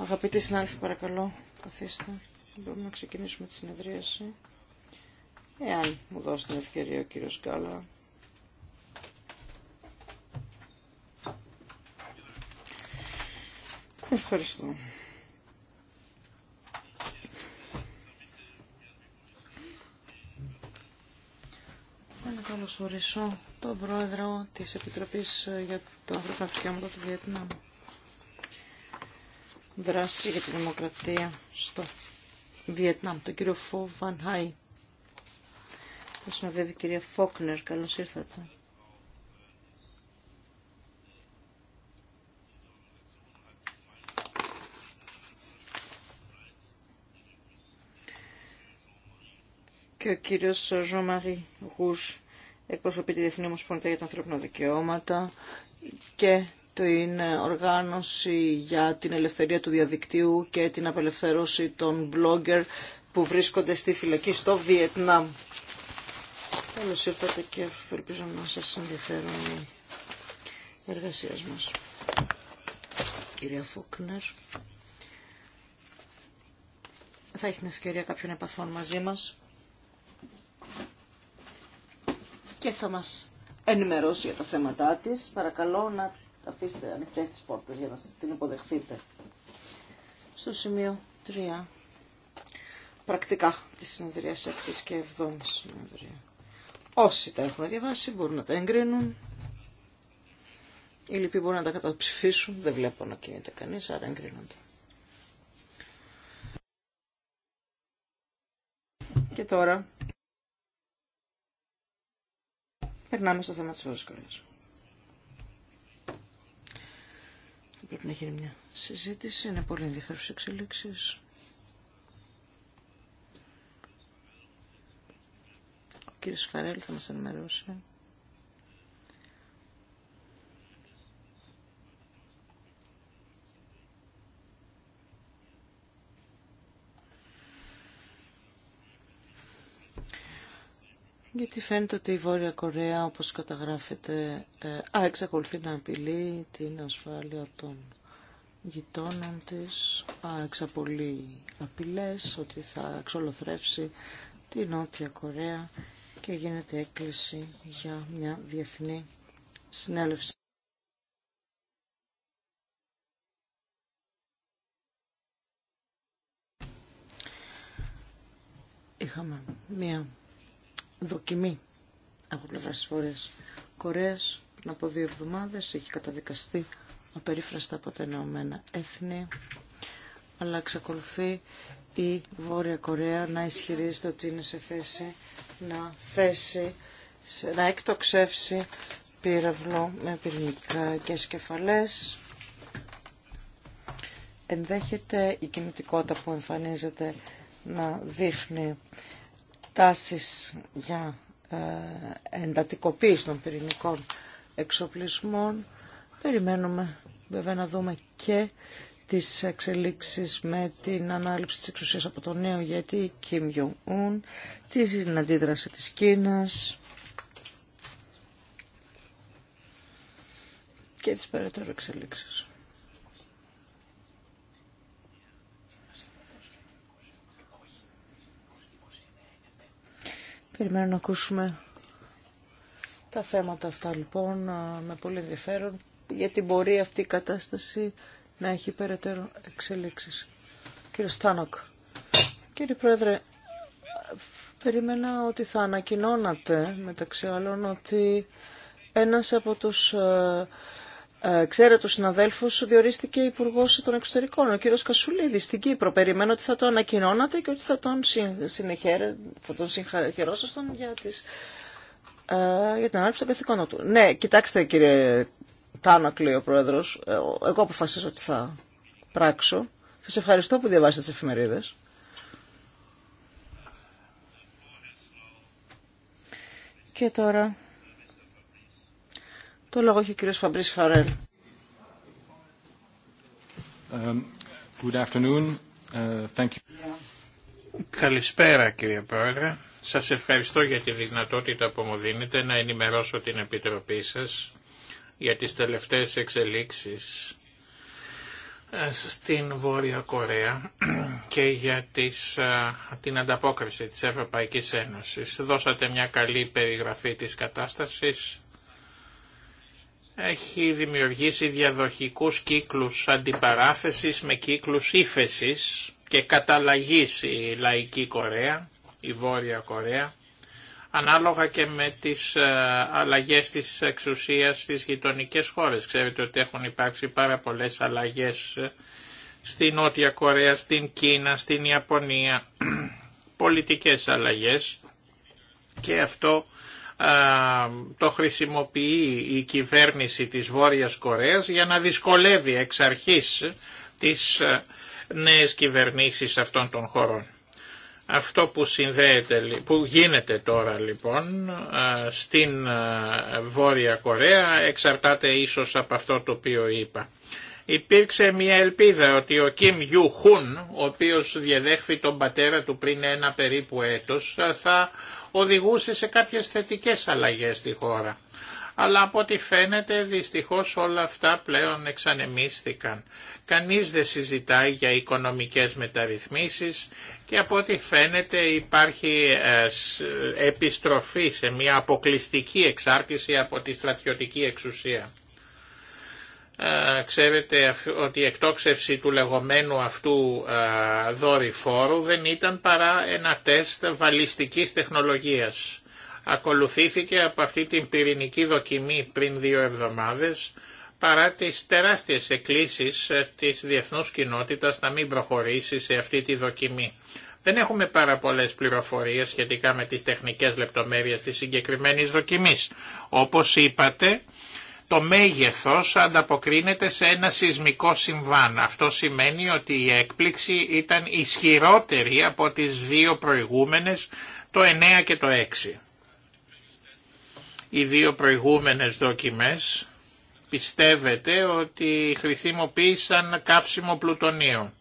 Αγαπητοί συνάδελφοι, παρακαλώ, καθίστε. Μπορούμε να ξεκινήσουμε τη συνεδρίαση. Εάν μου δώσει την ευκαιρία ο κύριος Γκάλα. Ευχαριστώ. καλωσορίσω τον πρόεδρο της Επιτροπής για το Ανθρώπινα Δικαιώματα του Βιετνάμ. Δράση για τη δημοκρατία στο Βιετνάμ, τον κύριο Φο Βαν Χάι. Θα συνοδεύει η κυρία Φόκνερ. Καλώς ήρθατε. και ο κύριο Ζωμαρί Γουζ εκπροσωπεί τη Διεθνή Ομοσπονδία για τα Ανθρώπινα Δικαιώματα και την οργάνωση για την ελευθερία του διαδικτύου και την απελευθέρωση των blogger που βρίσκονται στη φυλακή στο Βιετνάμ. Καλώ ήρθατε και ελπίζω να σας ενδιαφέρουν οι εργασίες μας. Κυρία Φούκνερ. Θα έχει την ευκαιρία κάποιων επαφών μαζί μας. και θα μας ενημερώσει για τα θέματά της. Παρακαλώ να αφήσετε ανοιχτές τις πόρτες για να την υποδεχθείτε. Στο σημείο 3. Πρακτικά τη συνεδρία αυτή και 7η συνεδρία. Όσοι τα έχουν διαβάσει μπορούν να τα εγκρίνουν. Οι λοιποί μπορούν να τα καταψηφίσουν. Δεν βλέπω να κινείται κανεί, άρα εγκρίνονται. Και τώρα Περνάμε στο θέμα της Βόρειας Θα πρέπει να γίνει μια συζήτηση. Είναι πολύ ενδιαφέρουσες εξελίξεις. Ο κύριος Φαρέλ θα μας ενημερώσει. γιατί φαίνεται ότι η Βόρεια Κορέα, όπως καταγράφεται, ε, α, εξακολουθεί να απειλεί την ασφάλεια των γειτόνων της, α, εξαπολύει απειλές ότι θα εξολοθρεύσει τη Νότια Κορέα και γίνεται έκκληση για μια διεθνή συνέλευση. Είχαμε μία δοκιμή από πλευρά τη Βόρεια κορέα από δύο εβδομάδε. έχει καταδικαστεί απερίφραστα από τα Ηνωμένα Έθνη, αλλά εξακολουθεί η Βόρεια Κορέα να ισχυρίζεται ότι είναι σε θέση να θέσει, να εκτοξεύσει πύραυλο με πυρηνικά και σκεφαλές. Ενδέχεται η κινητικότητα που εμφανίζεται να δείχνει τάσεις για ε, εντατικοποίηση των πυρηνικών εξοπλισμών. Περιμένουμε βέβαια να δούμε και τις εξελίξεις με την ανάληψη της εξουσίας από τον νέο γιατί Κιμ τις την αντίδραση της Κίνας και τις περαιτέρω εξελίξεις. Περιμένω να ακούσουμε τα θέματα αυτά λοιπόν με πολύ ενδιαφέρον γιατί μπορεί αυτή η κατάσταση να έχει περαιτέρω εξελίξεις. Κύριε Στάνοκ, κύριε Πρόεδρε, περίμενα ότι θα ανακοινώνατε μεταξύ άλλων ότι ένας από τους ε, Ξέρετε, ο συναδέλφους, διορίστηκε υπουργό των Εξωτερικών, ο κύριο Κασουλίδη στην Κύπρο. Περιμένω ότι θα το ανακοινώνατε και ότι θα τον, συνεχέρε, θα τον συγχαρόσασταν για, τις, ε, για την ανάπτυξη των καθηκόντων του. Ναι, κοιτάξτε κύριε Τάνακλη, ο προεδρό. Ε, εγώ αποφασίζω ότι θα πράξω. Σα ευχαριστώ που διαβάσατε τι εφημερίδε. Και τώρα το λόγο έχει ο κύριος Φαμπρίς Φαρέλ. Um, uh, Καλησπέρα κύριε Πρόεδρε. Σας ευχαριστώ για τη δυνατότητα που μου δίνετε να ενημερώσω την Επιτροπή σας για τις τελευταίες εξελίξεις ε, στην Βόρεια Κορέα και για τις, ε, την ανταπόκριση της Ευρωπαϊκής Ένωσης. Δώσατε μια καλή περιγραφή της κατάστασης έχει δημιουργήσει διαδοχικούς κύκλους αντιπαράθεσης με κύκλους ύφεση και καταλλαγής η Λαϊκή Κορέα, η Βόρεια Κορέα, ανάλογα και με τις ε, αλλαγές της εξουσίας στις γειτονικέ χώρες. Ξέρετε ότι έχουν υπάρξει πάρα πολλές αλλαγές ε, στη Νότια Κορέα, στην Κίνα, στην Ιαπωνία, πολιτικές αλλαγές και αυτό το χρησιμοποιεί η κυβέρνηση της Βόρειας Κορέας για να δυσκολεύει εξ αρχής τις ε, νέες κυβερνήσεις αυτών των χωρών. Αυτό που, συνδέεται, που γίνεται τώρα λοιπόν στην Βόρεια Κορέα εξαρτάται ίσως από αυτό το οποίο είπα. Υπήρξε μια ελπίδα ότι ο Κιμ Ιου Χουν, ο οποίος διεδέχθη τον πατέρα του πριν ένα περίπου έτος, θα οδηγούσε σε κάποιες θετικές αλλαγές στη χώρα. Αλλά από ό,τι φαίνεται δυστυχώς όλα αυτά πλέον εξανεμίστηκαν. Κανείς δεν συζητάει για οικονομικές μεταρρυθμίσεις και από ό,τι φαίνεται υπάρχει ε, επιστροφή σε μια αποκλειστική εξάρτηση από τη στρατιωτική εξουσία. Ε, ξέρετε ότι η εκτόξευση του λεγόμενου αυτού ε, δορυφόρου δεν ήταν παρά ένα τεστ βαλιστικής τεχνολογίας. Ακολουθήθηκε από αυτή την πυρηνική δοκιμή πριν δύο εβδομάδες παρά τις τεράστιες εκκλήσεις ε, της διεθνούς κοινότητας να μην προχωρήσει σε αυτή τη δοκιμή. Δεν έχουμε πάρα πολλές πληροφορίες σχετικά με τις τεχνικές λεπτομέρειες της συγκεκριμένης δοκιμής. Όπως είπατε, το μέγεθος ανταποκρίνεται σε ένα σεισμικό συμβάν. Αυτό σημαίνει ότι η έκπληξη ήταν ισχυρότερη από τις δύο προηγούμενες, το 9 και το 6. Οι δύο προηγούμενες δοκιμές πιστεύετε ότι χρησιμοποίησαν καύσιμο πλουτονίου.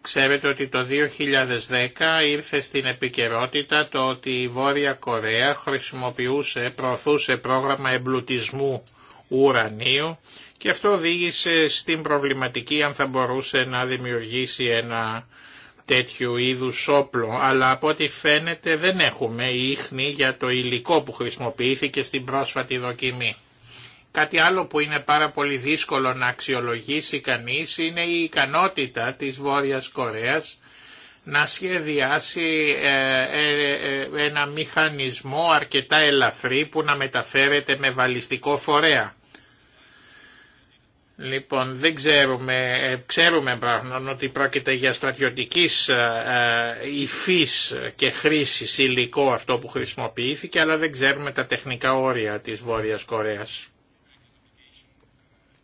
Ξέρετε ότι το 2010 ήρθε στην επικαιρότητα το ότι η Βόρεια Κορέα χρησιμοποιούσε, προωθούσε πρόγραμμα εμπλουτισμού ουρανίου και αυτό οδήγησε στην προβληματική αν θα μπορούσε να δημιουργήσει ένα τέτοιου είδους όπλο, αλλά από ό,τι φαίνεται δεν έχουμε ίχνη για το υλικό που χρησιμοποιήθηκε στην πρόσφατη δοκιμή. Κάτι άλλο που είναι πάρα πολύ δύσκολο να αξιολογήσει κανείς είναι η ικανότητα της Βόρειας Κορέας να σχεδιάσει ε, ε, ε, ένα μηχανισμό αρκετά ελαφρύ που να μεταφέρεται με βαλιστικό φορέα. Λοιπόν, δεν ξέρουμε, ξέρουμε πράγματι ότι πρόκειται για στρατιωτικής υφής και χρήσης υλικό αυτό που χρησιμοποιήθηκε, αλλά δεν ξέρουμε τα τεχνικά όρια της Βόρειας Κορέας.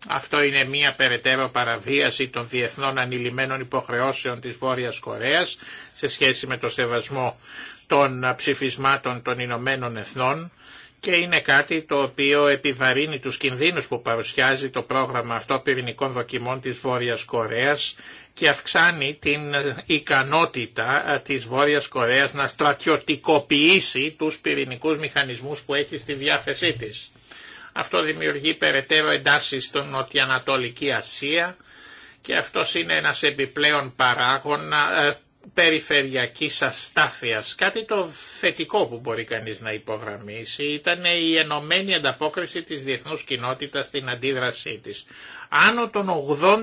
Αυτό είναι μια περαιτέρω παραβίαση των διεθνών ανηλυμένων υποχρεώσεων της Βόρειας Κορέας σε σχέση με το σεβασμό των ψηφισμάτων των Ηνωμένων Εθνών και είναι κάτι το οποίο επιβαρύνει τους κινδύνους που παρουσιάζει το πρόγραμμα αυτό πυρηνικών δοκιμών της Βόρειας Κορέας και αυξάνει την ικανότητα ε, της Βόρειας Κορέας να στρατιωτικοποιήσει τους πυρηνικούς μηχανισμούς που έχει στη διάθεσή της. Αυτό δημιουργεί περαιτέρω εντάσει στον Νοτιοανατολική Ασία και αυτό είναι ένας επιπλέον παράγωνα ε, περιφερειακής αστάθειας. Κάτι το θετικό που μπορεί κανείς να υπογραμμίσει ήταν η ενωμένη ανταπόκριση της διεθνούς κοινότητας στην αντίδρασή της. Άνω των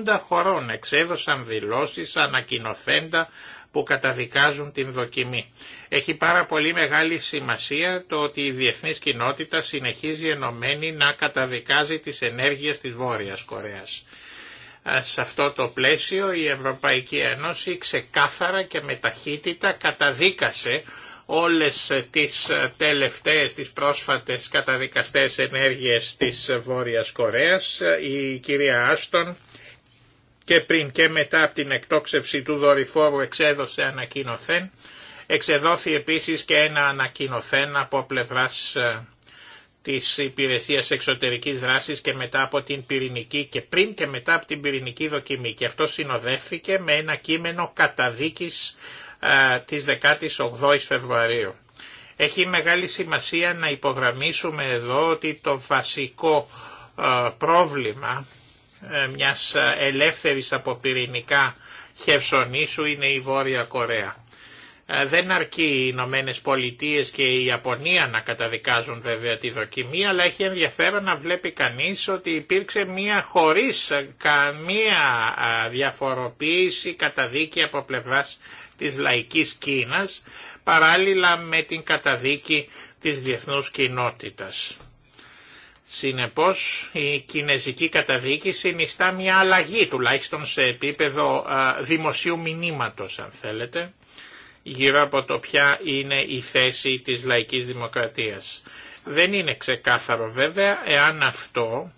80 χωρών εξέδωσαν δηλώσεις ανακοινοθέντα που καταδικάζουν την δοκιμή. Έχει πάρα πολύ μεγάλη σημασία το ότι η διεθνής κοινότητα συνεχίζει ενωμένη να καταδικάζει τις ενέργειες της Βόρειας Κορέας. Σε αυτό το πλαίσιο η Ευρωπαϊκή Ένωση ξεκάθαρα και με ταχύτητα καταδίκασε όλες τις τελευταίες, τις πρόσφατες καταδικαστές ενέργειες της Βόρειας Κορέας. Η κυρία Άστον και πριν και μετά από την εκτόξευση του δορυφόρου εξέδωσε ανακοινοθέν. Εξεδόθη επίσης και ένα ανακοινοθέν από πλευράς ε, της Υπηρεσίας Εξωτερικής Δράσης και μετά από την πυρηνική και πριν και μετά από την πυρηνική δοκιμή και αυτό συνοδεύθηκε με ένα κείμενο καταδίκης α, ε, της 18ης Φεβρουαρίου. Έχει μεγάλη σημασία να υπογραμμίσουμε εδώ ότι το βασικό ε, πρόβλημα ε, μιας ε, ελεύθερης από πυρηνικά Χευσονήσου είναι η Βόρεια Κορέα. Ε, δεν αρκεί οι Ηνωμένε Πολιτείε και η Ιαπωνία να καταδικάζουν βέβαια τη δοκιμή, αλλά έχει ενδιαφέρον να βλέπει κανείς ότι υπήρξε μία χωρίς καμία διαφοροποίηση καταδίκη από πλευράς της λαϊκής Κίνας, παράλληλα με την καταδίκη της διεθνούς κοινότητας. Συνεπώς η κινέζικη καταδίκηση συνιστά μια αλλαγή τουλάχιστον σε επίπεδο δημοσίου μηνύματος αν θέλετε γύρω από το ποια είναι η θέση της λαϊκής δημοκρατίας. Δεν είναι ξεκάθαρο βέβαια εάν αυτό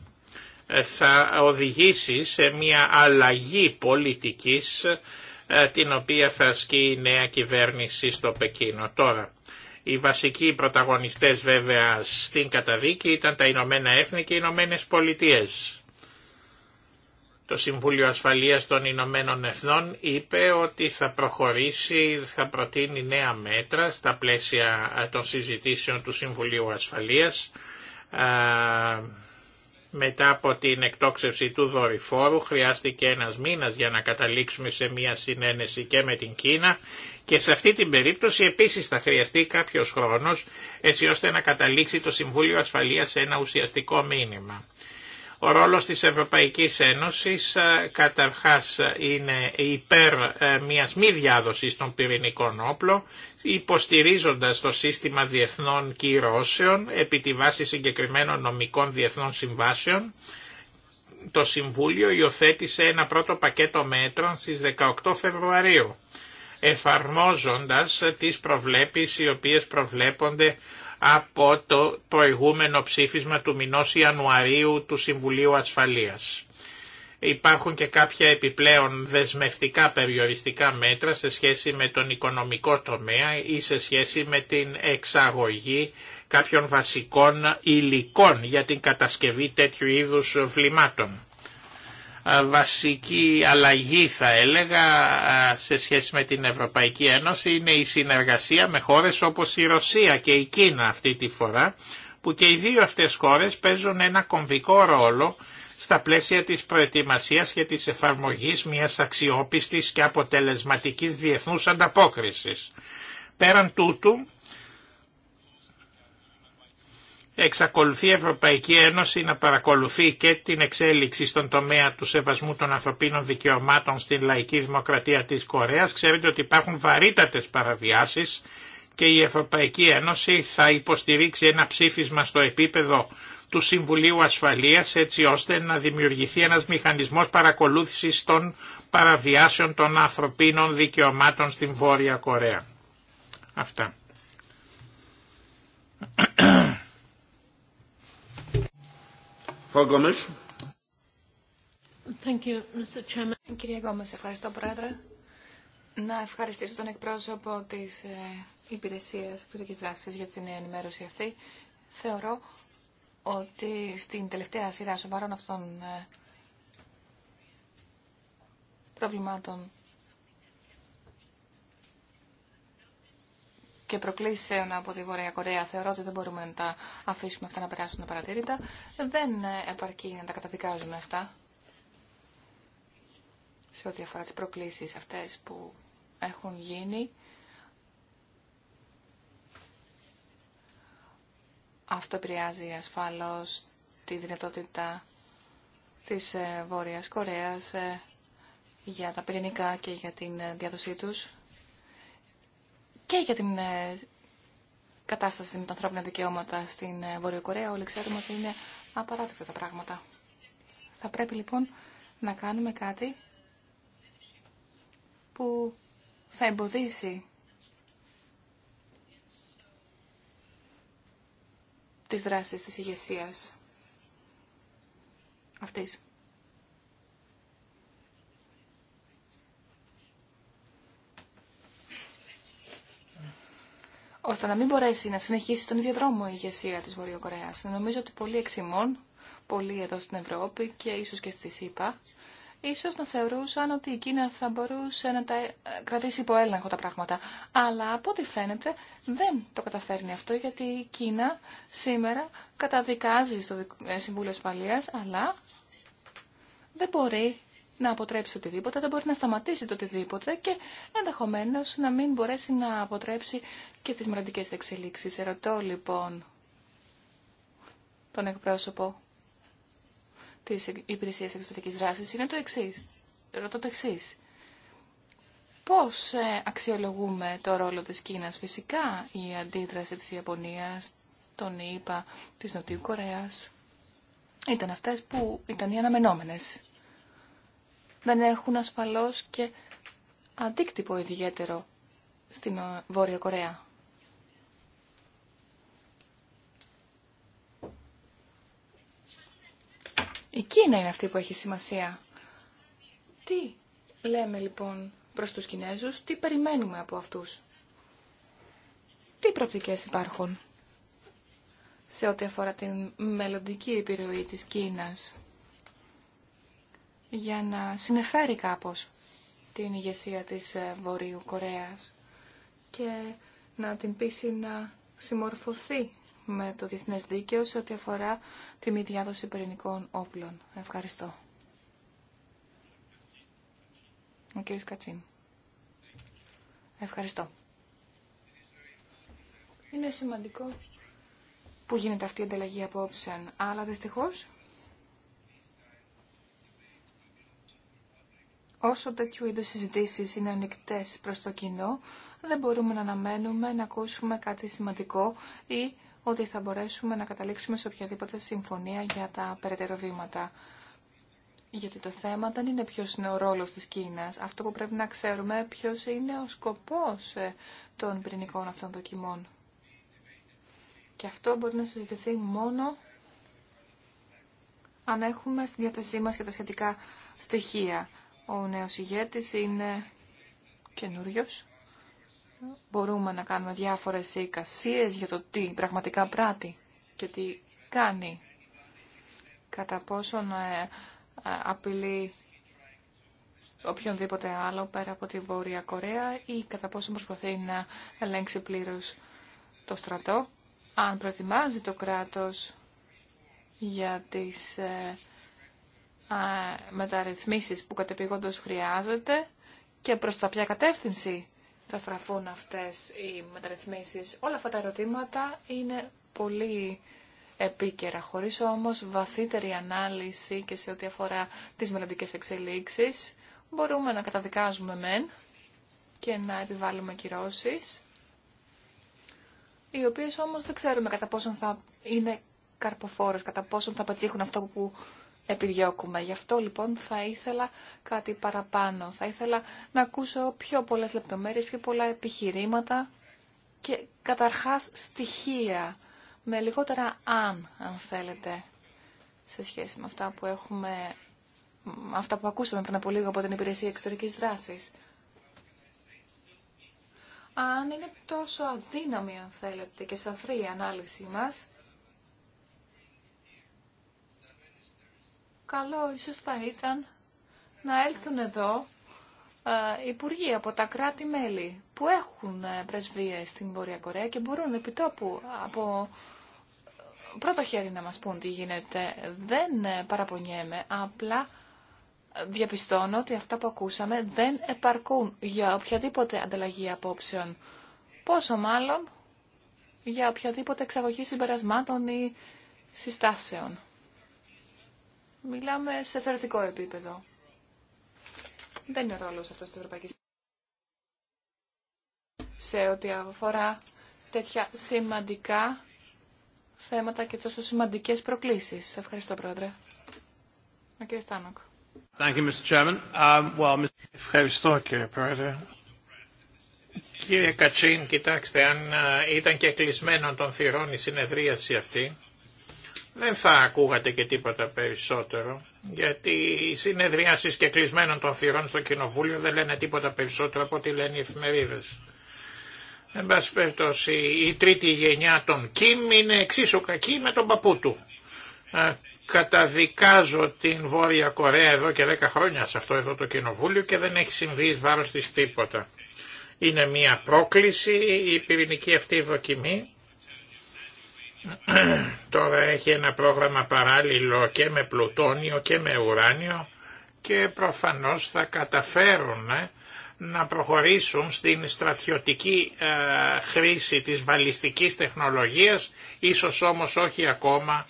ε, θα οδηγήσει σε μια αλλαγή πολιτικής ε, την οποία θα ασκεί η νέα κυβέρνηση στο Πεκίνο. Τώρα, οι βασικοί πρωταγωνιστές βέβαια στην καταδίκη ήταν τα Ηνωμένα Έθνη και οι Ηνωμένε Πολιτείες. Το Συμβούλιο Ασφαλείας των Ηνωμένων Εθνών είπε ότι θα προχωρήσει, θα προτείνει νέα μέτρα στα πλαίσια των συζητήσεων του Συμβουλίου Ασφαλείας μετά από την εκτόξευση του δορυφόρου χρειάστηκε ένας μήνας για να καταλήξουμε σε μια συνένεση και με την Κίνα και σε αυτή την περίπτωση επίσης θα χρειαστεί κάποιος χρόνος έτσι ώστε να καταλήξει το Συμβούλιο Ασφαλείας σε ένα ουσιαστικό μήνυμα. Ο ρόλος της Ευρωπαϊκής Ένωσης ε, καταρχάς ε, είναι υπέρ ε, μιας μη διάδοσης των πυρηνικών όπλων, υποστηρίζοντας το σύστημα διεθνών κυρώσεων επί τη βάση συγκεκριμένων νομικών διεθνών συμβάσεων. Το Συμβούλιο υιοθέτησε ένα πρώτο πακέτο μέτρων στις 18 Φεβρουαρίου εφαρμόζοντας τις προβλέπεις οι οποίες προβλέπονται από το προηγούμενο ψήφισμα του μηνός Ιανουαρίου του Συμβουλίου Ασφαλείας. Υπάρχουν και κάποια επιπλέον δεσμευτικά περιοριστικά μέτρα σε σχέση με τον οικονομικό τομέα ή σε σχέση με την εξαγωγή κάποιων βασικών υλικών για την κατασκευή τέτοιου είδους βλημάτων βασική αλλαγή θα έλεγα σε σχέση με την Ευρωπαϊκή Ένωση είναι η συνεργασία με χώρες όπως η Ρωσία και η Κίνα αυτή τη φορά που και οι δύο αυτές χώρες παίζουν ένα κομβικό ρόλο στα πλαίσια της προετοιμασίας και της εφαρμογής μιας αξιόπιστης και αποτελεσματικής διεθνούς ανταπόκρισης. Πέραν τούτου, εξακολουθεί η Ευρωπαϊκή Ένωση να παρακολουθεί και την εξέλιξη στον τομέα του σεβασμού των ανθρωπίνων δικαιωμάτων στην λαϊκή δημοκρατία της Κορέας. Ξέρετε ότι υπάρχουν βαρύτατες παραβιάσεις και η Ευρωπαϊκή Ένωση θα υποστηρίξει ένα ψήφισμα στο επίπεδο του Συμβουλίου Ασφαλείας έτσι ώστε να δημιουργηθεί ένας μηχανισμός παρακολούθησης των παραβιάσεων των ανθρωπίνων δικαιωμάτων στην Βόρεια Κορέα. Αυτά. Κύριε Gomes. ευχαριστώ Πρόεδρε. Να ευχαριστήσω τον εκπρόσωπο της Υπηρεσία Υπηρεσίας δράση Δράσης για την ενημέρωση αυτή. Θεωρώ ότι στην τελευταία σειρά σοβαρών αυτών ε, προβλημάτων και προκλήσεων από τη Βόρεια Κορέα. Θεωρώ ότι δεν μπορούμε να τα αφήσουμε αυτά να περάσουν παρατηρήτα. Δεν επαρκεί να τα καταδικάζουμε αυτά σε ό,τι αφορά τις προκλήσεις αυτές που έχουν γίνει. Αυτό επηρεάζει ασφαλώς τη δυνατότητα της ε, Βόρειας Κορέας ε, για τα πυρηνικά και για την ε, διάδοσή τους και για την ε, κατάσταση με τα ανθρώπινα δικαιώματα στην ε, Βόρεια Κορέα. Όλοι ξέρουμε ότι είναι απαράδεκτα τα πράγματα. Θα πρέπει λοιπόν να κάνουμε κάτι που θα εμποδίσει τις δράσεις της ηγεσία αυτής. ώστε να μην μπορέσει να συνεχίσει τον ίδιο δρόμο η ηγεσία της Βορειοκορέας. Νομίζω ότι πολλοί εξημών, πολλοί εδώ στην Ευρώπη και ίσως και στη ΣΥΠΑ, ίσως να θεωρούσαν ότι η Κίνα θα μπορούσε να τα ε, κρατήσει υπό έλεγχο τα πράγματα. Αλλά από ό,τι φαίνεται δεν το καταφέρνει αυτό, γιατί η Κίνα σήμερα καταδικάζει στο ε, Συμβούλιο Ασφαλείας, αλλά δεν μπορεί να αποτρέψει οτιδήποτε, δεν μπορεί να σταματήσει το οτιδήποτε και ενδεχομένω να μην μπορέσει να αποτρέψει και τις μελλοντικέ εξελίξεις. Ερωτώ λοιπόν τον εκπρόσωπο της υπηρεσία Εξωτερικής Δράσης είναι το εξή, Ρωτώ το εξής. Πώς ε, αξιολογούμε το ρόλο της Κίνας, φυσικά η αντίδραση της Ιαπωνίας, των ΗΠΑ, της Νοτιού Κορέας. Ήταν αυτές που ήταν οι αναμενόμενες δεν έχουν ασφαλώς και αντίκτυπο ιδιαίτερο στην ε, Βόρεια Κορέα. Η Κίνα είναι αυτή που έχει σημασία. Τι λέμε λοιπόν προς τους Κινέζους, τι περιμένουμε από αυτούς. Τι προπτικές υπάρχουν σε ό,τι αφορά την μελλοντική επιρροή της Κίνας για να συνεφέρει κάπως την ηγεσία της ε, Βορείου Κορέας και να την πείσει να συμμορφωθεί με το διεθνές δίκαιο σε ό,τι αφορά τη μη διάδοση πυρηνικών όπλων. Ευχαριστώ. Ο κύριος Κατσίν. Ευχαριστώ. Είναι σημαντικό που γίνεται αυτή η ανταλλαγή απόψε. αλλά δυστυχώς Όσο τέτοιου είδους συζητήσεις είναι ανοιχτέ προς το κοινό, δεν μπορούμε να αναμένουμε να ακούσουμε κάτι σημαντικό ή ότι θα μπορέσουμε να καταλήξουμε σε οποιαδήποτε συμφωνία για τα περαιτέρω Γιατί το θέμα δεν είναι ποιος είναι ο ρόλος της Κίνας. Αυτό που πρέπει να ξέρουμε ποιος είναι ο σκοπός ε, των πυρηνικών αυτών δοκιμών. Και αυτό μπορεί να συζητηθεί μόνο αν έχουμε στη διάθεσή μας και τα σχετικά στοιχεία. Ο νέος ηγέτης είναι καινούριο. Μπορούμε να κάνουμε διάφορες εικασίες για το τι πραγματικά πράττει και τι κάνει. Κατά πόσον ε, ε, απειλεί οποιονδήποτε άλλο πέρα από τη Βόρεια Κορέα ή κατά πόσο προσπαθεί να ελέγξει πλήρως το στρατό, αν προετοιμάζει το κράτος για τις ε, μεταρρυθμίσεις που κατεπηγόντως χρειάζεται και προς τα ποια κατεύθυνση θα στραφούν αυτές οι μεταρρυθμίσεις. Όλα αυτά τα ερωτήματα είναι πολύ επίκαιρα, χωρίς όμως βαθύτερη ανάλυση και σε ό,τι αφορά τις μελλοντικές εξελίξεις. Μπορούμε να καταδικάζουμε μεν και να επιβάλλουμε κυρώσεις, οι οποίες όμως δεν ξέρουμε κατά πόσον θα είναι καρποφόρες, κατά πόσον θα πετύχουν αυτό που επιδιώκουμε. Γι' αυτό λοιπόν θα ήθελα κάτι παραπάνω. Θα ήθελα να ακούσω πιο πολλές λεπτομέρειες, πιο πολλά επιχειρήματα και καταρχάς στοιχεία, με λιγότερα αν, αν θέλετε, σε σχέση με αυτά που έχουμε, αυτά που ακούσαμε πριν από λίγο από την Υπηρεσία Εξωτερικής Δράσης. Αν είναι τόσο αδύναμη, αν θέλετε, και σαφρή η ανάλυση μας, καλό ίσως θα ήταν να έλθουν εδώ ε, υπουργοί από τα κράτη-μέλη που έχουν ε, πρεσβείες στην Βόρεια Κορέα και μπορούν επιτόπου από πρώτο χέρι να μας πούν τι γίνεται. Δεν ε, παραπονιέμαι, απλά διαπιστώνω ότι αυτά που ακούσαμε δεν επαρκούν για οποιαδήποτε ανταλλαγή απόψεων. Πόσο μάλλον για οποιαδήποτε εξαγωγή συμπερασμάτων ή συστάσεων. Μιλάμε σε θεωρητικό επίπεδο. Δεν είναι ο ρόλος αυτός της Ευρωπαϊκής σε ό,τι αφορά τέτοια σημαντικά θέματα και τόσο σημαντικές προκλήσεις. Ευχαριστώ, Πρόεδρε. Ο κύριος um, Ευχαριστώ, κύριε Πρόεδρε. Κύριε Κατσίν, κοιτάξτε, αν ε, ήταν και κλεισμένο των θυρών η συνεδρίαση αυτή, δεν θα ακούγατε και τίποτα περισσότερο, γιατί οι συνεδριάσει και κλεισμένων των θυρών στο Κοινοβούλιο δεν λένε τίποτα περισσότερο από ό,τι λένε οι εφημερίδε. Εν πάση περιπτώσει, η τρίτη γενιά των Κιμ είναι εξίσου κακή με τον παππού του. Ε, καταδικάζω την Βόρεια Κορέα εδώ και δέκα χρόνια σε αυτό εδώ το κοινοβούλιο και δεν έχει συμβεί εις βάρος της τίποτα. Είναι μια πρόκληση η πυρηνική αυτή δοκιμή Τώρα έχει ένα πρόγραμμα παράλληλο και με πλουτόνιο και με ουράνιο και προφανώς θα καταφέρουν ε, να προχωρήσουν στην στρατιωτική ε, χρήση της βαλιστικής τεχνολογίας, ίσως όμως όχι ακόμα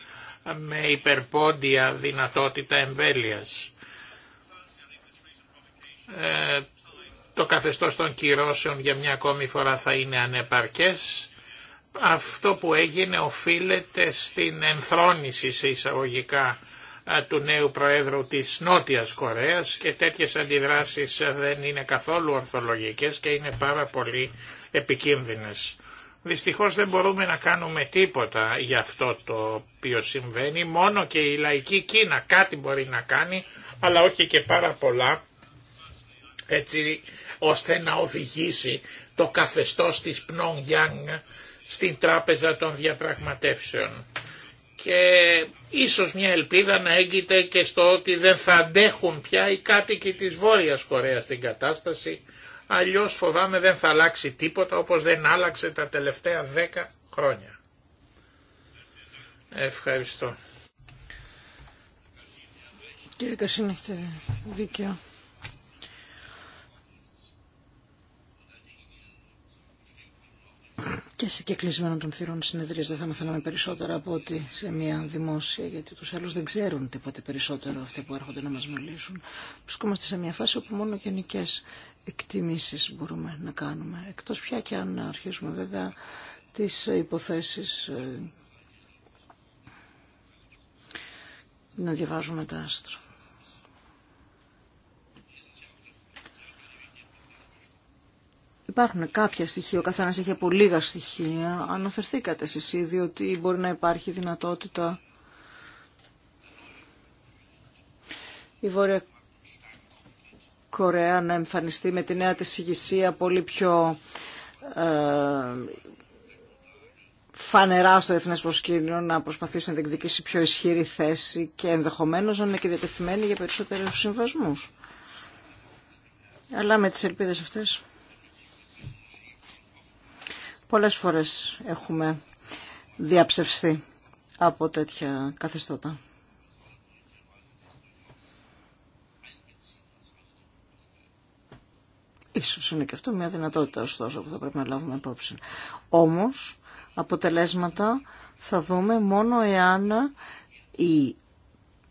με υπερπόντια δυνατότητα εμβέλειας. Ε, το καθεστώς των κυρώσεων για μια ακόμη φορά θα είναι ανεπαρκές αυτό που έγινε οφείλεται στην ενθρόνηση σε εισαγωγικά του νέου Προέδρου της Νότιας Κορέας και τέτοιες αντιδράσεις δεν είναι καθόλου ορθολογικές και είναι πάρα πολύ επικίνδυνες. Δυστυχώς δεν μπορούμε να κάνουμε τίποτα για αυτό το οποίο συμβαίνει, μόνο και η λαϊκή Κίνα κάτι μπορεί να κάνει, αλλά όχι και πάρα πολλά, έτσι ώστε να οδηγήσει το καθεστώς της Πνόγγιανγκ στην τράπεζα των διαπραγματεύσεων. Και ίσως μια ελπίδα να έγκυται και στο ότι δεν θα αντέχουν πια οι κάτοικοι της Βόρειας Κορέας την κατάσταση, αλλιώς φοβάμαι δεν θα αλλάξει τίποτα όπως δεν άλλαξε τα τελευταία δέκα χρόνια. Ευχαριστώ. Κύριε Κασίνη, έχετε δίκιο. Και σε κεκλεισμένο των θυρών συνεδρίες δεν θα μαθαίναμε περισσότερα από ότι σε μια δημόσια, γιατί τους άλλους δεν ξέρουν τίποτε περισσότερο αυτοί που έρχονται να μας μιλήσουν. Βρισκόμαστε σε μια φάση όπου μόνο γενικέ εκτιμήσεις μπορούμε να κάνουμε. Εκτός πια και αν αρχίσουμε βέβαια τις υποθέσεις ε, να διαβάζουμε τα άστρα. Υπάρχουν κάποια στοιχεία, ο καθένα έχει από λίγα στοιχεία. Αναφερθήκατε εσεί ήδη ότι μπορεί να υπάρχει δυνατότητα η Βόρεια Κορέα να εμφανιστεί με τη νέα της ηγεσία πολύ πιο ε, φανερά στο διεθνές προσκήνιο να προσπαθήσει να διεκδικήσει πιο ισχυρή θέση και ενδεχομένως να είναι και διατεθειμένη για περισσότερους συμβασμούς. Αλλά με τις ελπίδες αυτές Πολλές φορές έχουμε διαψευστεί από τέτοια καθεστώτα. Ίσως είναι και αυτό μια δυνατότητα ωστόσο που θα πρέπει να λάβουμε υπόψη. Όμως αποτελέσματα θα δούμε μόνο εάν οι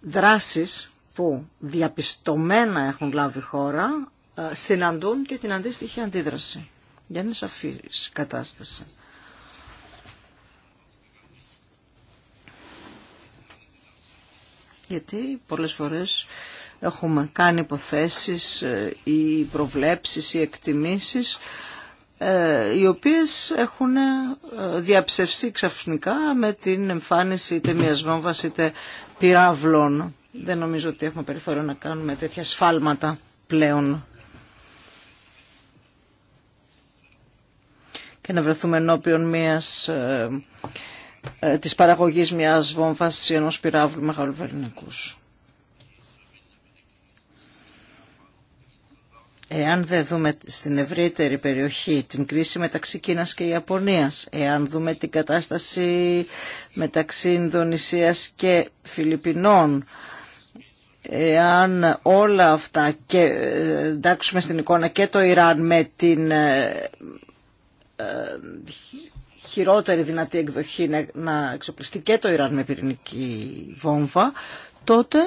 δράσεις που διαπιστωμένα έχουν λάβει χώρα ε, συναντούν και την αντίστοιχη αντίδραση για να είναι κατάσταση. Γιατί πολλές φορές έχουμε κάνει υποθέσεις ε, ή προβλέψεις ή εκτιμήσεις ε, οι οποίες έχουν ε, διαψευστεί ξαφνικά με την εμφάνιση είτε μιας βόμβας είτε πυράβλων. Δεν νομίζω ότι έχουμε περιθώριο να κάνουμε τέτοια σφάλματα πλέον. και να βρεθούμε ενώπιον μιας, ε, ε, της παραγωγής μιας βόμβας σε ενός πυράβλου μεγάλου Εάν δεν δούμε στην ευρύτερη περιοχή την κρίση μεταξύ Κίνας και Ιαπωνίας, εάν δούμε την κατάσταση μεταξύ Ινδονησίας και Φιλιππινών, εάν όλα αυτά και ε, εντάξουμε στην εικόνα και το Ιράν με την ε, χειρότερη δυνατή εκδοχή να εξοπλιστεί και το Ιράν με πυρηνική βόμβα, τότε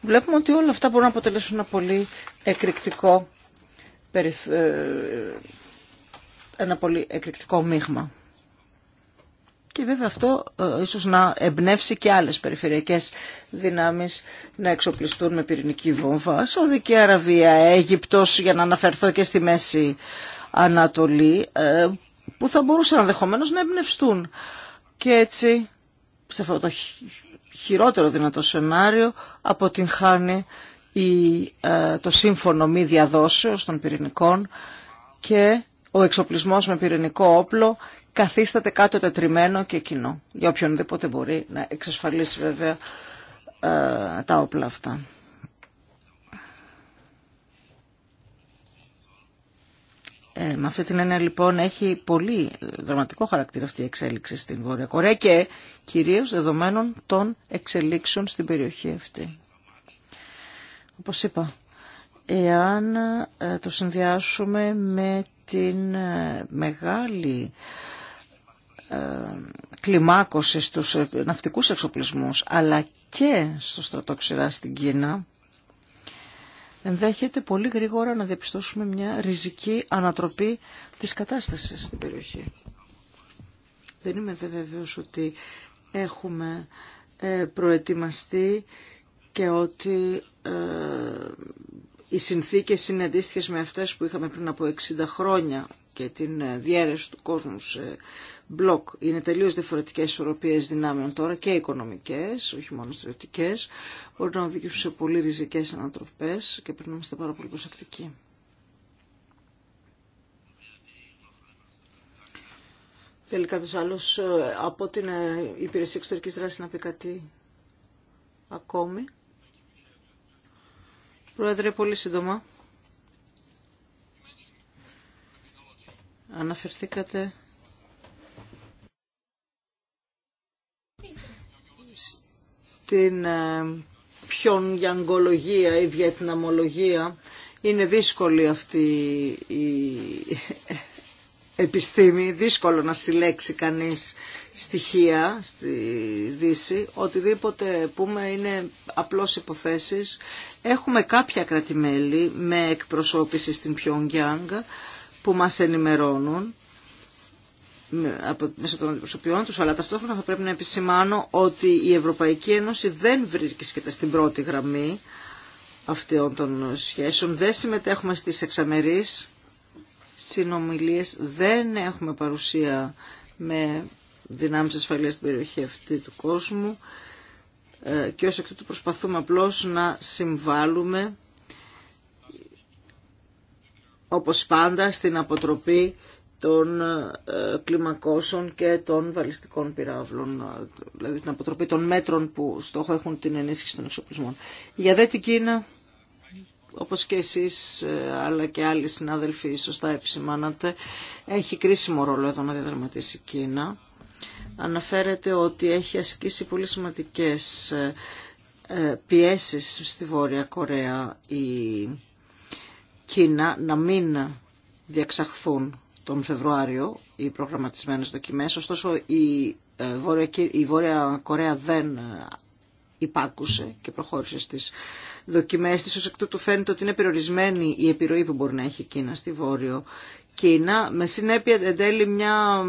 βλέπουμε ότι όλα αυτά μπορούν να αποτελέσουν ένα πολύ εκρηκτικό, ε, ένα πολύ εκρηκτικό μείγμα. Και βέβαια αυτό ε, ίσως να εμπνεύσει και άλλες περιφερειακές δυνάμεις να εξοπλιστούν με πυρηνική βόμβα. Σαουδική Αραβία, Αίγυπτος, για να αναφερθώ και στη Μέση Ανατολή ε, που θα μπορούσαν ενδεχομένω να εμπνευστούν. Και έτσι, σε αυτό το χειρότερο δυνατό σενάριο, αποτυγχάνει η, ε, το σύμφωνο μη διαδόσεως των πυρηνικών και ο εξοπλισμός με πυρηνικό όπλο καθίσταται κάτω τετριμένο και κοινό. Για οποιονδήποτε μπορεί να εξασφαλίσει βέβαια ε, τα όπλα αυτά. Ε, με αυτή την έννοια λοιπόν έχει πολύ δραματικό χαρακτήρα αυτή η εξέλιξη στην Βόρεια Κορέα και κυρίως δεδομένων των εξελίξεων στην περιοχή αυτή. Όπως είπα, εάν ε, το συνδυάσουμε με την ε, μεγάλη ε, κλιμάκωση στους ναυτικούς εξοπλισμούς αλλά και στο στρατό στην Κίνα ενδέχεται πολύ γρήγορα να διαπιστώσουμε μια ριζική ανατροπή της κατάστασης στην περιοχή. Δεν είμαι δε ότι έχουμε ε, προετοιμαστεί και ότι ε, οι συνθήκες είναι αντίστοιχε με αυτές που είχαμε πριν από 60 χρόνια και την ε, διέρεση του κόσμου σε μπλοκ. Είναι τελείως διαφορετικές ισορροπίες δυνάμεων τώρα και οικονομικές, όχι μόνο στρατιωτικές. Μπορεί να οδηγήσουν σε πολύ ριζικές ανατροπές και πρέπει να είμαστε πάρα πολύ προσεκτικοί. Θέλει κάποιος άλλος ε, από την ε, Υπηρεσία Εξωτερικής Δράσης να πει κάτι ακόμη. Πρόεδρε, πολύ σύντομα. Αναφερθήκατε την γιαγκολογία ε, ή διατηνομολογία είναι δύσκολη αυτή η επιστήμη, δύσκολο να συλλέξει κανείς στοιχεία στη Δύση. Οτιδήποτε πούμε είναι απλώς υποθέσεις. Έχουμε κάποια κρατημέλη με εκπροσώπηση στην Πιονγκιάνγκ που μας ενημερώνουν μέσα των αντιπροσωπιών τους, αλλά ταυτόχρονα θα πρέπει να επισημάνω ότι η Ευρωπαϊκή Ένωση δεν βρίσκεται στην πρώτη γραμμή αυτών των σχέσεων. Δεν συμμετέχουμε στις εξαμερείς συνομιλίες, δεν έχουμε παρουσία με δυνάμεις ασφαλείας στην περιοχή αυτή του κόσμου ε, και ως εκ τούτου προσπαθούμε απλώς να συμβάλλουμε όπως πάντα στην αποτροπή των ε, κλιμακώσεων και των βαλιστικών πυράβλων, ε, δηλαδή την αποτροπή των μέτρων που στόχο έχουν την ενίσχυση των εξοπλισμών. Για δε την Κίνα, όπως και εσείς ε, αλλά και άλλοι συνάδελφοι σωστά επισημάνατε, έχει κρίσιμο ρόλο εδώ να διαδραματίσει η Κίνα. Αναφέρεται ότι έχει ασκήσει πολύ σημαντικές πιέσεις στη Βόρεια Κορέα η Κίνα να μην διαξαχθούν τον Φεβρουάριο οι προγραμματισμένες δοκιμές, ωστόσο η ε, Βόρεια, η Βόρεια Κορέα δεν ε, υπάκουσε και προχώρησε στις δοκιμές της, ως εκ τούτου φαίνεται ότι είναι περιορισμένη η επιρροή που μπορεί να έχει η Κίνα στη Βόρειο Κίνα, με συνέπεια εν τέλει μια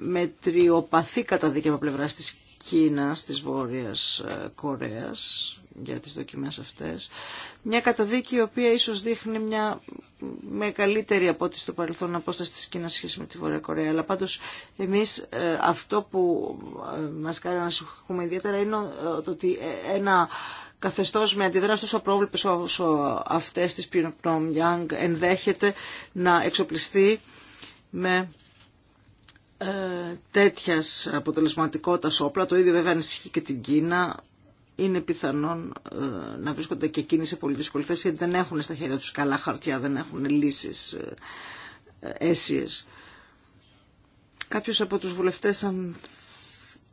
μετριοπαθή καταδίκη από πλευρά της Κίνας, της Βόρειας ε, Κορέας για τις δοκιμές αυτές. Μια καταδίκη η οποία ίσως δείχνει μια με καλύτερη από ό,τι στο παρελθόν απόσταση της Κίνας σχέση με τη Βόρεια Κορέα. Αλλά πάντως εμείς ε, αυτό που ε, μας κάνει να συγχωρούμε ιδιαίτερα είναι ότι ένα καθεστώς με αντιδράσεις τόσο απρόβλεπτες όσο αυτές της Pyongyang ενδέχεται να εξοπλιστεί με ε, Τέτοια αποτελεσματικότητα όπλα, το ίδιο βέβαια ανησυχεί και την Κίνα, είναι πιθανόν ε, να βρίσκονται και εκείνοι σε πολύ δύσκολη θέση γιατί δεν έχουν στα χέρια του καλά χαρτιά, δεν έχουν λύσεις ε, αίσιες. Κάποιος από τους βουλευτές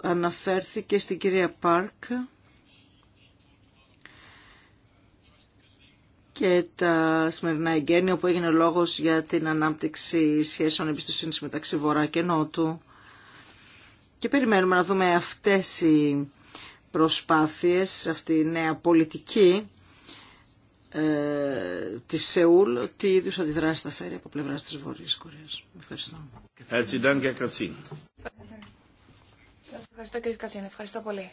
αναφέρθηκε στην κυρία Πάρκ και τα σημερινά εγγένεια που έγινε λόγος για την ανάπτυξη σχέσεων εμπιστοσύνης μεταξύ Βορρά και Νότου. Και περιμένουμε να δούμε αυτές οι προσπάθειες, αυτή η νέα πολιτική ε, της Σεούλ, τι είδους αντιδράσεις θα φέρει από πλευράς της Βόρειας Κορέας. Ευχαριστώ. ευχαριστώ κύριε Κατσίν, ευχαριστώ πολύ.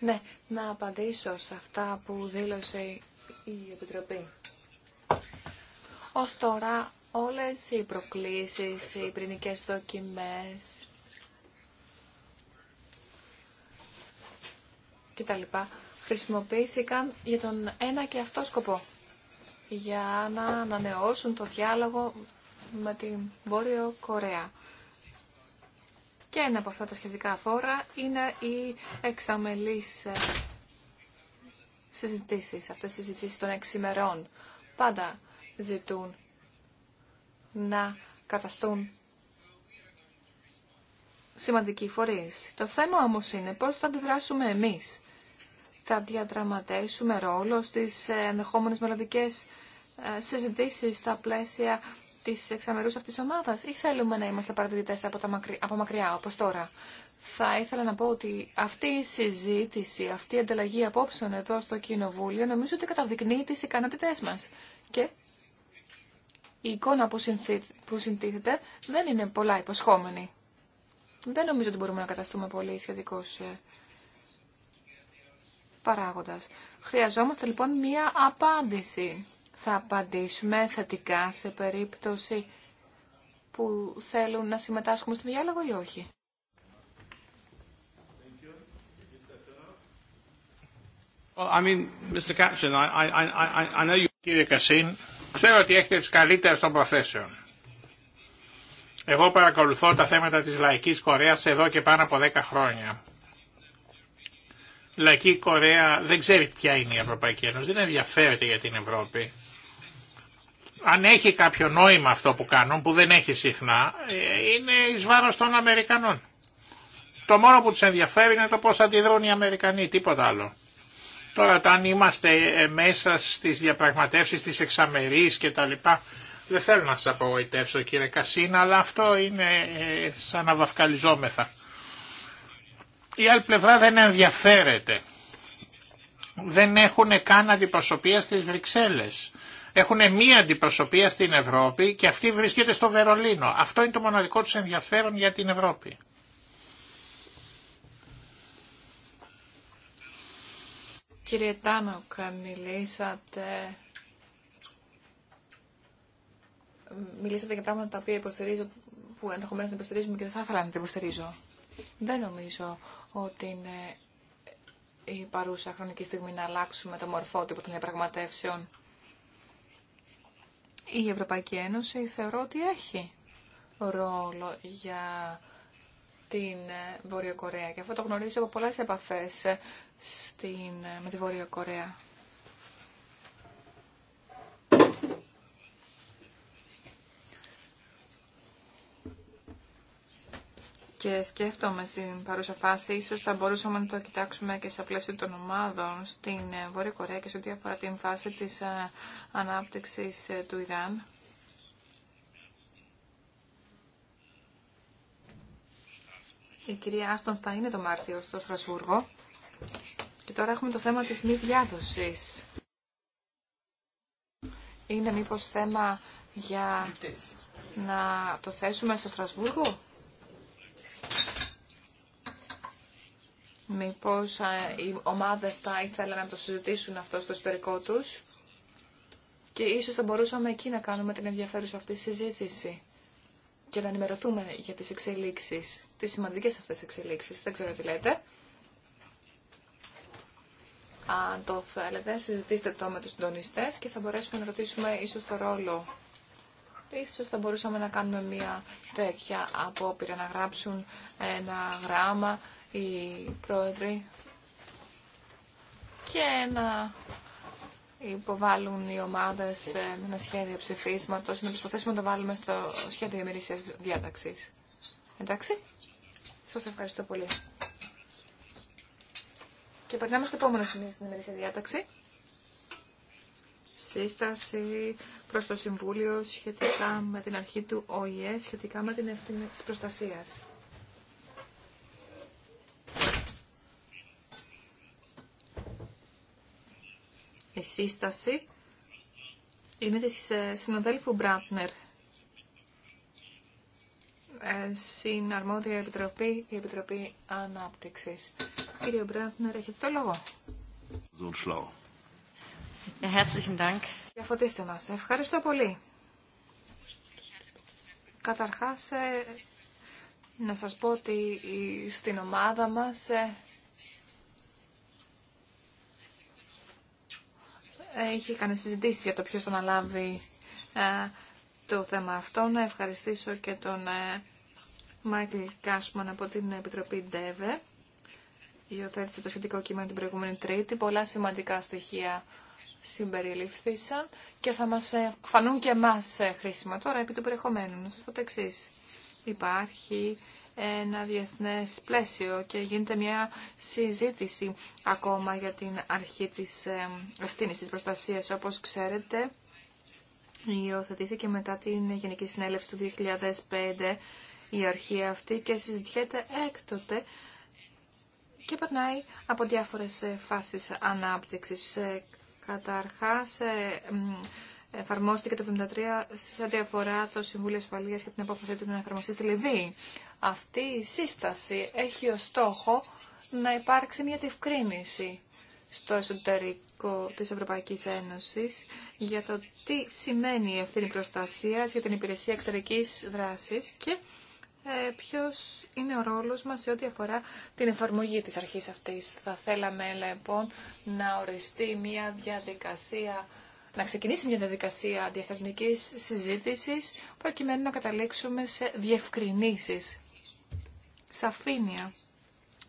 Ναι, να απαντήσω σε αυτά που δήλωσε η Επιτροπή. Ως τώρα όλες οι προκλήσεις, οι πρινικές δοκιμές και τα λοιπά χρησιμοποιήθηκαν για τον ένα και αυτό σκοπό. Για να ανανεώσουν το διάλογο με την Βόρειο Κορέα. Και ένα από αυτά τα σχετικά φόρα είναι η εξαμελής συζητήσεις, αυτές τις συζητήσεις των έξι ημερών, πάντα ζητούν να καταστούν σημαντικοί φορείς. Το θέμα όμως είναι πώς θα αντιδράσουμε εμείς. Θα διαδραματίσουμε ρόλο στις ε, ενδεχόμενε μελλοντικέ ε, συζητήσεις στα πλαίσια της εξαμερούς αυτής της ομάδας ή θέλουμε να είμαστε παρατηρητές από, τα από μακριά όπως τώρα θα ήθελα να πω ότι αυτή η συζήτηση, αυτή η ανταλλαγή απόψεων εδώ στο Κοινοβούλιο νομίζω ότι καταδεικνύει τις ικανότητές μας. Και η εικόνα που, συνθή, δεν είναι πολλά υποσχόμενη. Δεν νομίζω ότι μπορούμε να καταστούμε πολύ σχετικώς ε, παράγοντας. Χρειαζόμαστε λοιπόν μία απάντηση. Θα απαντήσουμε θετικά σε περίπτωση που θέλουν να συμμετάσχουμε στο διάλογο ή όχι. Κύριε Κασίν, ξέρω ότι έχετε τις καλύτερες των προθέσεων. Εγώ παρακολουθώ τα θέματα της Λαϊκής Κορέας εδώ και πάνω από 10 χρόνια. Η Λαϊκή Κορέα δεν ξέρει ποια είναι η Ευρωπαϊκή Ένωση, δεν ενδιαφέρεται για την Ευρώπη. Αν έχει κάποιο νόημα αυτό που κάνουν, που δεν έχει συχνά, είναι εις βάρος των Αμερικανών. Το μόνο που τους ενδιαφέρει είναι το πώς αντιδρούν οι Αμερικανοί, τίποτα άλλο. Τώρα αν είμαστε ε, μέσα στις διαπραγματεύσεις της εξαμερής και τα λοιπά, δεν θέλω να σας απογοητεύσω κύριε Κασίνα, αλλά αυτό είναι ε, σαν να βαφκαλιζόμεθα. Η άλλη πλευρά δεν ενδιαφέρεται. Δεν έχουν καν αντιπροσωπεία στις Βρυξέλλες. Έχουν μία αντιπροσωπεία στην Ευρώπη και αυτή βρίσκεται στο Βερολίνο. Αυτό είναι το μοναδικό τους ενδιαφέρον για την Ευρώπη. Κύριε Τάνοκ, μιλήσατε... Μιλήσατε για πράγματα τα οποία υποστηρίζω, που ενδεχομένω να υποστηρίζουμε και δεν θα ήθελα να τα υποστηρίζω. Δεν νομίζω ότι είναι η παρούσα χρονική στιγμή να αλλάξουμε το μορφότυπο των διαπραγματεύσεων. Η Ευρωπαϊκή Ένωση θεωρώ ότι έχει ρόλο για την Βόρεια Κορέα και αυτό το γνωρίζω από πολλές επαφές στην, ε, με τη Βόρεια Κορέα. Και σκέφτομαι στην παρούσα φάση, ίσως θα μπορούσαμε να το κοιτάξουμε και σε πλαίσιο των ομάδων στην ε, Βόρεια Κορέα και σε ό,τι αφορά την φάση της ε, ανάπτυξης του Ιράν. Η κυρία Άστον θα είναι το Μάρτιο στο Στρασβούργο και τώρα έχουμε το θέμα της μη διάδοσης. Είναι μήπως θέμα για να το θέσουμε στο Στρασβούργο. Μήπως οι ομάδες θα ήθελαν να το συζητήσουν αυτό στο ιστορικό τους και ίσως θα μπορούσαμε εκεί να κάνουμε την ενδιαφέρουσα αυτή τη συζήτηση και να ενημερωθούμε για τις εξελίξεις, τις σημαντικές αυτές εξελίξεις. Δεν ξέρω τι λέτε. Αν το θέλετε, συζητήστε το με τους συντονιστές και θα μπορέσουμε να ρωτήσουμε ίσως το ρόλο. Ίσως θα μπορούσαμε να κάνουμε μια τέτοια απόπειρα, να γράψουν ένα γράμμα οι πρόεδροι και να υποβάλουν οι ομάδες ένα σχέδιο ψηφίσματος, να προσπαθήσουμε να το βάλουμε στο σχέδιο ημερήσιας διάταξης. Εντάξει, σας ευχαριστώ πολύ. Και περνάμε στο επόμενο σημείο στην ημερήσια διάταξη. Σύσταση προς το Συμβούλιο σχετικά με την αρχή του ΟΗΕ, σχετικά με την ευθύνη της προστασίας. Η σύσταση είναι της ε, συναδέλφου Μπράτνερ. Ε, συναρμόδια Επιτροπή, η Επιτροπή Ανάπτυξης. Κύριε Μπρέντνερ, έχετε το λόγο. Διαφωτίστε μας. Ευχαριστώ πολύ. Καταρχάς, ε, να σας πω ότι στην ομάδα μας είχε κάνει συζητήσει για το ποιος θα αναλάβει ε, το θέμα αυτό. Να ευχαριστήσω και τον ε, Μάικλ Κάσμαν από την Επιτροπή ΔΕΒΕ υιοθέτησε το σχετικό κείμενο την προηγούμενη Τρίτη. Πολλά σημαντικά στοιχεία συμπεριληφθήσαν και θα μας ε, φανούν και εμάς ε, χρήσιμα τώρα επί του περιεχομένου. Να σας πω το εξή. Υπάρχει ένα διεθνές πλαίσιο και γίνεται μια συζήτηση ακόμα για την αρχή της ε, ευθύνη της προστασίας. Όπως ξέρετε, υιοθετήθηκε μετά την Γενική Συνέλευση του 2005 η αρχή αυτή και συζητιέται έκτοτε και περνάει από διάφορες ε, φάσεις ανάπτυξης. Ε, καταρχάς, ε, εφαρμόστηκε το 1973 σε ό,τι αφορά το Συμβούλιο Ασφαλείας και την απόφαση του να εφαρμοστεί στη Λιβύη. Αυτή η σύσταση έχει ως στόχο να υπάρξει μια διευκρίνηση στο εσωτερικό της Ευρωπαϊκής Ένωσης για το τι σημαίνει η ευθύνη για την υπηρεσία εξωτερικής δράσης και ε, ποιος είναι ο ρόλος μας σε ό,τι αφορά την εφαρμογή της αρχής αυτής. Θα θέλαμε λοιπόν να οριστεί μια διαδικασία να ξεκινήσει μια διαδικασία διαχασμικής συζήτησης προκειμένου να καταλήξουμε σε διευκρινήσεις, σαφήνεια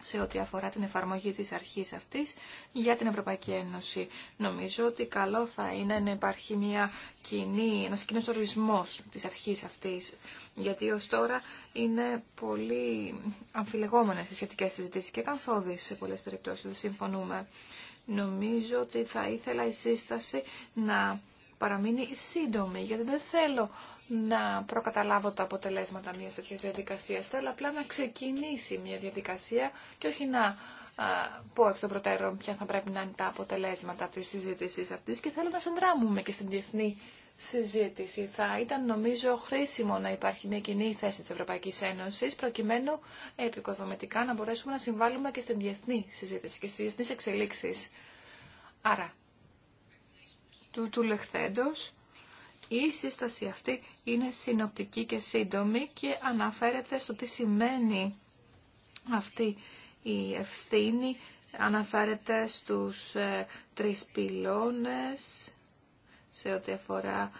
σε ό,τι αφορά την εφαρμογή της αρχής αυτής για την Ευρωπαϊκή Ένωση. Νομίζω ότι καλό θα είναι να υπάρχει μια κοινή, ένας κοινός ορισμός της αρχής αυτής γιατί ως τώρα είναι πολύ αμφιλεγόμενες οι σχετικές συζητήσεις και καθόδεις σε πολλές περιπτώσεις, δεν συμφωνούμε. Νομίζω ότι θα ήθελα η σύσταση να παραμείνει σύντομη, γιατί δεν θέλω να προκαταλάβω τα αποτελέσματα μιας τέτοια διαδικασίας. Θέλω απλά να ξεκινήσει μια διαδικασία και όχι να α, πω εκ των προτέρων ποια θα πρέπει να είναι τα αποτελέσματα της συζήτησης αυτής και θέλω να συνδράμουμε και στην διεθνή συζήτηση. Θα ήταν νομίζω χρήσιμο να υπάρχει μια κοινή θέση της Ευρωπαϊκής Ένωσης προκειμένου επικοδομητικά να μπορέσουμε να συμβάλλουμε και στην διεθνή συζήτηση και στις διεθνείς εξελίξεις. Άρα, του, του λεχθέντος, η σύσταση αυτή είναι συνοπτική και σύντομη και αναφέρεται στο τι σημαίνει αυτή η ευθύνη, αναφέρεται στους ε, τρεις πυλώνες, σε ό,τι αφορά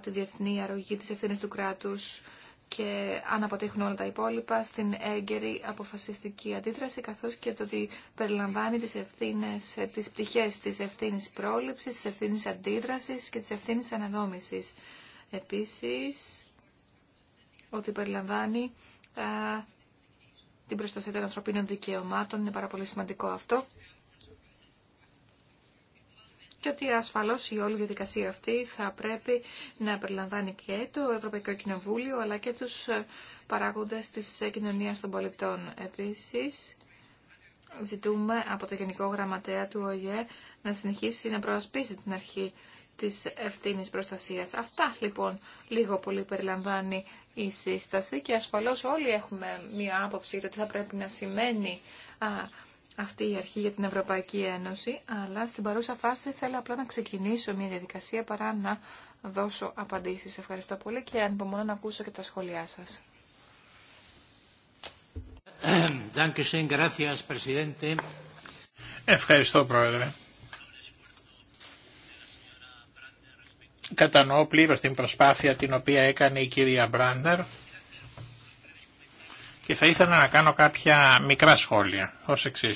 τη διεθνή αρρωγή της ευθύνης του κράτους και αν αποτύχουν όλα τα υπόλοιπα στην έγκαιρη αποφασιστική αντίδραση καθώς και το ότι περιλαμβάνει τις, ευθύνες, ε, τις πτυχές της ευθύνης πρόληψης, της ευθύνης αντίδρασης και της ευθύνης αναδόμησης. Επίσης, ότι περιλαμβάνει την προστασία των ανθρωπίνων δικαιωμάτων, είναι πάρα πολύ σημαντικό αυτό και ότι ασφαλώς η όλη διαδικασία αυτή θα πρέπει να περιλαμβάνει και το Ευρωπαϊκό Κοινοβούλιο αλλά και τους ε, παράγοντες της ε, κοινωνίας των πολιτών. Επίσης, ζητούμε από το Γενικό Γραμματέα του ΟΗΕ να συνεχίσει να προασπίζει την αρχή της ευθύνης προστασίας. Αυτά λοιπόν λίγο πολύ περιλαμβάνει η σύσταση και ασφαλώς όλοι έχουμε μία άποψη για το τι θα πρέπει να σημαίνει αυτή η αρχή για την Ευρωπαϊκή Ένωση, αλλά στην παρούσα φάση θέλω απλά να ξεκινήσω μια διαδικασία παρά να δώσω απαντήσεις. Ευχαριστώ πολύ και ανυπομονώ να ακούσω και τα σχόλιά σας. Ευχαριστώ, Πρόεδρε. Κατανοώ πλήρως την προσπάθεια την οποία έκανε η κυρία Μπράντερ και θα ήθελα να κάνω κάποια μικρά σχόλια ως εξή.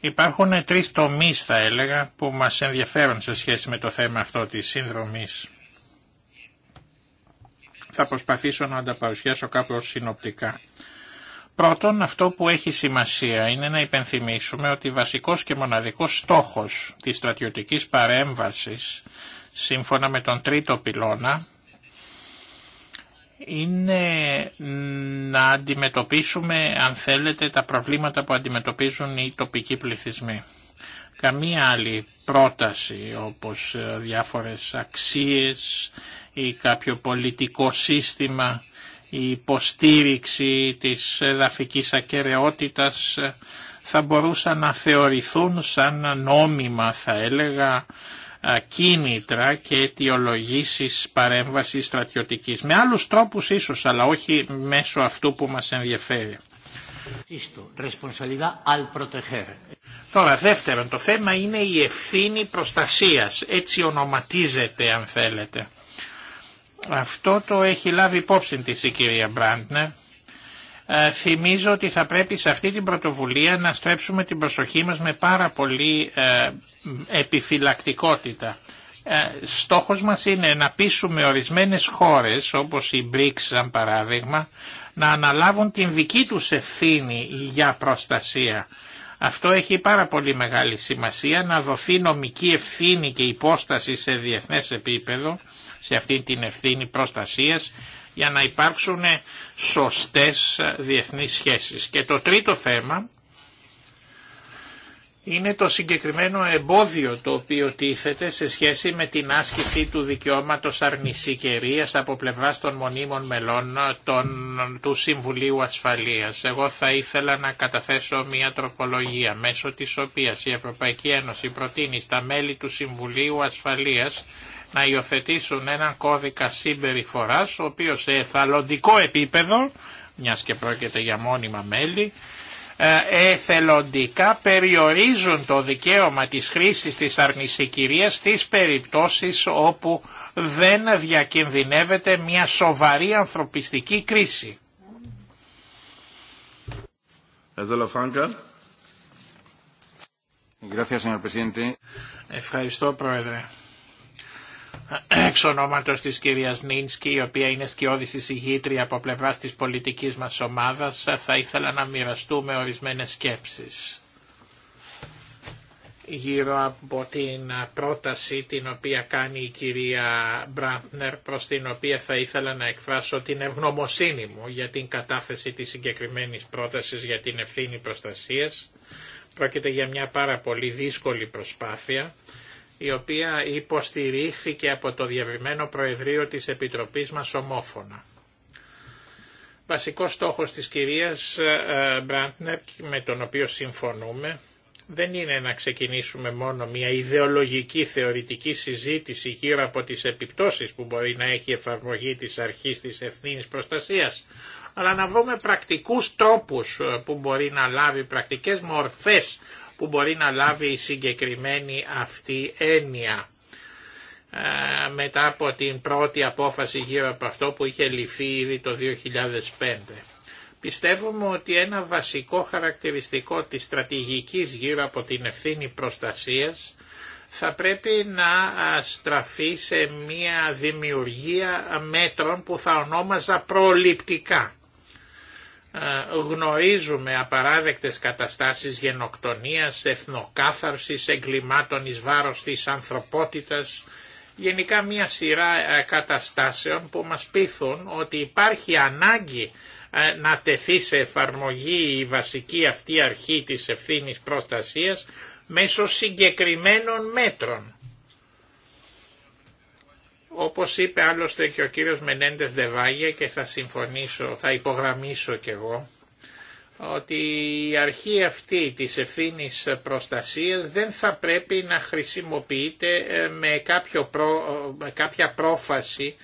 Υπάρχουν τρεις τομείς θα έλεγα που μας ενδιαφέρουν σε σχέση με το θέμα αυτό της σύνδρομης. Θα προσπαθήσω να τα παρουσιάσω κάπως συνοπτικά. Πρώτον, αυτό που έχει σημασία είναι να υπενθυμίσουμε ότι βασικός και μοναδικός στόχος της στρατιωτικής παρέμβασης σύμφωνα με τον τρίτο πυλώνα είναι να αντιμετωπίσουμε, αν θέλετε, τα προβλήματα που αντιμετωπίζουν οι τοπικοί πληθυσμοί. Καμία άλλη πρόταση όπως ε, διάφορες αξίες ή κάποιο πολιτικό σύστημα η υποστήριξη της εδαφικής ακαιρεότητας ε, θα μπορούσαν να θεωρηθούν σαν νόμιμα θα έλεγα κίνητρα και αιτιολογήσεις παρέμβασης στρατιωτικής. Με άλλους τρόπους ίσως, αλλά όχι μέσω αυτού που μας ενδιαφέρει. Τώρα δεύτερον, το θέμα είναι η ευθύνη προστασίας, έτσι ονοματίζεται αν θέλετε. Αυτό το έχει λάβει υπόψη της η κυρία Μπραντνερ ε, θυμίζω ότι θα πρέπει σε αυτή την πρωτοβουλία να στρέψουμε την προσοχή μας με πάρα πολύ ε, επιφυλακτικότητα. Ε, στόχος μας είναι να πείσουμε ορισμένες χώρες, όπως η BRICS σαν παράδειγμα, να αναλάβουν την δική τους ευθύνη για προστασία. Αυτό έχει πάρα πολύ μεγάλη σημασία, να δοθεί νομική ευθύνη και υπόσταση σε διεθνές επίπεδο, σε αυτή την ευθύνη προστασίας για να υπάρξουν σωστές διεθνείς σχέσεις. Και το τρίτο θέμα είναι το συγκεκριμένο εμπόδιο το οποίο τίθεται σε σχέση με την άσκηση του δικαιώματος αρνησικερίας από πλευράς των μονίμων μελών των, του Συμβουλίου Ασφαλείας. Εγώ θα ήθελα να καταθέσω μια τροπολογία μέσω της οποίας η Ευρωπαϊκή Ένωση προτείνει στα μέλη του Συμβουλίου Ασφαλείας να υιοθετήσουν έναν κώδικα συμπεριφοράς, ο οποίος σε εθαλοντικό επίπεδο, μιας και πρόκειται για μόνιμα μέλη, ε, εθελοντικά περιορίζουν το δικαίωμα της χρήσης της αρνησικυρίας στις περιπτώσεις όπου δεν διακινδυνεύεται μια σοβαρή ανθρωπιστική κρίση. Ευχαριστώ Πρόεδρε εξ ονόματος της κυρίας Νίνσκι, η οποία είναι σκιώδης εισηγήτρια από πλευράς της πολιτικής μας ομάδας, θα ήθελα να μοιραστούμε ορισμένες σκέψεις γύρω από την πρόταση την οποία κάνει η κυρία Μπραντνερ προς την οποία θα ήθελα να εκφράσω την ευγνωμοσύνη μου για την κατάθεση της συγκεκριμένης πρότασης για την ευθύνη προστασίας. Πρόκειται για μια πάρα πολύ δύσκολη προσπάθεια η οποία υποστηρίχθηκε από το διαβημένο Προεδρείο της Επιτροπής μας ομόφωνα. Βασικός στόχος της κυρίας ε, Μπραντνερ, με τον οποίο συμφωνούμε, δεν είναι να ξεκινήσουμε μόνο μια ιδεολογική θεωρητική συζήτηση γύρω από τις επιπτώσεις που μπορεί να έχει η εφαρμογή της αρχής της Εθνής προστασίας, αλλά να βρούμε πρακτικούς τρόπους ε, που μπορεί να λάβει πρακτικές μορφές που μπορεί να λάβει η συγκεκριμένη αυτή έννοια ε, μετά από την πρώτη απόφαση γύρω από αυτό που είχε ληφθεί ήδη το 2005. Πιστεύουμε ότι ένα βασικό χαρακτηριστικό της στρατηγικής γύρω από την ευθύνη προστασίας θα πρέπει να στραφεί σε μια δημιουργία μέτρων που θα ονόμαζα προληπτικά. Ε, γνωρίζουμε απαράδεκτες καταστάσεις γενοκτονίας, εθνοκάθαρσης, εγκλημάτων εις βάρος της ανθρωπότητας, γενικά μια σειρά ε, καταστάσεων που μας πείθουν ότι υπάρχει ανάγκη ε, να τεθεί σε εφαρμογή η βασική αυτή αρχή της ευθύνης προστασίας μέσω συγκεκριμένων μέτρων. Όπως είπε άλλωστε και ο κύριος Μενέντες Δεβάγια και θα συμφωνήσω, θα υπογραμμίσω κι εγώ, ότι η αρχή αυτή της ευθύνη προστασίας δεν θα πρέπει να χρησιμοποιείται ε, με, ε, κάποια πρόφαση,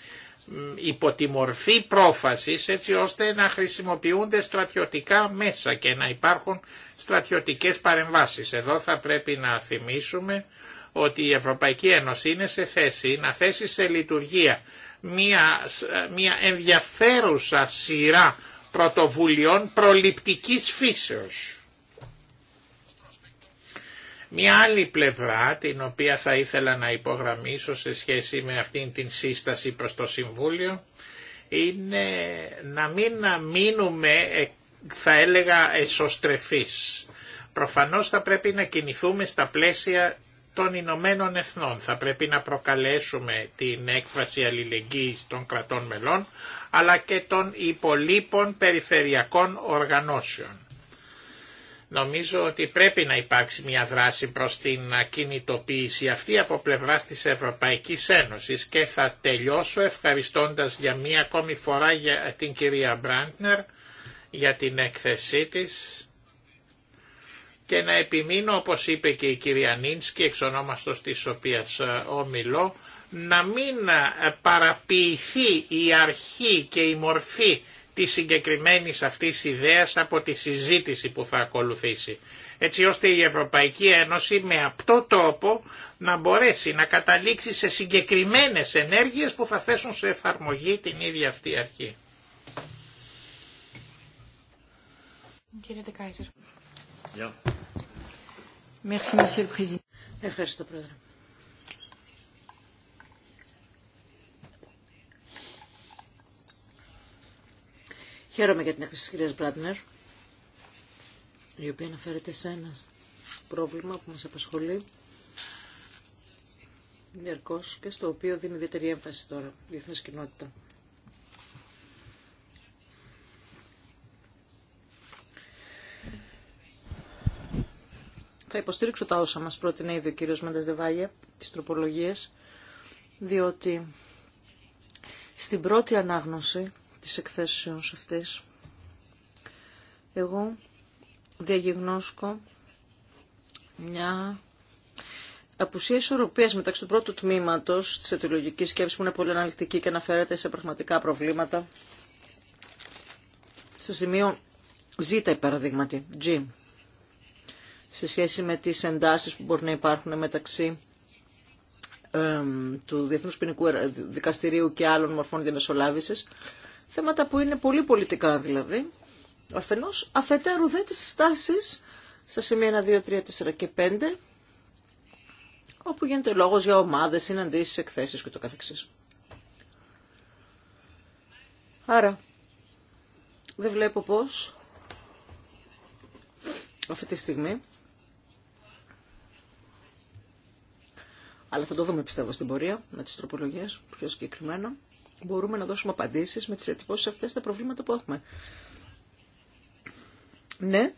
υπό τη μορφή πρόφασης έτσι ώστε να χρησιμοποιούνται στρατιωτικά μέσα και να υπάρχουν στρατιωτικές παρεμβάσεις. Εδώ θα πρέπει να θυμίσουμε ότι η Ευρωπαϊκή Ένωση είναι σε θέση να θέσει σε λειτουργία μια, μια ενδιαφέρουσα σειρά πρωτοβουλειών προληπτικής φύσεως. Μια άλλη πλευρά την οποία θα ήθελα να υπογραμμίσω σε σχέση με αυτήν την σύσταση προς το Συμβούλιο είναι να μην να μείνουμε ε, θα έλεγα εσωστρεφείς. Προφανώς θα πρέπει να κινηθούμε στα πλαίσια των Ηνωμένων Εθνών. Θα πρέπει να προκαλέσουμε την έκφραση αλληλεγγύης των κρατών μελών, αλλά και των υπολείπων περιφερειακών οργανώσεων. Νομίζω ότι πρέπει να υπάρξει μια δράση προς την ακινητοποίηση αυτή από πλευράς της Ευρωπαϊκής Ένωσης και θα τελειώσω ευχαριστώντας για μια ακόμη φορά για την κυρία Μπραντνερ για την έκθεσή της και να επιμείνω όπως είπε και η κυρία Νίνσκι εξ ονόμαστος της οποίας ε, ομιλώ να μην ε, παραποιηθεί η αρχή και η μορφή της συγκεκριμένης αυτής ιδέας από τη συζήτηση που θα ακολουθήσει έτσι ώστε η Ευρωπαϊκή Ένωση με αυτό τρόπο να μπορέσει να καταλήξει σε συγκεκριμένες ενέργειες που θα θέσουν σε εφαρμογή την ίδια αυτή αρχή. Πρόεδρε. Χαίρομαι για την έκθεση της κυρίας Μπράτνερ, η οποία αναφέρεται σε ένα πρόβλημα που μας απασχολεί διαρκώς και στο οποίο δίνει ιδιαίτερη έμφαση τώρα η διεθνής κοινότητα. Θα υποστήριξω τα όσα μας πρότεινε ήδη ο κύριος Μέντες Δεβάγε, τις τροπολογίες, διότι στην πρώτη ανάγνωση της εκθέσεως αυτής, εγώ διαγνώσκω μια απουσία ισορροπίας μεταξύ του πρώτου τμήματος της αιτιολογικής σκέψης που είναι πολύ αναλυτική και αναφέρεται σε πραγματικά προβλήματα. Στο σημείο Z, παραδείγματι, G σε σχέση με τις εντάσεις που μπορεί να υπάρχουν μεταξύ του Διεθνούς Ποινικού Δικαστηρίου και άλλων μορφών διαμεσολάβησης, θέματα που είναι πολύ πολιτικά δηλαδή, αφενός αφετέρου δε τις στάσεις στα σημεία 1, 2, 3, 4 και 5, όπου γίνεται λόγος για ομάδες, συναντήσεις, εκθέσεις και το καθεξής. Άρα, δεν βλέπω πώς αυτή τη στιγμή αλλά θα το δούμε πιστεύω στην πορεία με τις τροπολογίες πιο συγκεκριμένα, μπορούμε να δώσουμε απαντήσεις με τις σε αυτές τα προβλήματα που έχουμε. Ναι,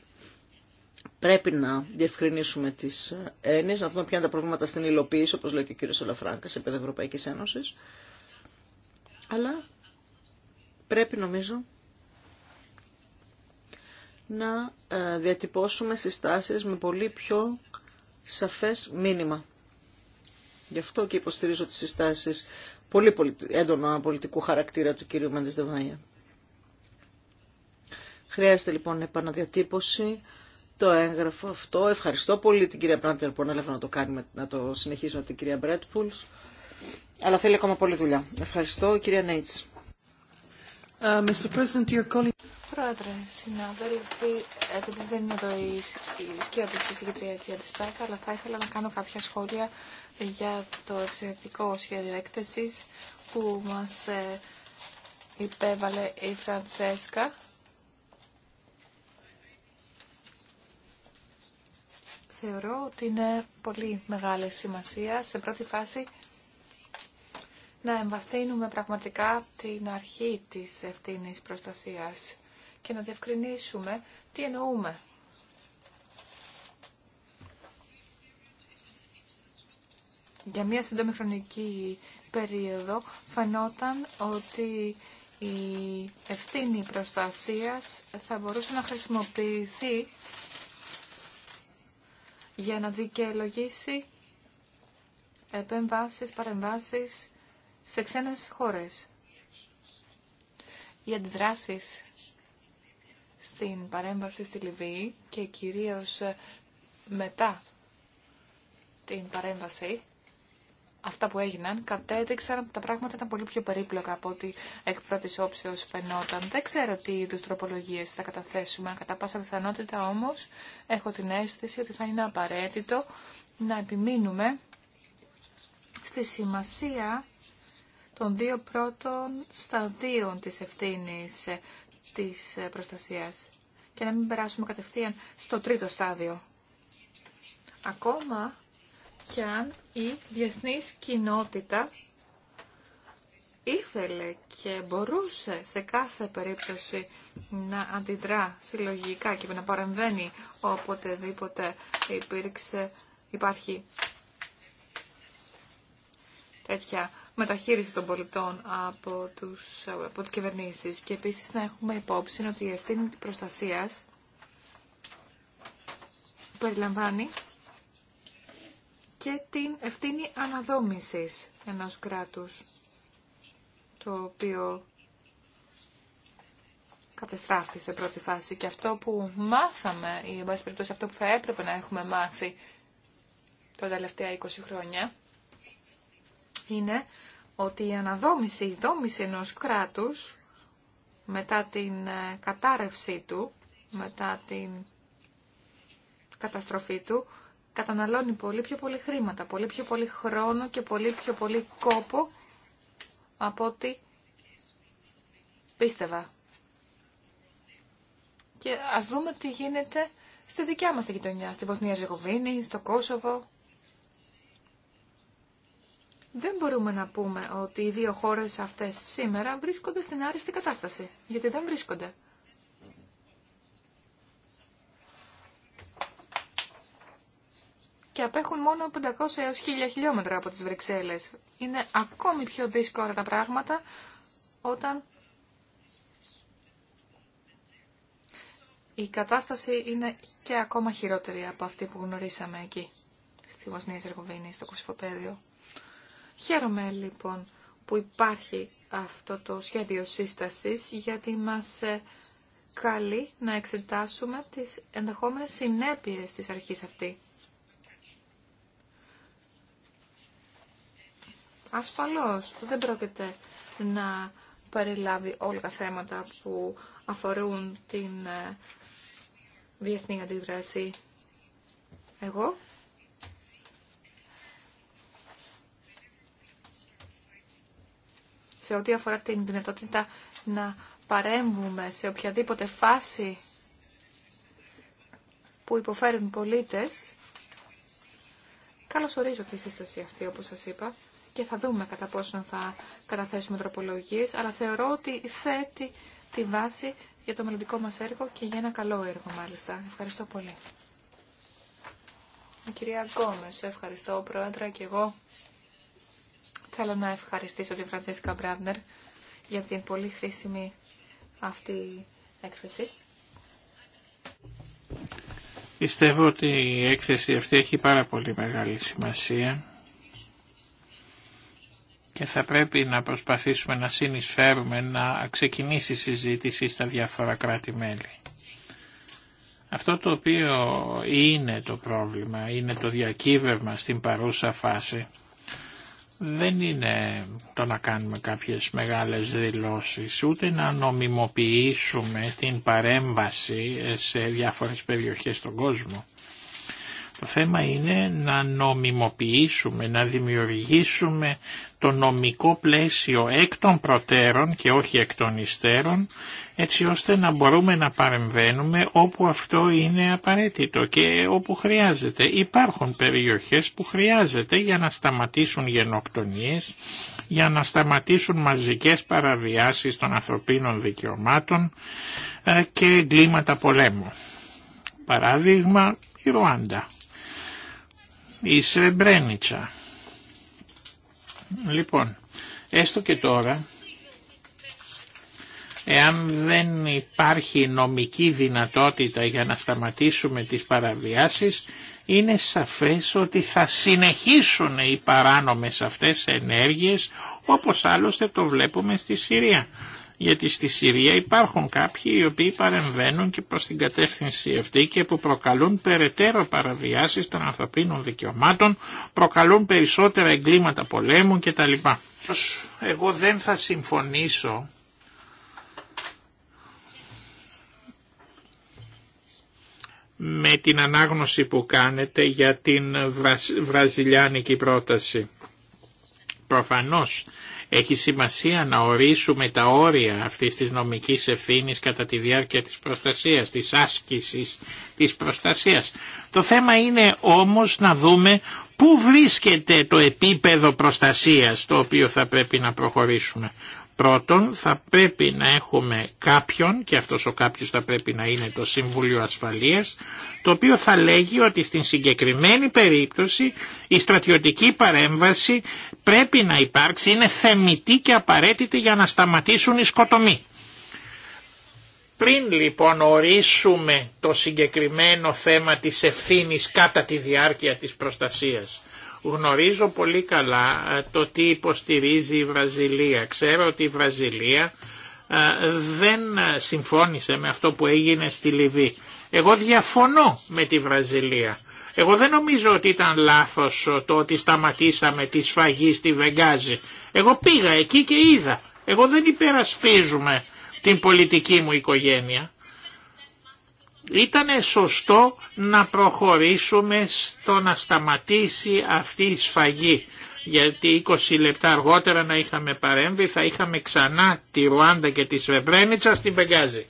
πρέπει να διευκρινίσουμε τις έννοιες, να δούμε ποια είναι τα προβλήματα στην υλοποίηση, όπως λέει και ο κύριος Ολαφράγκα, σε επίπεδο Ευρωπαϊκής αλλά πρέπει νομίζω να ε, διατυπώσουμε συστάσεις με πολύ πιο σαφές μήνυμα. Γι' αυτό και υποστηρίζω τις συστάσεις πολύ έντονα πολιτικού χαρακτήρα του κύριου Δευναία. Χρειάζεται λοιπόν επαναδιατύπωση το έγγραφο αυτό. Ευχαριστώ πολύ την κυρία Μπράντερ που ανέλαβε να το, κάνουμε, να το συνεχίσουμε την κυρία Μπρέτπουλς. Αλλά θέλει ακόμα πολύ δουλειά. Ευχαριστώ κυρία Νέιτς. Ε, Πρόεδρε, συνάδελφοι, επειδή δεν είναι εδώ η τη συζήτρια κυρία ΠΕΚΑ, αλλά θα ήθελα να κάνω κάποια σχόλια για το εξαιρετικό σχέδιο έκθεσης που μας ε, υπέβαλε η Φραντσέσκα. Θεωρώ ότι είναι πολύ μεγάλη σημασία σε πρώτη φάση να εμβαθύνουμε πραγματικά την αρχή της ευθύνης προστασίας και να διευκρινίσουμε τι εννοούμε για μια σύντομη χρονική περίοδο φαινόταν ότι η ευθύνη προστασίας θα μπορούσε να χρησιμοποιηθεί για να δικαιολογήσει επεμβάσεις, παρεμβάσεις σε ξένες χώρες. Οι αντιδράσεις στην παρέμβαση στη Λιβύη και κυρίως μετά την παρέμβαση αυτά που έγιναν κατέδειξαν ότι τα πράγματα ήταν πολύ πιο περίπλοκα από ό,τι εκ πρώτη όψεω φαινόταν. Δεν ξέρω τι είδου τροπολογίε θα καταθέσουμε. Κατά πάσα πιθανότητα όμω έχω την αίσθηση ότι θα είναι απαραίτητο να επιμείνουμε στη σημασία των δύο πρώτων σταδίων της ευθύνης ε, της ε, προστασίας και να μην περάσουμε κατευθείαν στο τρίτο στάδιο. Ακόμα και αν η διεθνής κοινότητα ήθελε και μπορούσε σε κάθε περίπτωση να αντιδρά συλλογικά και να παρεμβαίνει οποτεδήποτε υπήρξε, υπάρχει τέτοια μεταχείριση των πολιτών από, τους, από τις κυβερνήσεις και επίσης να έχουμε υπόψη ότι η ευθύνη της προστασίας περιλαμβάνει και την ευθύνη αναδόμησης ενός κράτους, το οποίο κατεστράφτη σε πρώτη φάση και αυτό που μάθαμε, ή εν πάση αυτό που θα έπρεπε να έχουμε μάθει τα τελευταία 20 χρόνια, είναι ότι η αναδόμηση, η δόμηση ενός κράτους μετά την ε, κατάρρευσή του, μετά την καταστροφή του, καταναλώνει πολύ πιο πολύ χρήματα, πολύ πιο πολύ χρόνο και πολύ πιο πολύ κόπο από ό,τι πίστευα. Και ας δούμε τι γίνεται στη δικιά μας τη γειτονιά, στη Βοσνία Ζεγοβίνη, στο Κόσοβο. Δεν μπορούμε να πούμε ότι οι δύο χώρες αυτές σήμερα βρίσκονται στην άριστη κατάσταση, γιατί δεν βρίσκονται. και απέχουν μόνο 500 έως 1000 χιλιόμετρα από τις Βρυξέλλες. Είναι ακόμη πιο δύσκολα τα πράγματα όταν η κατάσταση είναι και ακόμα χειρότερη από αυτή που γνωρίσαμε εκεί, στη Βοσνία Ζερβοβίνη, στο Κωσυφοπαίδιο. Χαίρομαι λοιπόν που υπάρχει αυτό το σχέδιο σύστασης γιατί μας ε, καλεί να εξετάσουμε τις ενδεχόμενες συνέπειες της αρχής αυτή. Ασφαλώς δεν πρόκειται να περιλάβει όλα τα θέματα που αφορούν την ε, διεθνή αντίδραση. Εγώ σε ό,τι αφορά την δυνατότητα να παρέμβουμε σε οποιαδήποτε φάση που υποφέρουν πολίτες, ορίζω τη σύσταση αυτή, όπως σας είπα και θα δούμε κατά πόσο θα καταθέσουμε τροπολογίες, αλλά θεωρώ ότι θέτει τη βάση για το μελλοντικό μας έργο και για ένα καλό έργο μάλιστα. Ευχαριστώ πολύ. Η κυρία Γκόμες, ευχαριστώ πρόεδρα και εγώ. Θέλω να ευχαριστήσω την Φραντσέσκα Μπράβνερ για την πολύ χρήσιμη αυτή έκθεση. Πιστεύω ότι η έκθεση αυτή έχει πάρα πολύ μεγάλη σημασία και θα πρέπει να προσπαθήσουμε να συνεισφέρουμε να ξεκινήσει η συζήτηση στα διάφορα κράτη-μέλη. Αυτό το οποίο είναι το πρόβλημα, είναι το διακύβευμα στην παρούσα φάση, δεν είναι το να κάνουμε κάποιες μεγάλες δηλώσεις, ούτε να νομιμοποιήσουμε την παρέμβαση σε διάφορες περιοχές στον κόσμο. Το θέμα είναι να νομιμοποιήσουμε, να δημιουργήσουμε το νομικό πλαίσιο εκ των προτέρων και όχι εκ των υστέρων, έτσι ώστε να μπορούμε να παρεμβαίνουμε όπου αυτό είναι απαραίτητο και όπου χρειάζεται. Υπάρχουν περιοχές που χρειάζεται για να σταματήσουν γενοκτονίες, για να σταματήσουν μαζικές παραβιάσεις των ανθρωπίνων δικαιωμάτων ε, και εγκλήματα πολέμου. Παράδειγμα η Ρουάντα η Σρεμπρένιτσα. Λοιπόν, έστω και τώρα, εάν δεν υπάρχει νομική δυνατότητα για να σταματήσουμε τις παραβιάσεις, είναι σαφές ότι θα συνεχίσουν οι παράνομες αυτές ενέργειες, όπως άλλωστε το βλέπουμε στη Συρία γιατί στη Συρία υπάρχουν κάποιοι οι οποίοι παρεμβαίνουν και προς την κατεύθυνση αυτή και που προκαλούν περαιτέρω παραβιάσεις των ανθρωπίνων δικαιωμάτων, προκαλούν περισσότερα εγκλήματα πολέμου κτλ. Εγώ δεν θα συμφωνήσω με την ανάγνωση που κάνετε για την βραζιλιάνικη πρόταση. Προφανώς έχει σημασία να ορίσουμε τα όρια αυτής της νομικής ευθύνης κατά τη διάρκεια της προστασίας, της άσκησης της προστασίας. Το θέμα είναι όμως να δούμε πού βρίσκεται το επίπεδο προστασίας το οποίο θα πρέπει να προχωρήσουμε. Πρώτον, θα πρέπει να έχουμε κάποιον, και αυτός ο κάποιος θα πρέπει να είναι το Συμβούλιο Ασφαλείας, το οποίο θα λέγει ότι στην συγκεκριμένη περίπτωση η στρατιωτική παρέμβαση πρέπει να υπάρξει, είναι θεμητή και απαραίτητη για να σταματήσουν οι σκοτομοί. Πριν λοιπόν ορίσουμε το συγκεκριμένο θέμα της ευθύνης κατά τη διάρκεια της προστασίας, Γνωρίζω πολύ καλά ε, το τι υποστηρίζει η Βραζιλία. Ξέρω ότι η Βραζιλία ε, δεν ε, συμφώνησε με αυτό που έγινε στη Λιβύη. Εγώ διαφωνώ με τη Βραζιλία. Εγώ δεν νομίζω ότι ήταν λάθος το ότι σταματήσαμε τη σφαγή στη Βεγγάζη. Εγώ πήγα εκεί και είδα. Εγώ δεν υπερασπίζουμε την πολιτική μου οικογένεια. Ήταν σωστό να προχωρήσουμε στο να σταματήσει αυτή η σφαγή γιατί 20 λεπτά αργότερα να είχαμε παρέμβει θα είχαμε ξανά τη Ρουάντα και τη Σβεμπρένιτσα στην Πεγκάζη.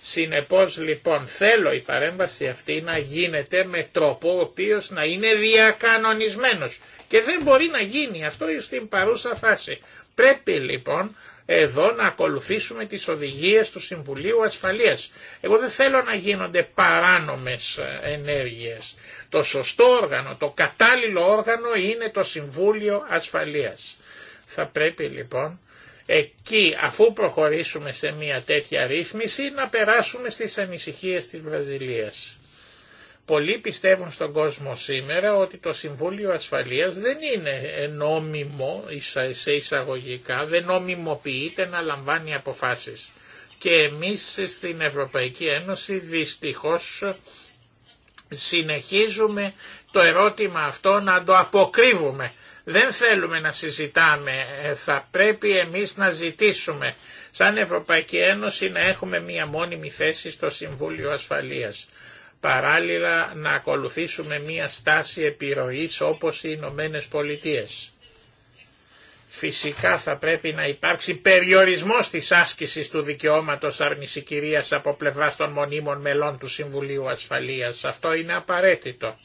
Συνεπώς λοιπόν θέλω η παρέμβαση αυτή να γίνεται με τρόπο ο οποίος να είναι διακανονισμένος και δεν μπορεί να γίνει αυτό στην παρούσα φάση. Πρέπει λοιπόν εδώ να ακολουθήσουμε τις οδηγίες του Συμβουλίου Ασφαλείας. Εγώ δεν θέλω να γίνονται παράνομες ε, ενέργειες. Το σωστό όργανο, το κατάλληλο όργανο είναι το Συμβούλιο Ασφαλείας. Θα πρέπει λοιπόν εκεί αφού προχωρήσουμε σε μια τέτοια ρύθμιση να περάσουμε στις ανησυχίες της Βραζιλίας. Πολλοί πιστεύουν στον κόσμο σήμερα ότι το Συμβούλιο Ασφαλείας δεν είναι νόμιμο σε εισαγωγικά, δεν νομιμοποιείται να λαμβάνει αποφάσεις. Και εμείς στην Ευρωπαϊκή Ένωση δυστυχώς συνεχίζουμε το ερώτημα αυτό να το αποκρύβουμε. Δεν θέλουμε να συζητάμε, ε, θα πρέπει εμείς να ζητήσουμε σαν Ευρωπαϊκή Ένωση να έχουμε μία μόνιμη θέση στο Συμβούλιο Ασφαλείας παράλληλα να ακολουθήσουμε μία στάση επιρροής όπως οι Ηνωμένε Πολιτείες. Φυσικά θα πρέπει να υπάρξει περιορισμός της άσκησης του δικαιώματος αρνησικυρίας από πλευρά των μονίμων μελών του Συμβουλίου Ασφαλείας. Αυτό είναι απαραίτητο.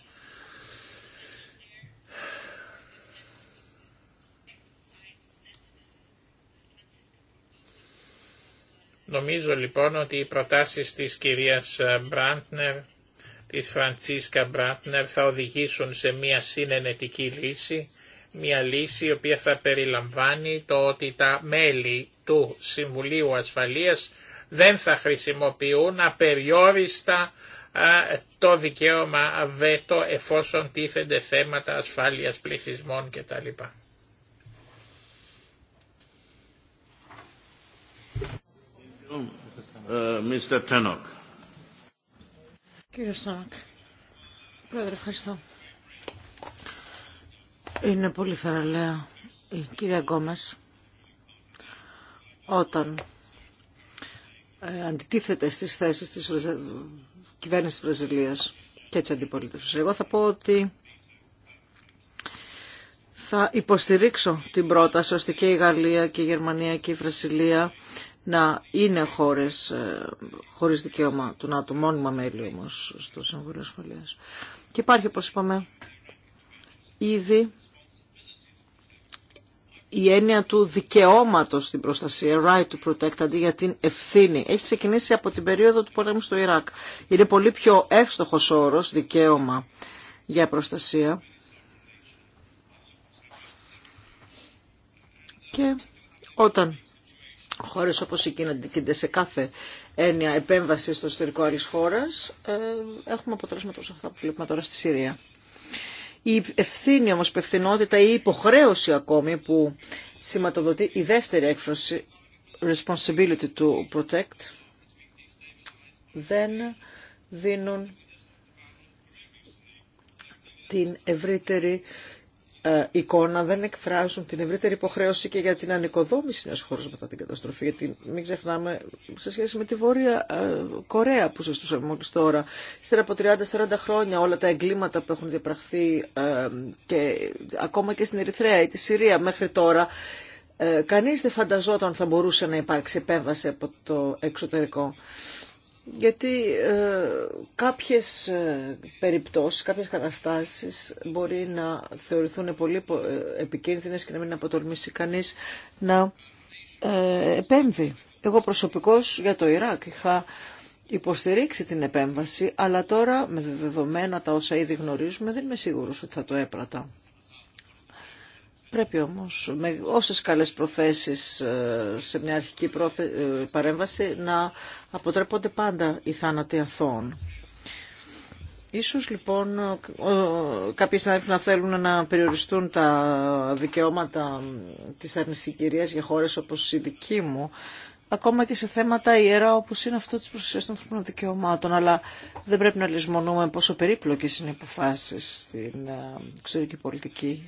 Νομίζω λοιπόν ότι οι προτάσεις της κυρίας Μπραντνερ της Φραντσίσκα Μπράτνερ θα οδηγήσουν σε μια συνενετική λύση, μια λύση η οποία θα περιλαμβάνει το ότι τα μέλη του Συμβουλίου Ασφαλείας δεν θα χρησιμοποιούν απεριόριστα το δικαίωμα βέτο εφόσον τίθενται θέματα ασφάλειας πληθυσμών κτλ. Ε, Mr. Tannock. Κύριε πρόεδρε, Είναι πολύ θαραλέα η κυρία Γκόμες όταν ε, αντιτίθεται στις θέσεις της κυβέρνησης της Βραζιλίας και της αντιπολίτευσης. Εγώ θα πω ότι θα υποστηρίξω την πρόταση ώστε και η Γαλλία και η Γερμανία και η Βραζιλία να είναι χώρες ε, χωρίς δικαίωμα του ΝΑΤΟ, μόνιμα μέλη όμως στο Συμβούλιο Ασφαλείας. Και υπάρχει, όπως είπαμε, ήδη η έννοια του δικαιώματος στην προστασία, right to protect, αντί για την ευθύνη. Έχει ξεκινήσει από την περίοδο του πολέμου στο Ιράκ. Είναι πολύ πιο εύστοχος όρος δικαίωμα για προστασία. Και όταν χώρες όπως η Κίνα αντικείται σε κάθε έννοια επέμβαση στο εσωτερικό άλλης χώρας, ε, έχουμε αποτελέσματα όπω αυτά που βλέπουμε τώρα στη Συρία. Η ευθύνη όμως, η υπευθυνότητα, η υποχρέωση ακόμη που σηματοδοτεί η δεύτερη έκφραση responsibility to protect δεν δίνουν την ευρύτερη ε, εικόνα δεν εκφράζουν την ευρύτερη υποχρέωση και για την ανοικοδόμηση μιας χώρας μετά την καταστροφή. Γιατί μην ξεχνάμε σε σχέση με τη Βόρεια ε, Κορέα που τους μολι μόλις τώρα. Ύστερα από 30-40 χρόνια όλα τα εγκλήματα που έχουν διαπραχθεί ε, και ακόμα και στην Ερυθρέα ή τη Συρία μέχρι τώρα κανείς δεν φανταζόταν θα μπορούσε να υπάρξει επέμβαση από το εξωτερικό γιατί ε, κάποιες ε, περιπτώσεις, κάποιες καταστάσεις μπορεί να θεωρηθούν πολύ ε, επικίνδυνες και να μην αποτολμήσει κανείς να ε, επέμβει. Εγώ προσωπικώς για το Ιράκ είχα υποστηρίξει την επέμβαση, αλλά τώρα με δεδομένα τα όσα ήδη γνωρίζουμε δεν είμαι σίγουρος ότι θα το έπρατα. Πρέπει όμως με όσες καλές προθέσεις ε, σε μια αρχική ε, παρέμβαση να αποτρέπονται πάντα οι θάνατοι αθώων. Ίσως λοιπόν κάποιοι συνάδελφοι να θέλουν να περιοριστούν τα δικαιώματα της αρνησικηρίας για χώρες όπως η δική μου, ακόμα και σε θέματα ιερά όπως είναι αυτό της προστασίας των ανθρωπίνων δικαιωμάτων, αλλά δεν πρέπει να λησμονούμε πόσο περίπλοκες είναι οι στην ε, εξωτερική πολιτική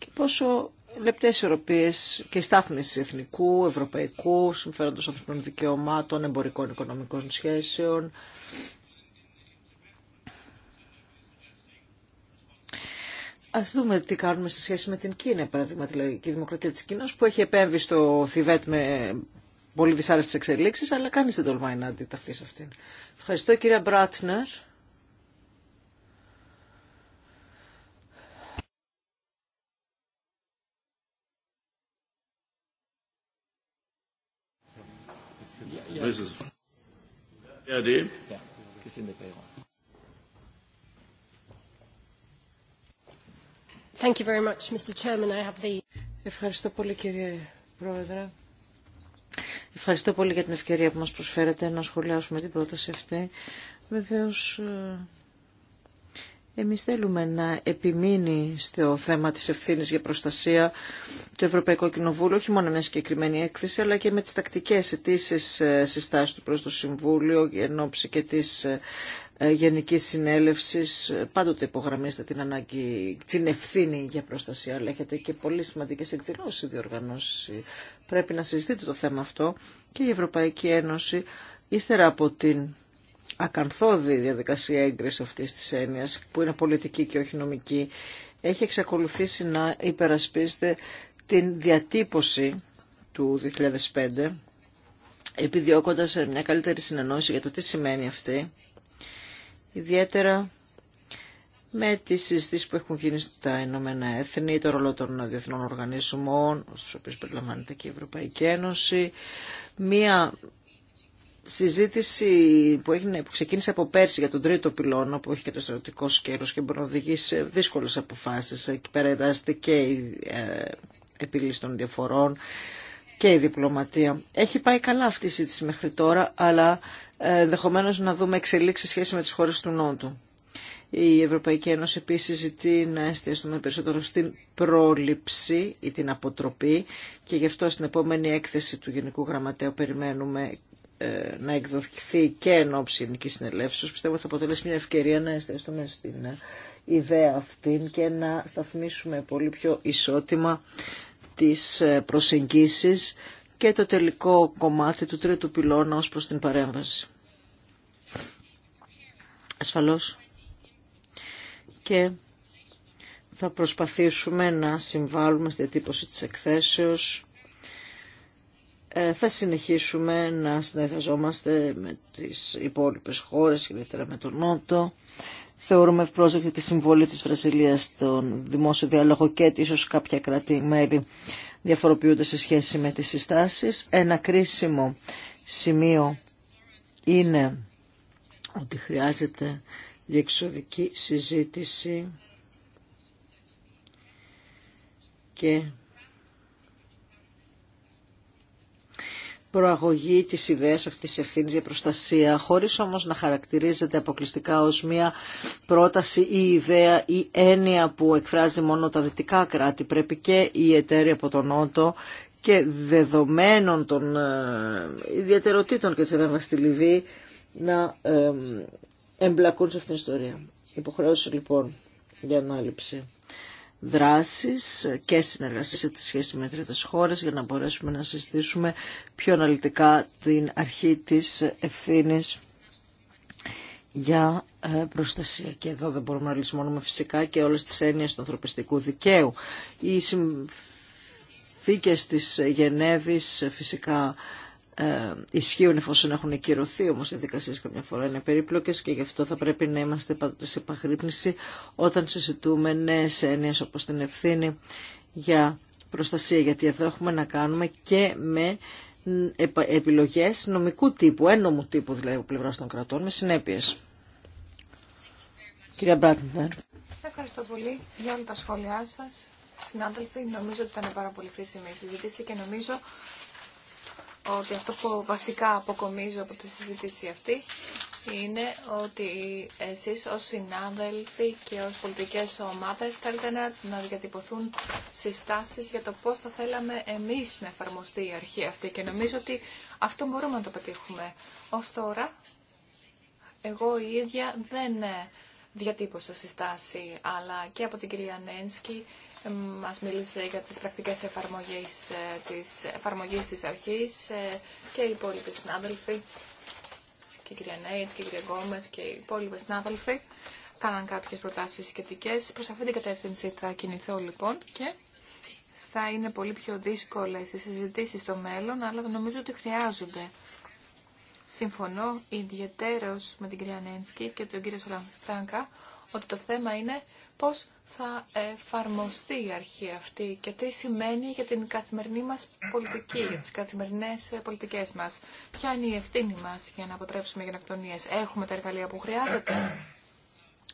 και πόσο λεπτές ισορροπίες και στάθμιση εθνικού, ευρωπαϊκού, συμφέροντος ανθρωπινών δικαιωμάτων, εμπορικών οικονομικών σχέσεων. Ας δούμε τι κάνουμε σε σχέση με την Κίνα, παράδειγμα τη δηλαδή, λαϊκή δημοκρατία της Κίνας, που έχει επέμβει στο Θιβέτ με πολύ δυσάρεστες εξελίξεις, αλλά κανείς δεν τολμάει να αντιταχθεί σε αυτήν. Ευχαριστώ κυρία Μπράτνερ. Ευχαριστώ πολύ κύριε Πρόεδρε. Ευχαριστώ πολύ για την ευκαιρία που μας προσφέρετε να σχολιάσουμε την πρόταση αυτή. Βεβαίως ε, εμείς θέλουμε να επιμείνει στο θέμα της ευθύνης για προστασία το Ευρωπαϊκό Κοινοβούλιο, όχι μόνο μια συγκεκριμένη έκθεση, αλλά και με τις τακτικές αιτήσει ε, συστάσεις του προς το Συμβούλιο, εν ώψη και της ε, ε, γενική συνέλευση. Πάντοτε υπογραμμίστε την ανάγκη, την ευθύνη για προστασία, αλλά έχετε και πολύ σημαντικέ εκδηλώσεις διοργανώσει. Πρέπει να συζητείτε το θέμα αυτό και η Ευρωπαϊκή Ένωση, ύστερα από την η διαδικασία έγκριση αυτής της έννοια που είναι πολιτική και όχι νομική, έχει εξακολουθήσει να υπερασπίζεται την διατύπωση του 2005, επιδιώκοντας μια καλύτερη συνεννόηση για το τι σημαίνει αυτή, ιδιαίτερα με τις συζητήσεις που έχουν γίνει στα Ηνωμένα Έθνη, το ρόλο των διεθνών οργανισμών, στους οποίους περιλαμβάνεται και η Ευρωπαϊκή Ένωση, μία συζήτηση που, έγινε, που ξεκίνησε από πέρσι για τον τρίτο πυλώνα που έχει και το στρατιωτικό σκέλος και μπορεί να οδηγήσει σε δύσκολε αποφάσεις. Εκεί πέρα εντάσσεται και η ε, επίλυση των διαφορών και η διπλωματία. Έχει πάει καλά αυτή η συζήτηση μέχρι τώρα, αλλά ε, ενδεχομένω να δούμε εξελίξει σχέση με τι χώρε του Νότου. Η Ευρωπαϊκή Ένωση επίσης ζητεί να εστιαστούμε περισσότερο στην πρόληψη ή την αποτροπή και γι' αυτό στην επόμενη έκθεση του Γενικού Γραμματέου περιμένουμε ε, να εκδοθεί και εν ώψη ελληνική συνελεύσεω. Πιστεύω ότι θα αποτελέσει μια ευκαιρία να εστιαστούμε στην ε, ιδέα αυτή και να σταθμίσουμε πολύ πιο ισότιμα τις ε, προσεγγίσεις και το τελικό κομμάτι του τρίτου πυλώνα ως προς την παρέμβαση. Ασφαλώς. Και θα προσπαθήσουμε να συμβάλλουμε στη διατύπωση της εκθέσεως ε, θα συνεχίσουμε να συνεργαζόμαστε με τις υπόλοιπες χώρες, ιδιαίτερα με τον Νότο. Θεωρούμε ευπρόσδεκτη τη συμβολή της Βραζιλίας στον δημόσιο διάλογο και ίσως κάποια κράτη-μέλη διαφοροποιούνται σε σχέση με τις συστάσεις. Ένα κρίσιμο σημείο είναι ότι χρειάζεται διεξοδική συζήτηση και προαγωγή της ιδέας αυτής της ευθύνης για προστασία, χωρίς όμως να χαρακτηρίζεται αποκλειστικά ως μια πρόταση ή ιδέα ή έννοια που εκφράζει μόνο τα δυτικά κράτη. Πρέπει και οι εταίροι από τον Νότο και δεδομένων των ε, ιδιαιτεροτήτων και της επέμβασης στη Λιβύη να ε, εμπλακούν σε αυτήν την ιστορία. Υποχρέωση λοιπόν για ανάληψη και συνεργασίε σε τη σχέση με τρίτες χώρες για να μπορέσουμε να συστήσουμε πιο αναλυτικά την αρχή τη ευθύνη για ε, προστασία. Και εδώ δεν μπορούμε να λησμονούμε φυσικά και όλε τι έννοιες του ανθρωπιστικού δικαίου. Οι συνθήκε τη Γενέβης ε, φυσικά ε, ισχύουν εφόσον έχουν κυρωθεί όμως οι δικασίες καμιά φορά είναι περίπλοκες και γι' αυτό θα πρέπει να είμαστε σε επαγρύπνηση όταν συζητούμε νέες έννοιες όπως την ευθύνη για προστασία γιατί εδώ έχουμε να κάνουμε και με επιλογές νομικού τύπου, ένομου τύπου δηλαδή από πλευράς των κρατών με συνέπειες. Κυρία Μπράτντερ. Ευχαριστώ πολύ για όλα τα σχόλιά σας. Συνάδελφοι, νομίζω ότι ήταν πάρα πολύ χρήσιμη η συζήτηση και νομίζω ότι αυτό που βασικά αποκομίζω από τη συζήτηση αυτή είναι ότι εσείς ως συνάδελφοι και ως πολιτικές ομάδες θέλετε να, να διατυπωθούν συστάσεις για το πώς θα θέλαμε εμείς να εφαρμοστεί η αρχή αυτή και νομίζω ότι αυτό μπορούμε να το πετύχουμε. Ως τώρα, εγώ η ίδια δεν ε, διατύπωσα συστάση, αλλά και από την κυρία Νένσκι ε, μας μίλησε για τις πρακτικές εφαρμογές ε, της, εφαρμογής της αρχής ε, και οι υπόλοιποι συνάδελφοι και η κυρία Νέιτς και η κυρία Γκόμες και οι υπόλοιποι συνάδελφοι κάναν κάποιες προτάσεις σχετικέ. Προς αυτήν την κατεύθυνση θα κινηθώ λοιπόν και θα είναι πολύ πιο δύσκολες οι συζητήσεις στο μέλλον, αλλά νομίζω ότι χρειάζονται. Συμφωνώ ιδιαίτερος με την κυρία Νένσκι και τον κύριο Σολανφράγκα ότι το θέμα είναι πώς θα εφαρμοστεί η αρχή αυτή και τι σημαίνει για την καθημερινή μας πολιτική, για τις καθημερινές πολιτικές μας. Ποια είναι η ευθύνη μας για να αποτρέψουμε γενοκτονίες. Έχουμε τα εργαλεία που χρειάζεται.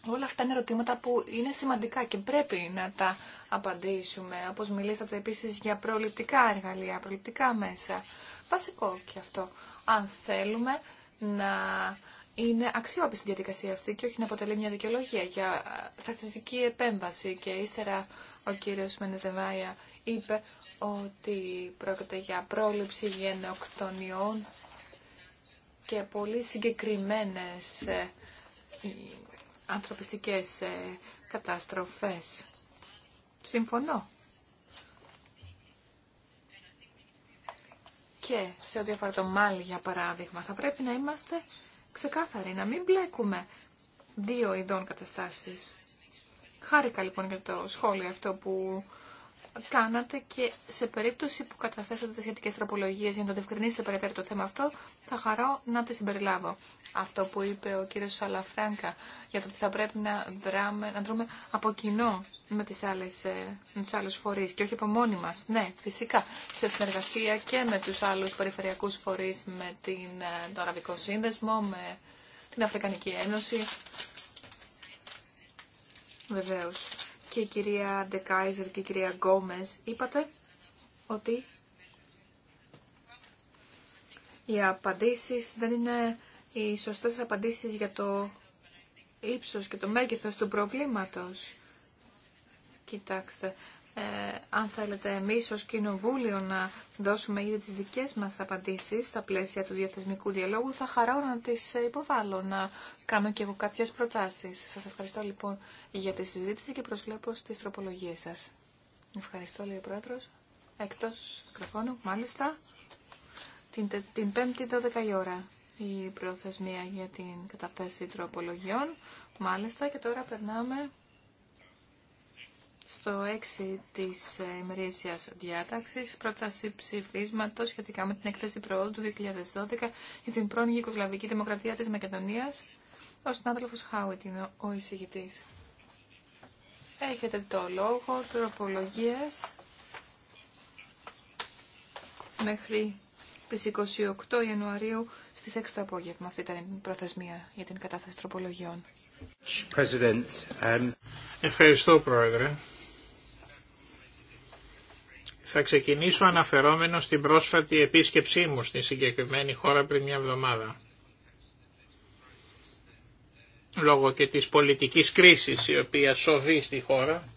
Όλα αυτά είναι ερωτήματα που είναι σημαντικά και πρέπει να τα απαντήσουμε. Όπως μιλήσατε επίσης για προληπτικά εργαλεία, προληπτικά μέσα. Βασικό και αυτό. Αν θέλουμε να είναι αξιόπιστη η διαδικασία αυτή και όχι να αποτελεί μια δικαιολογία για στρατιωτική επέμβαση. Και ύστερα ο κύριος Μενεζεβάια είπε ότι πρόκειται για πρόληψη γενοκτονιών και πολύ συγκεκριμένες ε, ανθρωπιστικές ε, καταστροφές. Συμφωνώ. Και σε ό,τι αφορά το Μάλι, για παράδειγμα, θα πρέπει να είμαστε ξεκάθαρη, να μην μπλέκουμε δύο ειδών καταστάσεις. Χάρηκα λοιπόν για το σχόλιο αυτό που κάνατε και σε περίπτωση που καταθέσατε σχετικέ σχετικές για να το διευκρινίσετε περαιτέρω το θέμα αυτό, θα χαρώ να τη συμπεριλάβω. Αυτό που είπε ο κύριο Σαλαφράγκα για το ότι θα πρέπει να, δράμε, να δρούμε από κοινό με τις, άλλες, ε, φορεί και όχι από μόνοι μας. Ναι, φυσικά, σε συνεργασία και με του άλλου περιφερειακού φορεί με την, ε, τον Αραβικό Σύνδεσμο, με την Αφρικανική Ένωση. Βεβαίως και η κυρία Ντεκάιζερ και η κυρία Γκόμες, είπατε ότι οι απαντήσεις δεν είναι οι σωστές απαντήσεις για το ύψος και το μέγεθος του προβλήματος. Κοιτάξτε, ε, αν θέλετε, εμείς ως Κοινοβούλιο να δώσουμε ήδη τις δικές μας απαντήσεις στα πλαίσια του διαθεσμικού διαλόγου, θα χαρώ να τις υποβάλω, να κάνω και εγώ κάποιες προτάσεις. Σας ευχαριστώ λοιπόν για τη συζήτηση και προσβλέπω στις τροπολογίες σας. Ευχαριστώ, λέει ο Πρόεδρος. Εκτός μικροφώνου, μάλιστα, την, την 5η 12 η ώρα η προθεσμία για την καταθέση τροπολογιών. Μάλιστα, και τώρα περνάμε το 6 της ε, ημερήσιας διάταξη. πρόταση ψηφίσματο σχετικά με την έκθεση προόδου του 2012 για την πρώην Ιουκοσλαβική Δημοκρατία της Μακεδονίας. Ο συνάδελφος Χάουιτ είναι ο εισηγητή. Έχετε το λόγο, τροπολογίε μέχρι τις 28 Ιανουαρίου στις 6 το απόγευμα. Αυτή ήταν η προθεσμία για την κατάθεση τροπολογιών. Um, Ευχαριστώ, Πρόεδρε. Θα ξεκινήσω αναφερόμενο στην πρόσφατη επίσκεψή μου στη συγκεκριμένη χώρα πριν μια εβδομάδα. Λόγω και της πολιτικής κρίσης η οποία σοβεί στη χώρα,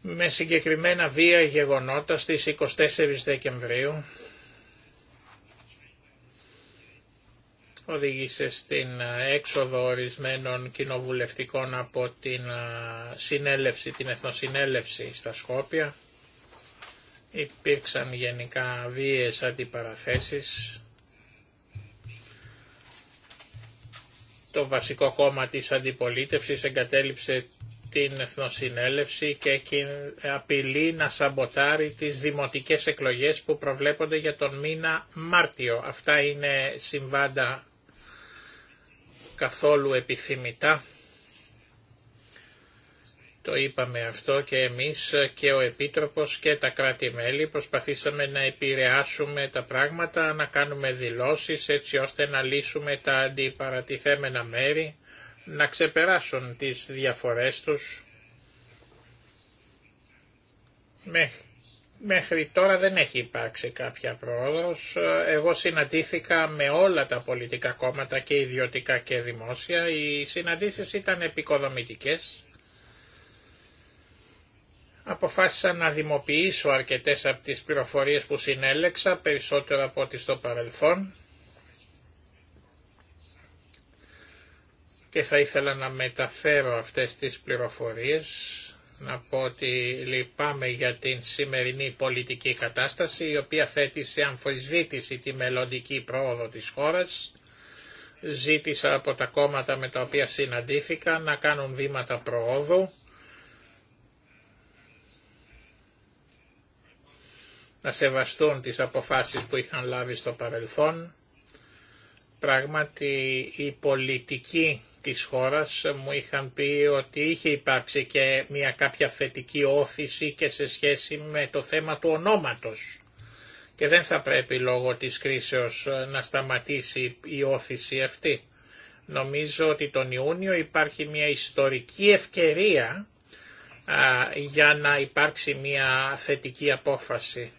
με συγκεκριμένα βία γεγονότα στις 24 Δεκεμβρίου οδήγησε στην έξοδο ορισμένων κοινοβουλευτικών από την συνέλευση, την εθνοσυνέλευση στα Σκόπια. Υπήρξαν γενικά βίες αντιπαραθέσεις. Το βασικό κόμμα της αντιπολίτευσης εγκατέλειψε την Εθνοσυνέλευση και απειλεί να σαμποτάρει τις δημοτικές εκλογές που προβλέπονται για τον μήνα Μάρτιο. Αυτά είναι συμβάντα καθόλου επιθυμητά. Το είπαμε αυτό και εμείς και ο Επίτροπος και τα κράτη-μέλη προσπαθήσαμε να επηρεάσουμε τα πράγματα, να κάνουμε δηλώσεις έτσι ώστε να λύσουμε τα αντιπαρατηθέμενα μέρη, να ξεπεράσουν τις διαφορές τους Μέχρι τώρα δεν έχει υπάρξει κάποια πρόοδος. Εγώ συναντήθηκα με όλα τα πολιτικά κόμματα και ιδιωτικά και δημόσια. Οι συναντήσεις ήταν επικοδομητικές. Αποφάσισα να δημοποιήσω αρκετές από τις πληροφορίες που συνέλεξα, περισσότερο από ό,τι στο παρελθόν. Και θα ήθελα να μεταφέρω αυτές τις πληροφορίες να πω ότι λυπάμαι για την σημερινή πολιτική κατάσταση η οποία θέτει σε αμφισβήτηση τη μελλοντική πρόοδο της χώρας. Ζήτησα από τα κόμματα με τα οποία συναντήθηκα να κάνουν βήματα προόδου. να σεβαστούν τις αποφάσεις που είχαν λάβει στο παρελθόν. Πράγματι η πολιτική της χώρας μου είχαν πει ότι είχε υπάρξει και μια κάποια θετική όθηση και σε σχέση με το θέμα του ονόματος. Και δεν θα πρέπει λόγω της κρίσεως να σταματήσει η όθηση αυτή. Νομίζω ότι τον Ιούνιο υπάρχει μια ιστορική ευκαιρία για να υπάρξει μια θετική απόφαση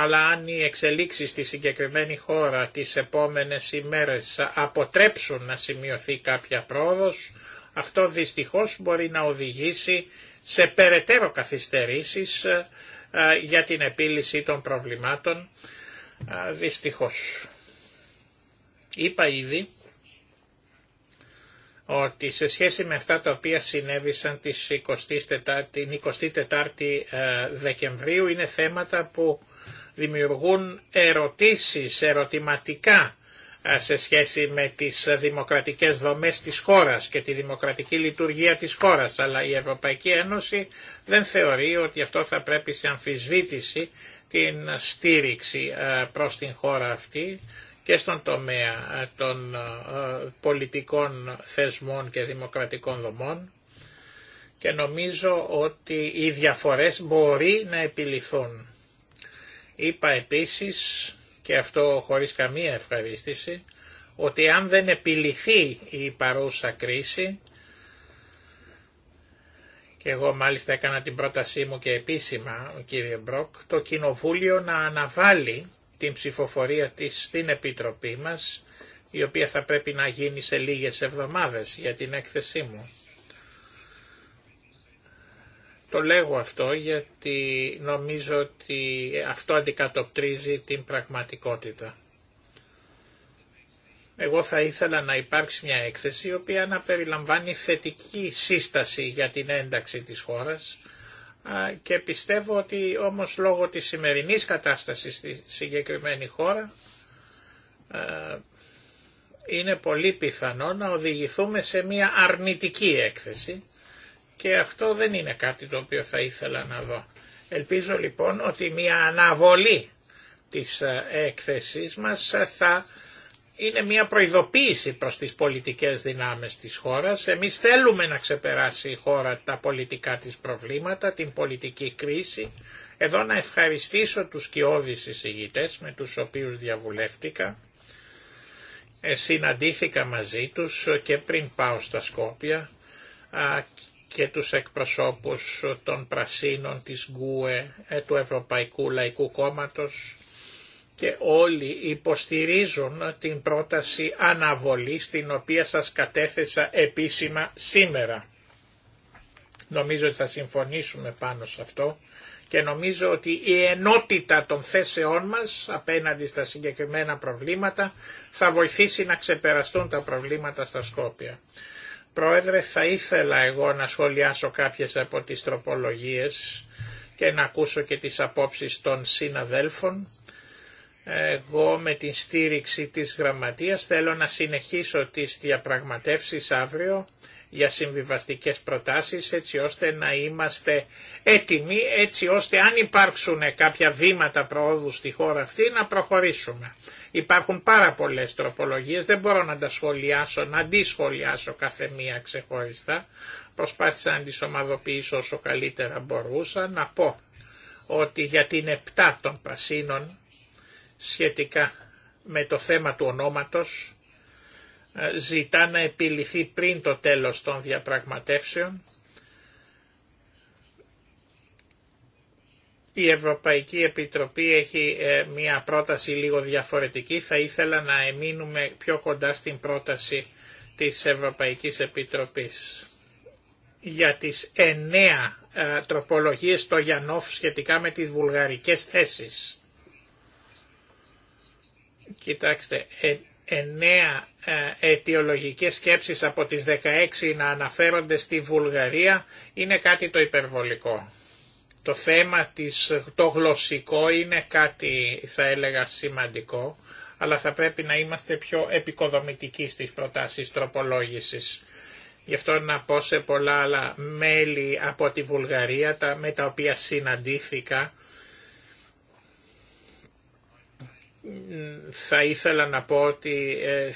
αλλά αν οι εξελίξεις στη συγκεκριμένη χώρα τις επόμενες ημέρες αποτρέψουν να σημειωθεί κάποια πρόοδος, αυτό δυστυχώς μπορεί να οδηγήσει σε περαιτέρω καθυστερήσεις ε, ε, για την επίλυση των προβλημάτων, ε, δυστυχώς. Είπα ήδη ότι σε σχέση με αυτά τα οποία συνέβησαν την 24η Δεκεμβρίου είναι θέματα που δημιουργούν ερωτήσεις, ερωτηματικά σε σχέση με τις δημοκρατικές δομές της χώρας και τη δημοκρατική λειτουργία της χώρας, αλλά η Ευρωπαϊκή Ένωση δεν θεωρεί ότι αυτό θα πρέπει σε αμφισβήτηση την στήριξη προς την χώρα αυτή και στον τομέα των πολιτικών θεσμών και δημοκρατικών δομών και νομίζω ότι οι διαφορές μπορεί να επιληθούν. Είπα επίσης, και αυτό χωρίς καμία ευχαρίστηση, ότι αν δεν επιληθεί η παρούσα κρίση, και εγώ μάλιστα έκανα την πρότασή μου και επίσημα, ο κύριε Μπροκ, το Κοινοβούλιο να αναβάλει την ψηφοφορία της στην Επιτροπή μας, η οποία θα πρέπει να γίνει σε λίγες εβδομάδες για την έκθεσή μου. Το λέγω αυτό γιατί νομίζω ότι αυτό αντικατοπτρίζει την πραγματικότητα. Εγώ θα ήθελα να υπάρξει μια έκθεση η οποία να περιλαμβάνει θετική σύσταση για την ένταξη της χώρας και πιστεύω ότι όμως λόγω της σημερινής κατάστασης στη συγκεκριμένη χώρα είναι πολύ πιθανό να οδηγηθούμε σε μια αρνητική έκθεση και αυτό δεν είναι κάτι το οποίο θα ήθελα να δω. Ελπίζω λοιπόν ότι μια αναβολή της ε, έκθεσής μας ε, θα είναι μια προειδοποίηση προς τις πολιτικές δυνάμεις της χώρας. Εμείς θέλουμε να ξεπεράσει η χώρα τα πολιτικά της προβλήματα, την πολιτική κρίση. Εδώ να ευχαριστήσω τους κοιόδης εισηγητές με τους οποίους διαβουλεύτηκα. Ε, συναντήθηκα μαζί τους και πριν πάω στα Σκόπια και τους εκπροσώπους των Πρασίνων της Γκουε, ε, του Ευρωπαϊκού Λαϊκού Κόμματος και όλοι υποστηρίζουν την πρόταση αναβολή την οποία σας κατέθεσα επίσημα σήμερα. Νομίζω ότι θα συμφωνήσουμε πάνω σε αυτό και νομίζω ότι η ενότητα των θέσεών μας απέναντι στα συγκεκριμένα προβλήματα θα βοηθήσει να ξεπεραστούν τα προβλήματα στα Σκόπια. Πρόεδρε, θα ήθελα εγώ να σχολιάσω κάποιες από τις τροπολογίες και να ακούσω και τις απόψεις των συναδέλφων. Εγώ με την στήριξη της γραμματείας θέλω να συνεχίσω τις διαπραγματεύσεις αύριο για συμβιβαστικές προτάσεις έτσι ώστε να είμαστε έτοιμοι, έτσι ώστε αν υπάρξουν κάποια βήματα προόδου στη χώρα αυτή να προχωρήσουμε. Υπάρχουν πάρα πολλές τροπολογίες, δεν μπορώ να τα σχολιάσω, να αντισχολιάσω κάθε μία ξεχωριστά. Προσπάθησα να τις ομαδοποιήσω όσο καλύτερα μπορούσα, να πω ότι για την 7 των Πασίνων σχετικά με το θέμα του ονόματος ε, ζητά να επιληθεί πριν το τέλος των διαπραγματεύσεων Η Ευρωπαϊκή Επιτροπή έχει ε, μία πρόταση λίγο διαφορετική. Θα ήθελα να εμείνουμε πιο κοντά στην πρόταση της Ευρωπαϊκής Επιτροπής. Για τις εννέα ε, τροπολογίες στο Γιανόφ σχετικά με τις βουλγαρικές θέσεις. Κοιτάξτε, ε, εννέα αιτιολογικές σκέψεις από τις 16 να αναφέρονται στη Βουλγαρία είναι κάτι το υπερβολικό. Το θέμα της, το γλωσσικό είναι κάτι θα έλεγα σημαντικό, αλλά θα πρέπει να είμαστε πιο επικοδομητικοί στις προτάσεις τροπολόγησης. Γι' αυτό να πω σε πολλά άλλα μέλη από τη Βουλγαρία τα, με τα οποία συναντήθηκα. Θα ήθελα να πω ότι ε,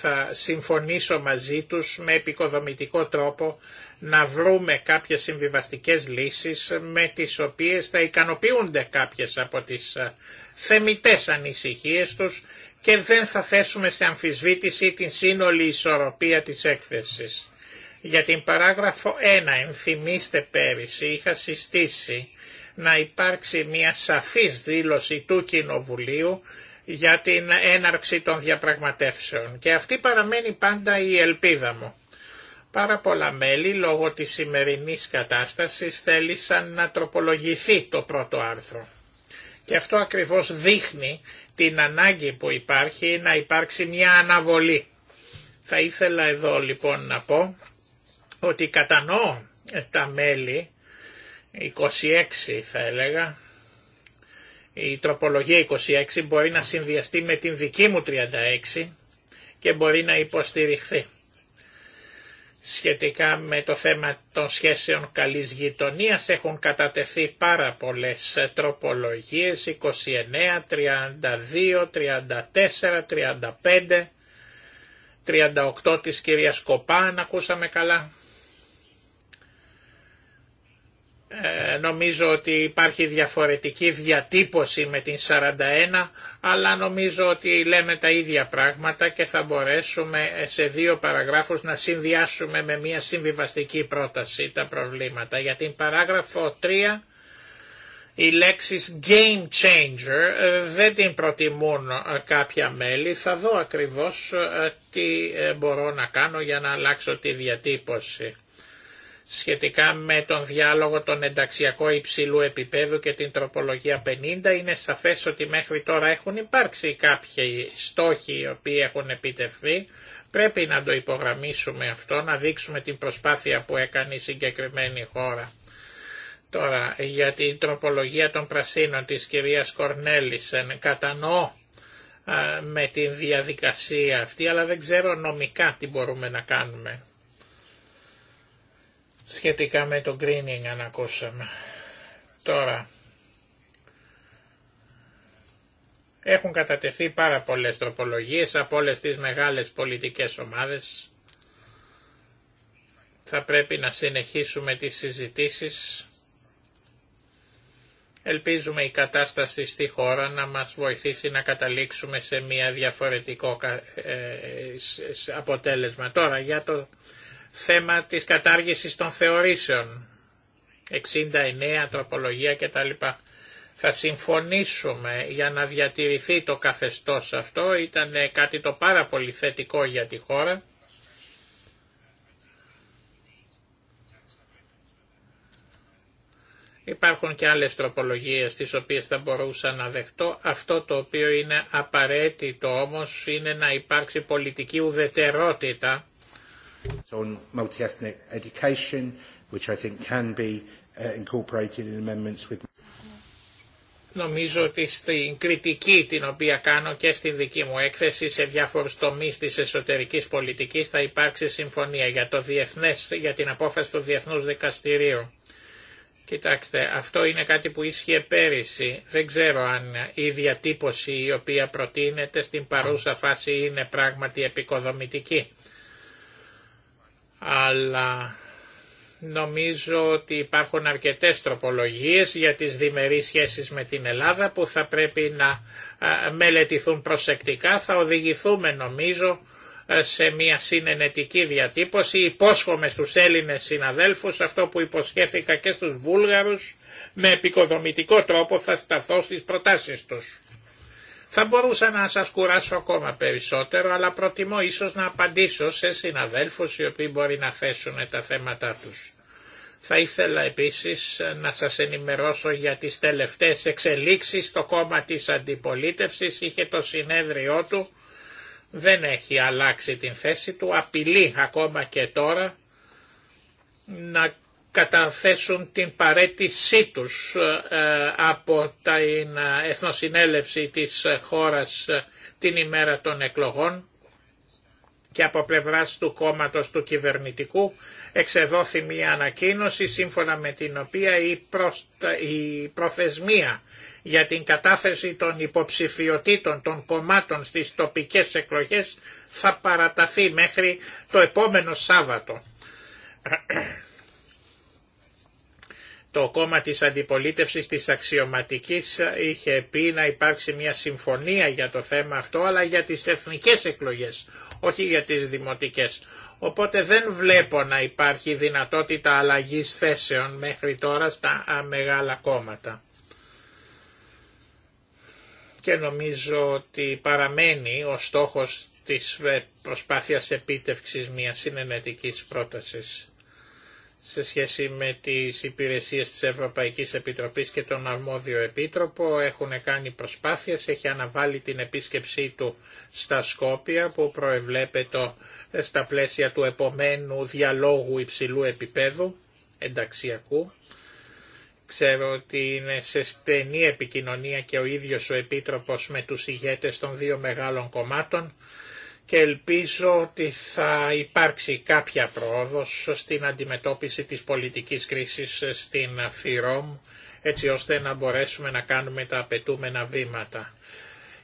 θα συμφωνήσω μαζί τους με επικοδομητικό τρόπο να βρούμε κάποιες συμβιβαστικές λύσεις με τις οποίες θα ικανοποιούνται κάποιες από τις ε, θεμητές ανησυχίες τους και δεν θα θέσουμε σε αμφισβήτηση την σύνολη ισορροπία της έκθεσης. Για την παράγραφο 1, ενθυμίστε πέρυσι, είχα συστήσει να υπάρξει μια σαφής δήλωση του Κοινοβουλίου για την έναρξη των διαπραγματεύσεων και αυτή παραμένει πάντα η ελπίδα μου. Πάρα πολλά μέλη λόγω της σημερινής κατάστασης θέλησαν να τροπολογηθεί το πρώτο άρθρο. Και αυτό ακριβώς δείχνει την ανάγκη που υπάρχει να υπάρξει μια αναβολή. Θα ήθελα εδώ λοιπόν να πω ότι κατανοώ τα μέλη, 26 θα έλεγα, η τροπολογία 26 μπορεί να συνδυαστεί με την δική μου 36 και μπορεί να υποστηριχθεί σχετικά με το θέμα των σχέσεων καλής γειτονίας έχουν κατατεθεί πάρα πολλές τροπολογίες 29, 32, 34, 35, 38 της κυρίας Κοπάν ακούσαμε καλά. Ε, νομίζω ότι υπάρχει διαφορετική διατύπωση με την 41 αλλά νομίζω ότι λέμε τα ίδια πράγματα και θα μπορέσουμε ε, σε δύο παραγράφους να συνδυάσουμε με μια συμβιβαστική πρόταση τα προβλήματα. Για την παράγραφο 3 οι λέξεις game changer ε, δεν την προτιμούν κάποια μέλη. Θα δω ακριβώς τι μπορώ να κάνω για να αλλάξω τη διατύπωση σχετικά με τον διάλογο τον ενταξιακό υψηλού επίπεδου και την τροπολογία 50 είναι σαφές ότι μέχρι τώρα έχουν υπάρξει κάποιοι στόχοι οι οποίοι έχουν επιτευχθεί. Πρέπει να το υπογραμμίσουμε αυτό, να δείξουμε την προσπάθεια που έκανε η συγκεκριμένη χώρα. Τώρα, για την τροπολογία των πρασίνων της κυρίας Κορνέλησεν, κατανοώ με την διαδικασία αυτή, αλλά δεν ξέρω νομικά τι μπορούμε να κάνουμε σχετικά με το greening αν ακούσαμε. Τώρα, έχουν κατατεθεί πάρα πολλές τροπολογίες από όλες τις μεγάλες πολιτικές ομάδες. Θα πρέπει να συνεχίσουμε τις συζητήσεις. Ελπίζουμε η κατάσταση στη χώρα να μας βοηθήσει να καταλήξουμε σε μια διαφορετικό ε, ε, αποτέλεσμα. Τώρα για το θέμα της κατάργησης των θεωρήσεων, 69 τροπολογία κτλ. Θα συμφωνήσουμε για να διατηρηθεί το καθεστώς αυτό, ήταν κάτι το πάρα πολύ θετικό για τη χώρα. Υπάρχουν και άλλες τροπολογίες τις οποίες θα μπορούσα να δεχτώ. Αυτό το οποίο είναι απαραίτητο όμως είναι να υπάρξει πολιτική ουδετερότητα On multi-ethnic education, Νομίζω ότι στην κριτική την οποία κάνω και στην δική μου έκθεση σε διάφορους τομείς της εσωτερικής πολιτικής θα υπάρξει συμφωνία για, το διεθνές, για την απόφαση του Διεθνούς Δικαστηρίου. Κοιτάξτε, αυτό είναι κάτι που ίσχυε πέρυσι. Δεν ξέρω αν η διατύπωση η οποία προτείνεται στην παρούσα φάση είναι πράγματι επικοδομητική αλλά νομίζω ότι υπάρχουν αρκετές τροπολογίες για τις διμερείς σχέσεις με την Ελλάδα που θα πρέπει να μελετηθούν προσεκτικά. Θα οδηγηθούμε νομίζω σε μια συνενετική διατύπωση. Υπόσχομαι στους Έλληνες συναδέλφους αυτό που υποσχέθηκα και στους Βούλγαρους με επικοδομητικό τρόπο θα σταθώ στις προτάσεις τους. Θα μπορούσα να σας κουράσω ακόμα περισσότερο, αλλά προτιμώ ίσως να απαντήσω σε συναδέλφους οι οποίοι μπορεί να θέσουν τα θέματα τους. Θα ήθελα επίσης να σας ενημερώσω για τις τελευταίες εξελίξεις. Το κόμμα της αντιπολίτευσης είχε το συνέδριό του, δεν έχει αλλάξει την θέση του, απειλεί ακόμα και τώρα να καταθέσουν την παρέτησή τους ε, ε, από την ε, Εθνοσυνέλευση της χώρας την ημέρα των εκλογών και από πλευράς του κόμματος του κυβερνητικού εξεδόθη μια ανακοίνωση σύμφωνα με την οποία η, προσ... η προθεσμία για την κατάθεση των υποψηφιωτήτων των κομμάτων στις τοπικές εκλογές θα παραταθεί μέχρι το επόμενο Σάββατο το κόμμα της αντιπολίτευσης της αξιωματικής είχε πει να υπάρξει μια συμφωνία για το θέμα αυτό, αλλά για τις εθνικές εκλογές, όχι για τις δημοτικές. Οπότε δεν βλέπω να υπάρχει δυνατότητα αλλαγής θέσεων μέχρι τώρα στα μεγάλα κόμματα. Και νομίζω ότι παραμένει ο στόχος της ε, προσπάθειας επίτευξης μιας συνενετικής πρότασης σε σχέση με τις υπηρεσίες της Ευρωπαϊκής Επιτροπής και τον Αρμόδιο Επίτροπο. Έχουν κάνει προσπάθειες, έχει αναβάλει την επίσκεψή του στα Σκόπια που προεβλέπεται στα πλαίσια του επομένου διαλόγου υψηλού επίπεδου ενταξιακού. Ξέρω ότι είναι σε στενή επικοινωνία και ο ίδιος ο Επίτροπος με τους ηγέτες των δύο μεγάλων κομμάτων και ελπίζω ότι θα υπάρξει κάποια πρόοδος στην αντιμετώπιση της πολιτικής κρίσης στην ΦΥΡΟΜ έτσι ώστε να μπορέσουμε να κάνουμε τα απαιτούμενα βήματα.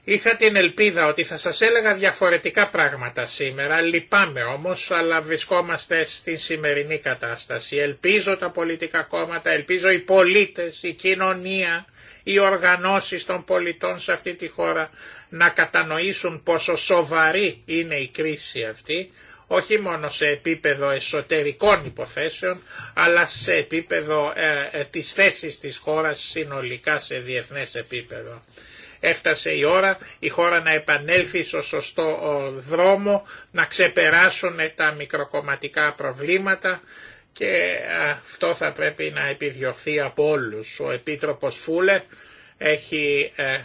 Είχα την ελπίδα ότι θα σας έλεγα διαφορετικά πράγματα σήμερα, λυπάμαι όμως, αλλά βρισκόμαστε στην σημερινή κατάσταση. Ελπίζω τα πολιτικά κόμματα, ελπίζω οι πολίτες, η κοινωνία, οι οργανώσεις των πολιτών σε αυτή τη χώρα να κατανοήσουν πόσο σοβαρή είναι η κρίση αυτή, όχι μόνο σε επίπεδο εσωτερικών υποθέσεων, αλλά σε επίπεδο ε, ε, της θέσης της χώρας συνολικά σε διεθνές επίπεδο. Έφτασε η ώρα η χώρα να επανέλθει στο σωστό δρόμο, να ξεπεράσουν τα μικροκομματικά προβλήματα και αυτό θα πρέπει να επιδιωθεί από όλους. Ο Επίτροπος Φούλε έχει ε,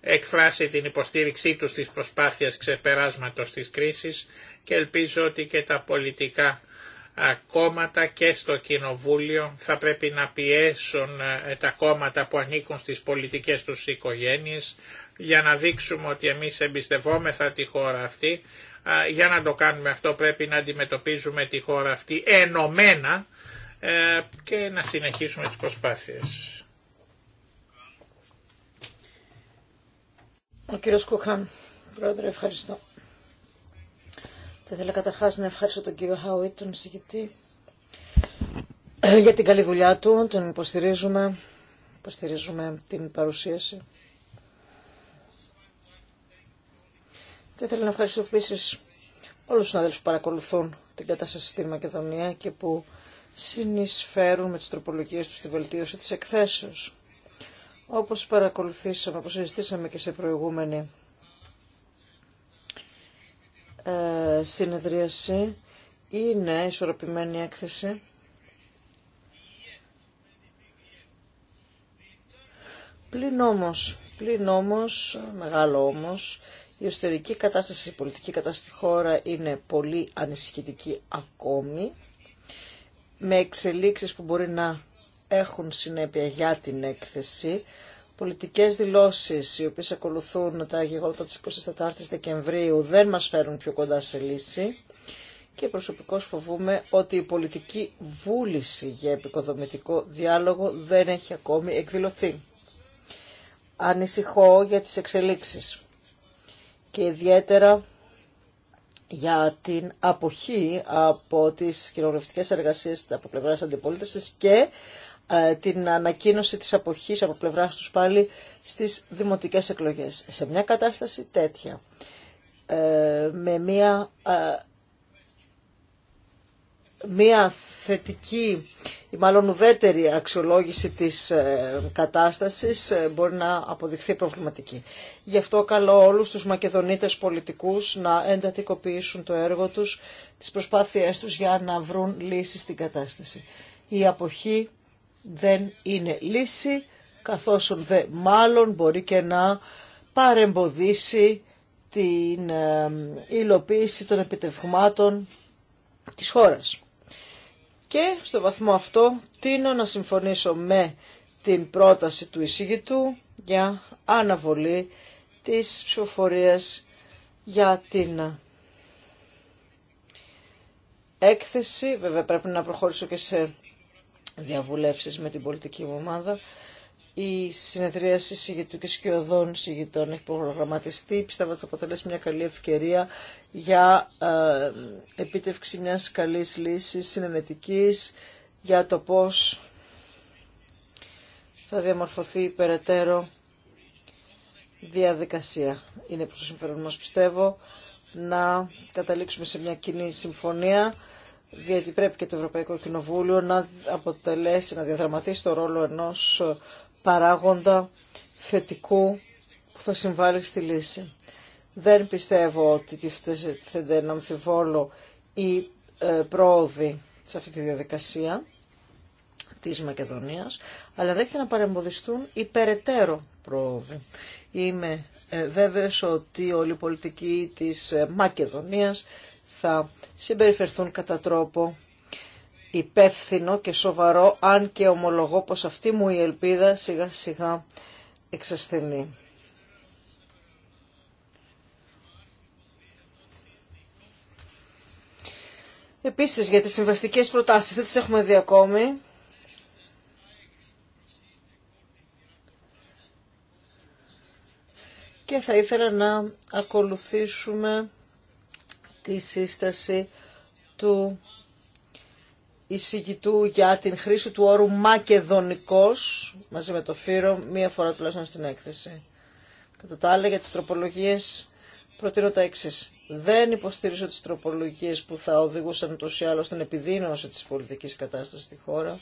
εκφράσει την υποστήριξή του στις προσπάθειες ξεπεράσματος της κρίσης και ελπίζω ότι και τα πολιτικά ε, κόμματα και στο Κοινοβούλιο θα πρέπει να πιέσουν ε, τα κόμματα που ανήκουν στις πολιτικές τους οικογένειες για να δείξουμε ότι εμείς εμπιστευόμεθα τη χώρα αυτή για να το κάνουμε αυτό πρέπει να αντιμετωπίζουμε τη χώρα αυτή ενωμένα ε, και να συνεχίσουμε τις προσπάθειες. Ο κύριος Κουκάν, πρόεδρε, ευχαριστώ. Θα ήθελα καταρχάς να ευχαριστώ τον κύριο Χάουιτ, τον συγκητή, για την καλή δουλειά του. Τον υποστηρίζουμε, υποστηρίζουμε την παρουσίαση Θα ήθελα να ευχαριστήσω επίση όλου του αδέλφου που παρακολουθούν την κατάσταση στη Μακεδονία και που συνεισφέρουν με τις τροπολογίες του στη βελτίωση τη εκθέσεω. Όπως παρακολουθήσαμε, όπω συζητήσαμε και σε προηγούμενη ε, συνεδρίαση, είναι ισορροπημένη έκθεση. Πλην όμως, πλην όμως, μεγάλο όμως, η εσωτερική κατάσταση, η πολιτική κατάσταση στη χώρα είναι πολύ ανησυχητική ακόμη, με εξελίξεις που μπορεί να έχουν συνέπεια για την έκθεση. Πολιτικές δηλώσεις οι οποίες ακολουθούν τα γεγονότα της 24 Δεκεμβρίου δεν μας φέρουν πιο κοντά σε λύση και προσωπικώς φοβούμε ότι η πολιτική βούληση για επικοδομητικό διάλογο δεν έχει ακόμη εκδηλωθεί. Ανησυχώ για τις εξελίξεις και ιδιαίτερα για την αποχή από τις χειρογραφικές εργασίες από πλευράς αντιπολίτευσης και ε, την ανακοίνωση της αποχής από πλευράς τους πάλι στις δημοτικές εκλογές. Σε μια κατάσταση τέτοια, ε, με μια, ε, μια θετική ή μάλλον ουδέτερη αξιολόγηση της ε, κατάστασης ε, μπορεί να αποδειχθεί προβληματική. Γι' αυτό καλώ όλους τους Μακεδονίτες πολιτικούς να εντατικοποιήσουν το έργο τους, τις προσπάθειές τους για να βρουν λύση στην κατάσταση. Η αποχή δεν είναι λύση, καθώς δε μάλλον μπορεί και να παρεμποδίσει την ε, υλοποίηση των επιτευγμάτων της χώρας και στο βαθμό αυτό τίνω να συμφωνήσω με την πρόταση του εισηγητού για αναβολή της ψηφοφορίας για την έκθεση. Βέβαια πρέπει να προχωρήσω και σε διαβουλεύσεις με την πολιτική μου ομάδα. Η συνεδρίαση συγητού και σκιωδών συγητών έχει προγραμματιστεί. Πιστεύω ότι θα αποτελέσει μια καλή ευκαιρία για ε, επίτευξη μια καλής λύση συνενετική για το πώ θα διαμορφωθεί περαιτέρω διαδικασία. Είναι προ το συμφέρον μα, πιστεύω να καταλήξουμε σε μια κοινή συμφωνία διότι πρέπει και το Ευρωπαϊκό Κοινοβούλιο να αποτελέσει, να διαδραματίσει το ρόλο ενός παράγοντα θετικού που θα συμβάλλει στη λύση. Δεν πιστεύω ότι τίθεται να αμφιβόλω η ε, πρόοδοι σε αυτή τη διαδικασία της Μακεδονίας, αλλά δέχεται να παρεμποδιστούν οι περαιτέρω πρόοδοι. Είμαι ε, βέβαιος ότι όλοι οι πολιτικοί της ε, Μακεδονίας θα συμπεριφερθούν κατά τρόπο υπεύθυνο και σοβαρό, αν και ομολογώ πως αυτή μου η ελπίδα σιγά σιγά εξασθενεί. Επίσης για τις συμβαστικές προτάσεις δεν τις έχουμε δει ακόμη. Και θα ήθελα να ακολουθήσουμε τη σύσταση του εισηγητού για την χρήση του όρου «μακεδονικός» μαζί με το φύρο μία φορά τουλάχιστον στην έκθεση. Κατά τα άλλα για τις τροπολογίες προτείνω τα εξή. Δεν υποστηρίζω τις τροπολογίες που θα οδηγούσαν το ή άλλως στην επιδείνωση της πολιτικής κατάστασης στη χώρα.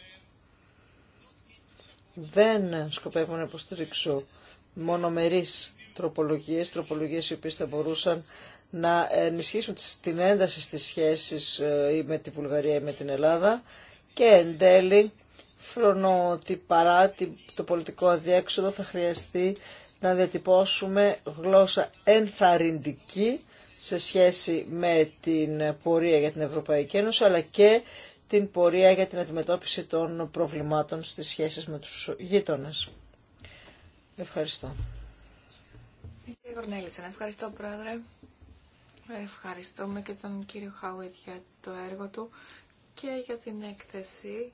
Δεν σκοπεύω να υποστηρίξω μονομερείς τροπολογίες, τροπολογίες οι οποίες θα μπορούσαν να ενισχύσουν την ένταση στις σχέσεις ε, με τη Βουλγαρία ή με την Ελλάδα και εν τέλει φρονώ ότι παρά το πολιτικό αδιέξοδο θα χρειαστεί να διατυπώσουμε γλώσσα ενθαρρυντική σε σχέση με την πορεία για την Ευρωπαϊκή Ένωση αλλά και την πορεία για την αντιμετώπιση των προβλημάτων στις σχέσεις με τους γείτονες. Ευχαριστώ. ευχαριστώ Πρόεδρε. Ευχαριστούμε και τον κύριο Χάουιτ για το έργο του και για την έκθεση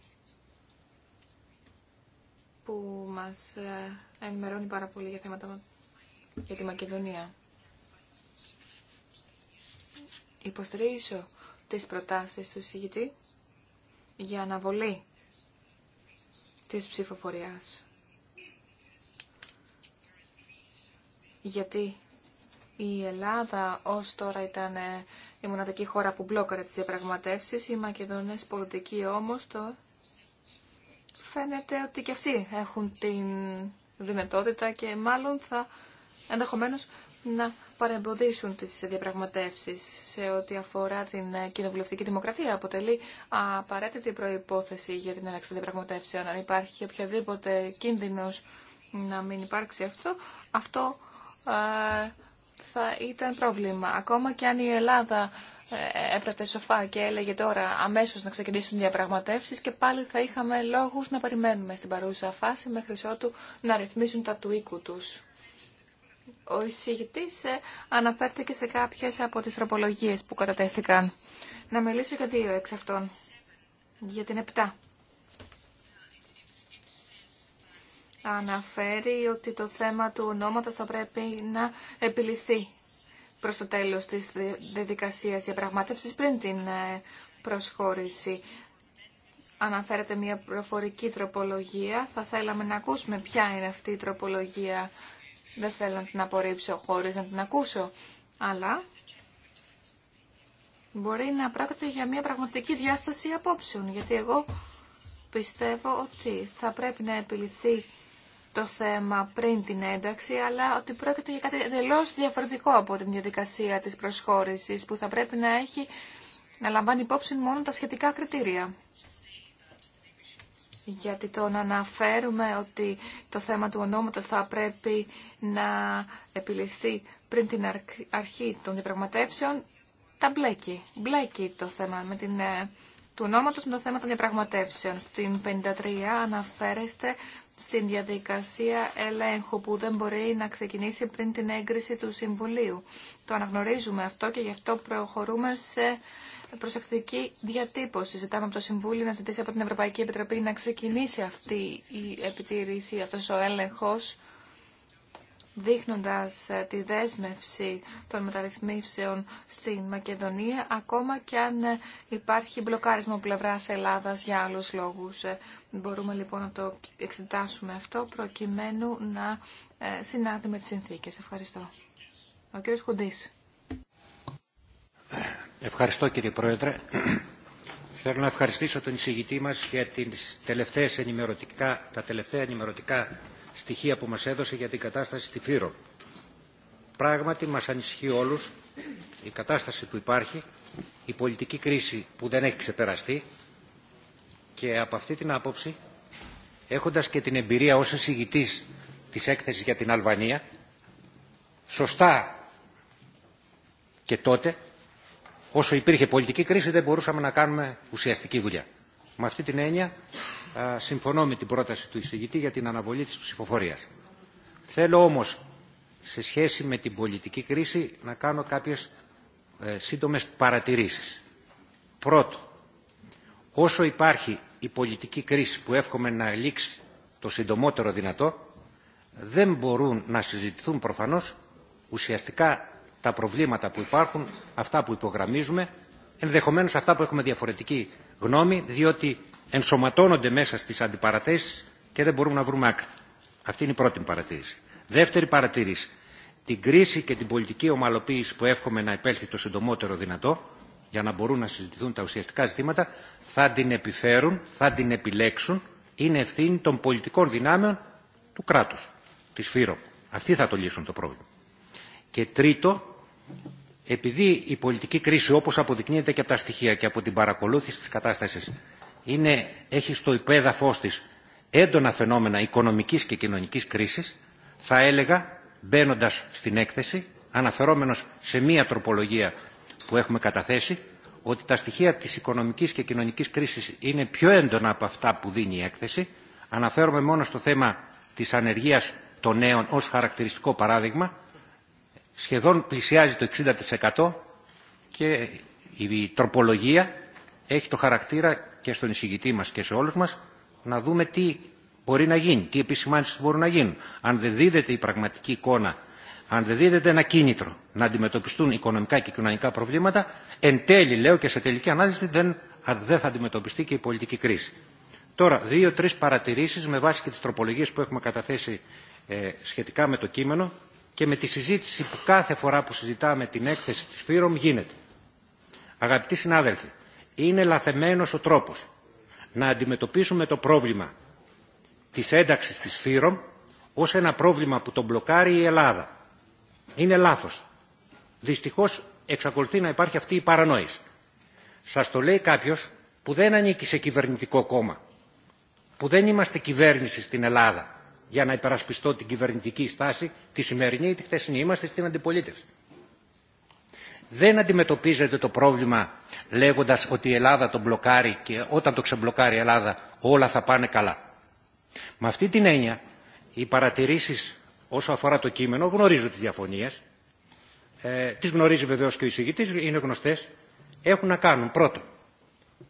που μας ε, ενημερώνει πάρα πολύ για θέματα για τη Μακεδονία. Υποστηρίζω τις προτάσεις του εισηγητή για αναβολή της ψηφοφορίας. Γιατί η Ελλάδα ως τώρα ήταν η μοναδική χώρα που μπλόκαρε τις διαπραγματεύσεις. Οι Μακεδονές πολιτικοί όμως το φαίνεται ότι και αυτοί έχουν την δυνατότητα και μάλλον θα ενδεχομένως να παρεμποδίσουν τις διαπραγματεύσεις σε ό,τι αφορά την κοινοβουλευτική δημοκρατία. Αποτελεί απαραίτητη προϋπόθεση για την έναξη των διαπραγματεύσεων. Αν υπάρχει οποιαδήποτε κίνδυνος να μην υπάρξει αυτό, αυτό ε, θα ήταν πρόβλημα. Ακόμα και αν η Ελλάδα ε, έπρεπε σοφά και έλεγε τώρα αμέσως να ξεκινήσουν διαπραγματεύσεις και πάλι θα είχαμε λόγους να περιμένουμε στην παρούσα φάση μέχρι ότου να ρυθμίσουν τα του οίκου τους. Ο εισηγητής ε, αναφέρθηκε σε κάποιες από τις τροπολογίες που κατατέθηκαν. Να μιλήσω για δύο εξ αυτών. Για την επτά. αναφέρει ότι το θέμα του ονόματος θα πρέπει να επιληθεί προς το τέλος της διαδικασίας διαπραγμάτευσης πριν την ε, προσχώρηση. Αναφέρεται μια προφορική τροπολογία. Θα θέλαμε να ακούσουμε ποια είναι αυτή η τροπολογία. Δεν θέλω να την απορρίψω χωρίς να την ακούσω. Αλλά μπορεί να πρόκειται για μια πραγματική διάσταση απόψεων. Γιατί εγώ πιστεύω ότι θα πρέπει να επιληθεί το θέμα πριν την ένταξη, αλλά ότι πρόκειται για κάτι εντελώ διαφορετικό από την διαδικασία της προσχώρησης, που θα πρέπει να έχει να λαμβάνει υπόψη μόνο τα σχετικά κριτήρια. Γιατί το να αναφέρουμε ότι το θέμα του ονόματος θα πρέπει να επιληθεί πριν την αρχή των διαπραγματεύσεων, τα μπλέκει. Μπλέκει το θέμα με την, ε, του ονόματος με το θέμα των διαπραγματεύσεων. Στην 53 αναφέρεστε στην διαδικασία ελέγχου που δεν μπορεί να ξεκινήσει πριν την έγκριση του Συμβουλίου. Το αναγνωρίζουμε αυτό και γι' αυτό προχωρούμε σε προσεκτική διατύπωση. Ζητάμε από το Συμβούλιο να ζητήσει από την Ευρωπαϊκή Επιτροπή να ξεκινήσει αυτή η επιτήρηση, αυτός ο έλεγχος δείχνοντας ε, τη δέσμευση των μεταρρυθμίσεων στην Μακεδονία, ακόμα και αν ε, υπάρχει μπλοκάρισμα πλευράς Ελλάδας για άλλους λόγους. Ε, μπορούμε λοιπόν να το εξετάσουμε αυτό, προκειμένου να συνάδει με τις συνθήκες. Ευχαριστώ. Ο κύριος Χουντής. Ευχαριστώ κύριε Πρόεδρε. Θέλω να ευχαριστήσω τον εισηγητή μας για τις τελευταίες τα τελευταία ενημερωτικά στοιχεία που μας έδωσε για την κατάσταση στη Φύρο. Πράγματι μας ανησυχεί όλους η κατάσταση που υπάρχει, η πολιτική κρίση που δεν έχει ξεπεραστεί και από αυτή την άποψη, έχοντας και την εμπειρία ως εισηγητής της έκθεσης για την Αλβανία, σωστά και τότε, όσο υπήρχε πολιτική κρίση, δεν μπορούσαμε να κάνουμε ουσιαστική δουλειά. Με αυτή την έννοια ε, συμφωνώ με την πρόταση του εισηγητή για την αναβολή της ψηφοφορίας. Θέλω όμως σε σχέση με την πολιτική κρίση να κάνω κάποιες ε, σύντομες παρατηρήσεις. Πρώτο, όσο υπάρχει η πολιτική κρίση που εύχομαι να λήξει το συντομότερο δυνατό, δεν μπορούν να συζητηθούν προφανώς ουσιαστικά τα προβλήματα που υπάρχουν, αυτά που υπογραμμίζουμε, ενδεχομένως αυτά που έχουμε διαφορετική γνώμη, διότι ενσωματώνονται μέσα στις αντιπαραθέσεις και δεν μπορούμε να βρούμε άκρη. Αυτή είναι η πρώτη παρατήρηση. Δεύτερη παρατήρηση. Την κρίση και την πολιτική ομαλοποίηση που εύχομαι να επέλθει το συντομότερο δυνατό, για να μπορούν να συζητηθούν τα ουσιαστικά ζητήματα, θα την επιφέρουν, θα την επιλέξουν. Είναι ευθύνη των πολιτικών δυνάμεων του κράτους, της ΦΥΡΟ. Αυτοί θα το λύσουν το πρόβλημα. Και τρίτο, επειδή η πολιτική κρίση, όπως αποδεικνύεται και από τα στοιχεία και από την παρακολούθηση της κατάστασης, είναι, έχει στο υπέδαφος της έντονα φαινόμενα οικονομικής και κοινωνικής κρίσης, θα έλεγα, μπαίνοντα στην έκθεση, αναφερόμενος σε μία τροπολογία που έχουμε καταθέσει, ότι τα στοιχεία της οικονομικής και κοινωνικής κρίσης είναι πιο έντονα από αυτά που δίνει η έκθεση. Αναφέρομαι μόνο στο θέμα της ανεργίας των νέων ως χαρακτηριστικό παράδειγμα. Σχεδόν πλησιάζει το 60% και η τροπολογία έχει το χαρακτήρα και στον εισηγητή μας και σε όλους μας να δούμε τι μπορεί να γίνει, τι επισημάνσεις μπορούν να γίνουν. Αν δεν δίδεται η πραγματική εικόνα, αν δεν δίδεται ένα κίνητρο να αντιμετωπιστούν οικονομικά και κοινωνικά προβλήματα, εν τέλει, λέω και σε τελική ανάλυση, δεν, δεν θα αντιμετωπιστεί και η πολιτική κρίση. Τώρα, δύο-τρει παρατηρήσει με βάση και τι τροπολογίε που έχουμε καταθέσει ε, σχετικά με το κείμενο και με τη συζήτηση που κάθε φορά που συζητάμε την έκθεση τη ΦΥΡΟΜ γίνεται. Αγαπητοί συνάδελφοι, είναι λαθεμένος ο τρόπος να αντιμετωπίσουμε το πρόβλημα της ένταξης της ΦΥΡΟΜ ως ένα πρόβλημα που τον μπλοκάρει η Ελλάδα. Είναι λάθος. Δυστυχώς εξακολουθεί να υπάρχει αυτή η παρανόηση. Σας το λέει κάποιος που δεν ανήκει σε κυβερνητικό κόμμα, που δεν είμαστε κυβέρνηση στην Ελλάδα για να υπερασπιστώ την κυβερνητική στάση τη σημερινή ή τη χθεσινή. Είμαστε στην αντιπολίτευση δεν αντιμετωπίζεται το πρόβλημα λέγοντας ότι η Ελλάδα τον μπλοκάρει και όταν το ξεμπλοκάρει η Ελλάδα όλα θα πάνε καλά. Με αυτή την έννοια οι παρατηρήσεις όσο αφορά το κείμενο γνωρίζω τις διαφωνίες. Ε, τις γνωρίζει βεβαίως και ο εισηγητής, είναι γνωστές. Έχουν να κάνουν πρώτο.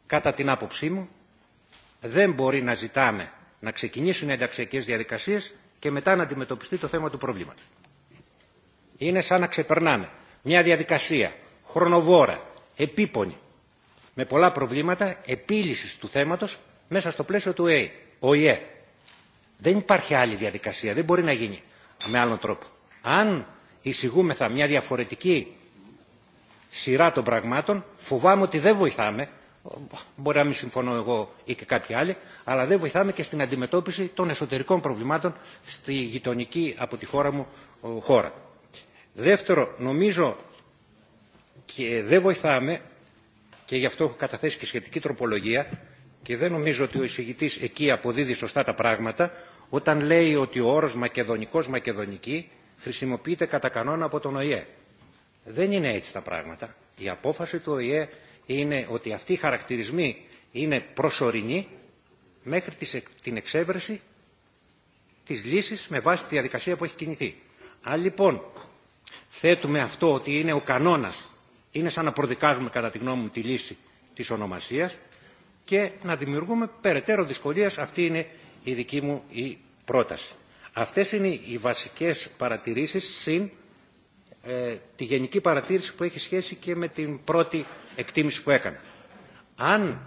κατά την άποψή μου, δεν μπορεί να ζητάμε να ξεκινήσουν οι ενταξιακές διαδικασίες και μετά να αντιμετωπιστεί το θέμα του προβλήματος. Είναι σαν να ξεπερνάμε μια διαδικασία χρονοβόρα, επίπονη, με πολλά προβλήματα επίλυσης του θέματος μέσα στο πλαίσιο του ΕΕ, ΟΗΕ. Δεν υπάρχει άλλη διαδικασία, δεν μπορεί να γίνει με άλλον τρόπο. Αν εισηγούμεθα μια διαφορετική σειρά των πραγμάτων, φοβάμαι ότι δεν βοηθάμε, μπορεί να μην συμφωνώ εγώ ή και κάποιοι άλλοι, αλλά δεν βοηθάμε και στην αντιμετώπιση των εσωτερικών προβλημάτων στη γειτονική από τη χώρα μου χώρα. Δεύτερο, νομίζω και δεν βοηθάμε και γι' αυτό έχω καταθέσει και σχετική τροπολογία και δεν νομίζω ότι ο εισηγητής εκεί αποδίδει σωστά τα πράγματα όταν λέει ότι ο όρος μακεδονικός μακεδονική χρησιμοποιείται κατά κανόνα από τον ΟΗΕ. Δεν είναι έτσι τα πράγματα. Η απόφαση του ΟΗΕ είναι ότι αυτοί οι χαρακτηρισμοί είναι προσωρινοί μέχρι την εξέβρεση της λύσης με βάση τη διαδικασία που έχει κινηθεί. Αν λοιπόν θέτουμε αυτό ότι είναι ο κανόνας, είναι σαν να προδικάζουμε κατά τη γνώμη μου τη λύση της ονομασίας και να δημιουργούμε περαιτέρω δυσκολίες. Αυτή είναι η δική μου η πρόταση. Αυτές είναι οι βασικές παρατηρήσεις συν ε, τη γενική παρατήρηση που έχει σχέση και με την πρώτη εκτίμηση που έκανα. Αν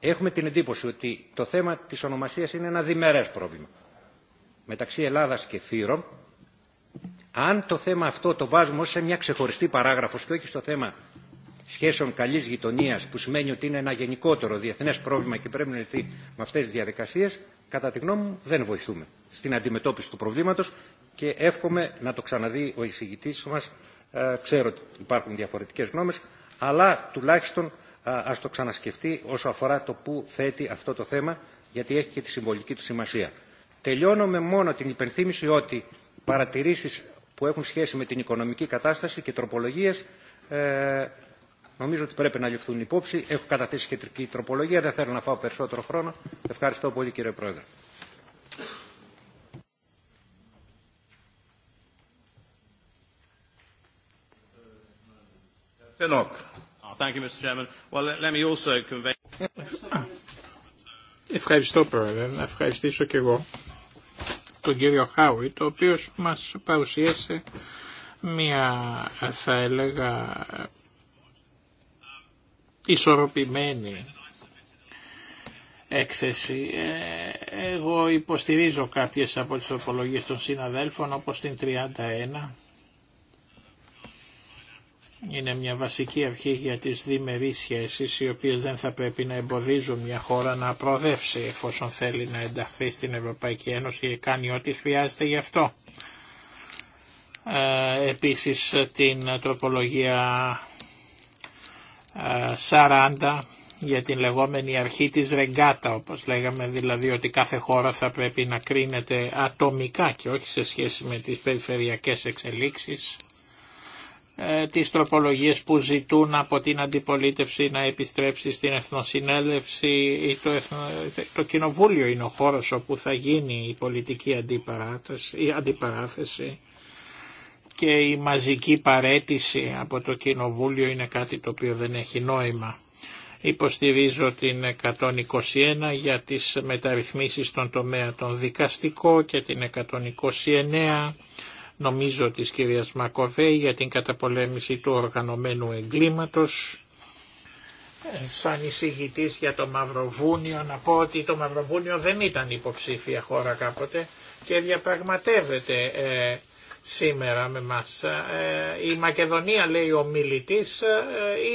έχουμε την εντύπωση ότι το θέμα της ονομασίας είναι ένα διμερές πρόβλημα μεταξύ Ελλάδας και Φύρων, αν το θέμα αυτό το βάζουμε ως σε μια ξεχωριστή παράγραφος και όχι στο θέμα σχέσεων καλής γειτονίας που σημαίνει ότι είναι ένα γενικότερο διεθνές πρόβλημα και πρέπει να λυθεί με αυτές τις διαδικασίες, κατά τη γνώμη μου δεν βοηθούμε στην αντιμετώπιση του προβλήματος και εύχομαι να το ξαναδεί ο εισηγητής μας. Ε, ξέρω ότι υπάρχουν διαφορετικές γνώμες, αλλά τουλάχιστον ας το ξανασκεφτεί όσο αφορά το που θέτει αυτό το θέμα, γιατί έχει και τη συμβολική του σημασία. Τελειώνω με μόνο την υπενθύμηση ότι παρατηρήσεις που έχουν σχέση με την οικονομική κατάσταση και τροπολογίες ε, νομίζω ότι πρέπει να ληφθούν υπόψη. Έχω καταθέσει σχετική τροπολογία, δεν θέλω να φάω περισσότερο χρόνο. Ευχαριστώ πολύ κύριε Πρόεδρε. Oh, Ευχαριστώ Πρόεδρε. Να ευχαριστήσω και εγώ τον κύριο Χάουιτ, το οποίο μας παρουσίασε μια, θα έλεγα, ισορροπημένη έκθεση. Ε, εγώ υποστηρίζω κάποιες από τις τροπολογίες των συναδέλφων, όπως την 31, είναι μια βασική αρχή για τις διμερείς σχέσεις οι οποίες δεν θα πρέπει να εμποδίζουν μια χώρα να προοδεύσει εφόσον θέλει να ενταχθεί στην Ευρωπαϊκή Ένωση και κάνει ό,τι χρειάζεται γι' αυτό. Ε, επίσης την τροπολογία 40 ε, για την λεγόμενη αρχή της ρεγκάτα όπως λέγαμε δηλαδή ότι κάθε χώρα θα πρέπει να κρίνεται ατομικά και όχι σε σχέση με τις περιφερειακές εξελίξεις ε, τις τροπολογίες που ζητούν από την αντιπολίτευση να επιστρέψει στην Εθνοσυνέλευση ή το, Κοινοβούλιο είναι ο χώρος όπου θα γίνει η πολιτική αντιπαράθεση, η αντιπαράθεση και η μαζική παρέτηση από το Κοινοβούλιο είναι κάτι το οποίο δεν έχει νόημα. Υποστηρίζω την 121 για τις μεταρρυθμίσεις στον τομέα των δικαστικό και την 129 νομίζω της κυρίας Μακοβέη για την καταπολέμηση του οργανωμένου εγκλήματος. Ε, σαν εισηγητή για το Μαυροβούνιο να πω ότι το Μαυροβούνιο δεν ήταν υποψήφια χώρα κάποτε και διαπραγματεύεται ε, σήμερα με μας. Ε, η Μακεδονία λέει ο μιλητής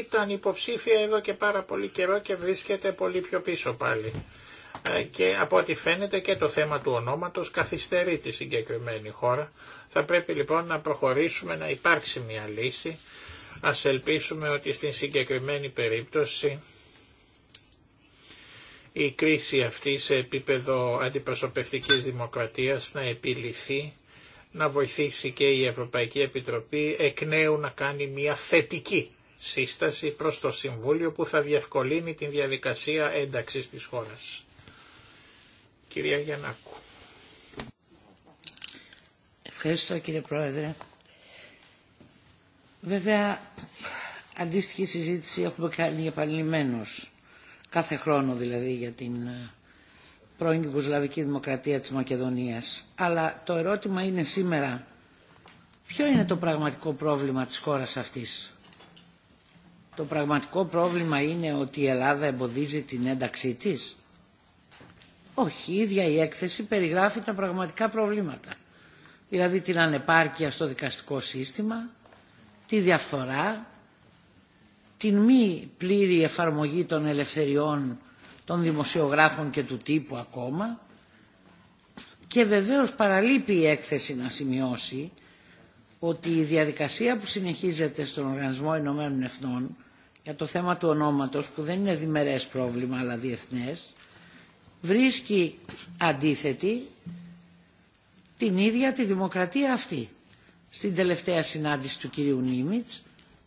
ήταν υποψήφια εδώ και πάρα πολύ καιρό και βρίσκεται πολύ πιο πίσω πάλι και από ό,τι φαίνεται και το θέμα του ονόματος καθυστερεί τη συγκεκριμένη χώρα θα πρέπει λοιπόν να προχωρήσουμε να υπάρξει μια λύση. Ας ελπίσουμε ότι στην συγκεκριμένη περίπτωση η κρίση αυτή σε επίπεδο αντιπροσωπευτικής δημοκρατίας να επιληθεί, να βοηθήσει και η Ευρωπαϊκή Επιτροπή εκ νέου να κάνει μια θετική σύσταση προς το Συμβούλιο που θα διευκολύνει την διαδικασία ένταξης της χώρας. Κυρία Γιαννάκου. Ευχαριστώ κύριε Πρόεδρε. Βέβαια, αντίστοιχη συζήτηση έχουμε κάνει επαλληλειμμένως, κάθε χρόνο δηλαδή για την ε, πρώην Κουσλαβική Δημοκρατία της Μακεδονίας. Αλλά το ερώτημα είναι σήμερα, ποιο είναι το πραγματικό πρόβλημα της χώρας αυτής. Το πραγματικό πρόβλημα είναι ότι η Ελλάδα εμποδίζει την ένταξή της. Όχι, η ίδια η έκθεση περιγράφει τα πραγματικά προβλήματα δηλαδή την ανεπάρκεια στο δικαστικό σύστημα, τη διαφθορά, την μη πλήρη εφαρμογή των ελευθεριών των δημοσιογράφων και του τύπου ακόμα και βεβαίως παραλείπει η έκθεση να σημειώσει ότι η διαδικασία που συνεχίζεται στον Οργανισμό Ηνωμένων Εθνών για το θέμα του ονόματος που δεν είναι διμερές πρόβλημα αλλά διεθνές βρίσκει αντίθετη την ίδια τη δημοκρατία αυτή. Στην τελευταία συνάντηση του κυρίου Νίμιτς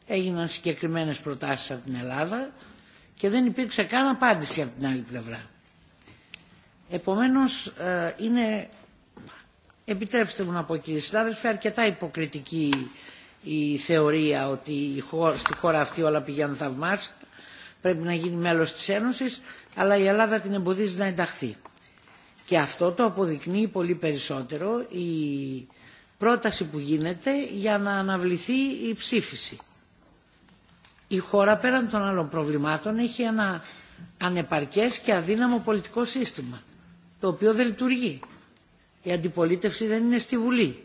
έγιναν συγκεκριμένες προτάσεις από την Ελλάδα και δεν υπήρξε καν απάντηση από την άλλη πλευρά. Επομένως ε, είναι, επιτρέψτε μου να πω κύριε συνάδελφε, αρκετά υποκριτική η θεωρία ότι στη χώρα αυτή όλα πηγαίνουν θαυμάσια, πρέπει να γίνει μέλος της Ένωσης, αλλά η Ελλάδα την εμποδίζει να ενταχθεί. Και αυτό το αποδεικνύει πολύ περισσότερο η πρόταση που γίνεται για να αναβληθεί η ψήφιση. Η χώρα πέραν των άλλων προβλημάτων έχει ένα ανεπαρκές και αδύναμο πολιτικό σύστημα, το οποίο δεν λειτουργεί. Η αντιπολίτευση δεν είναι στη Βουλή.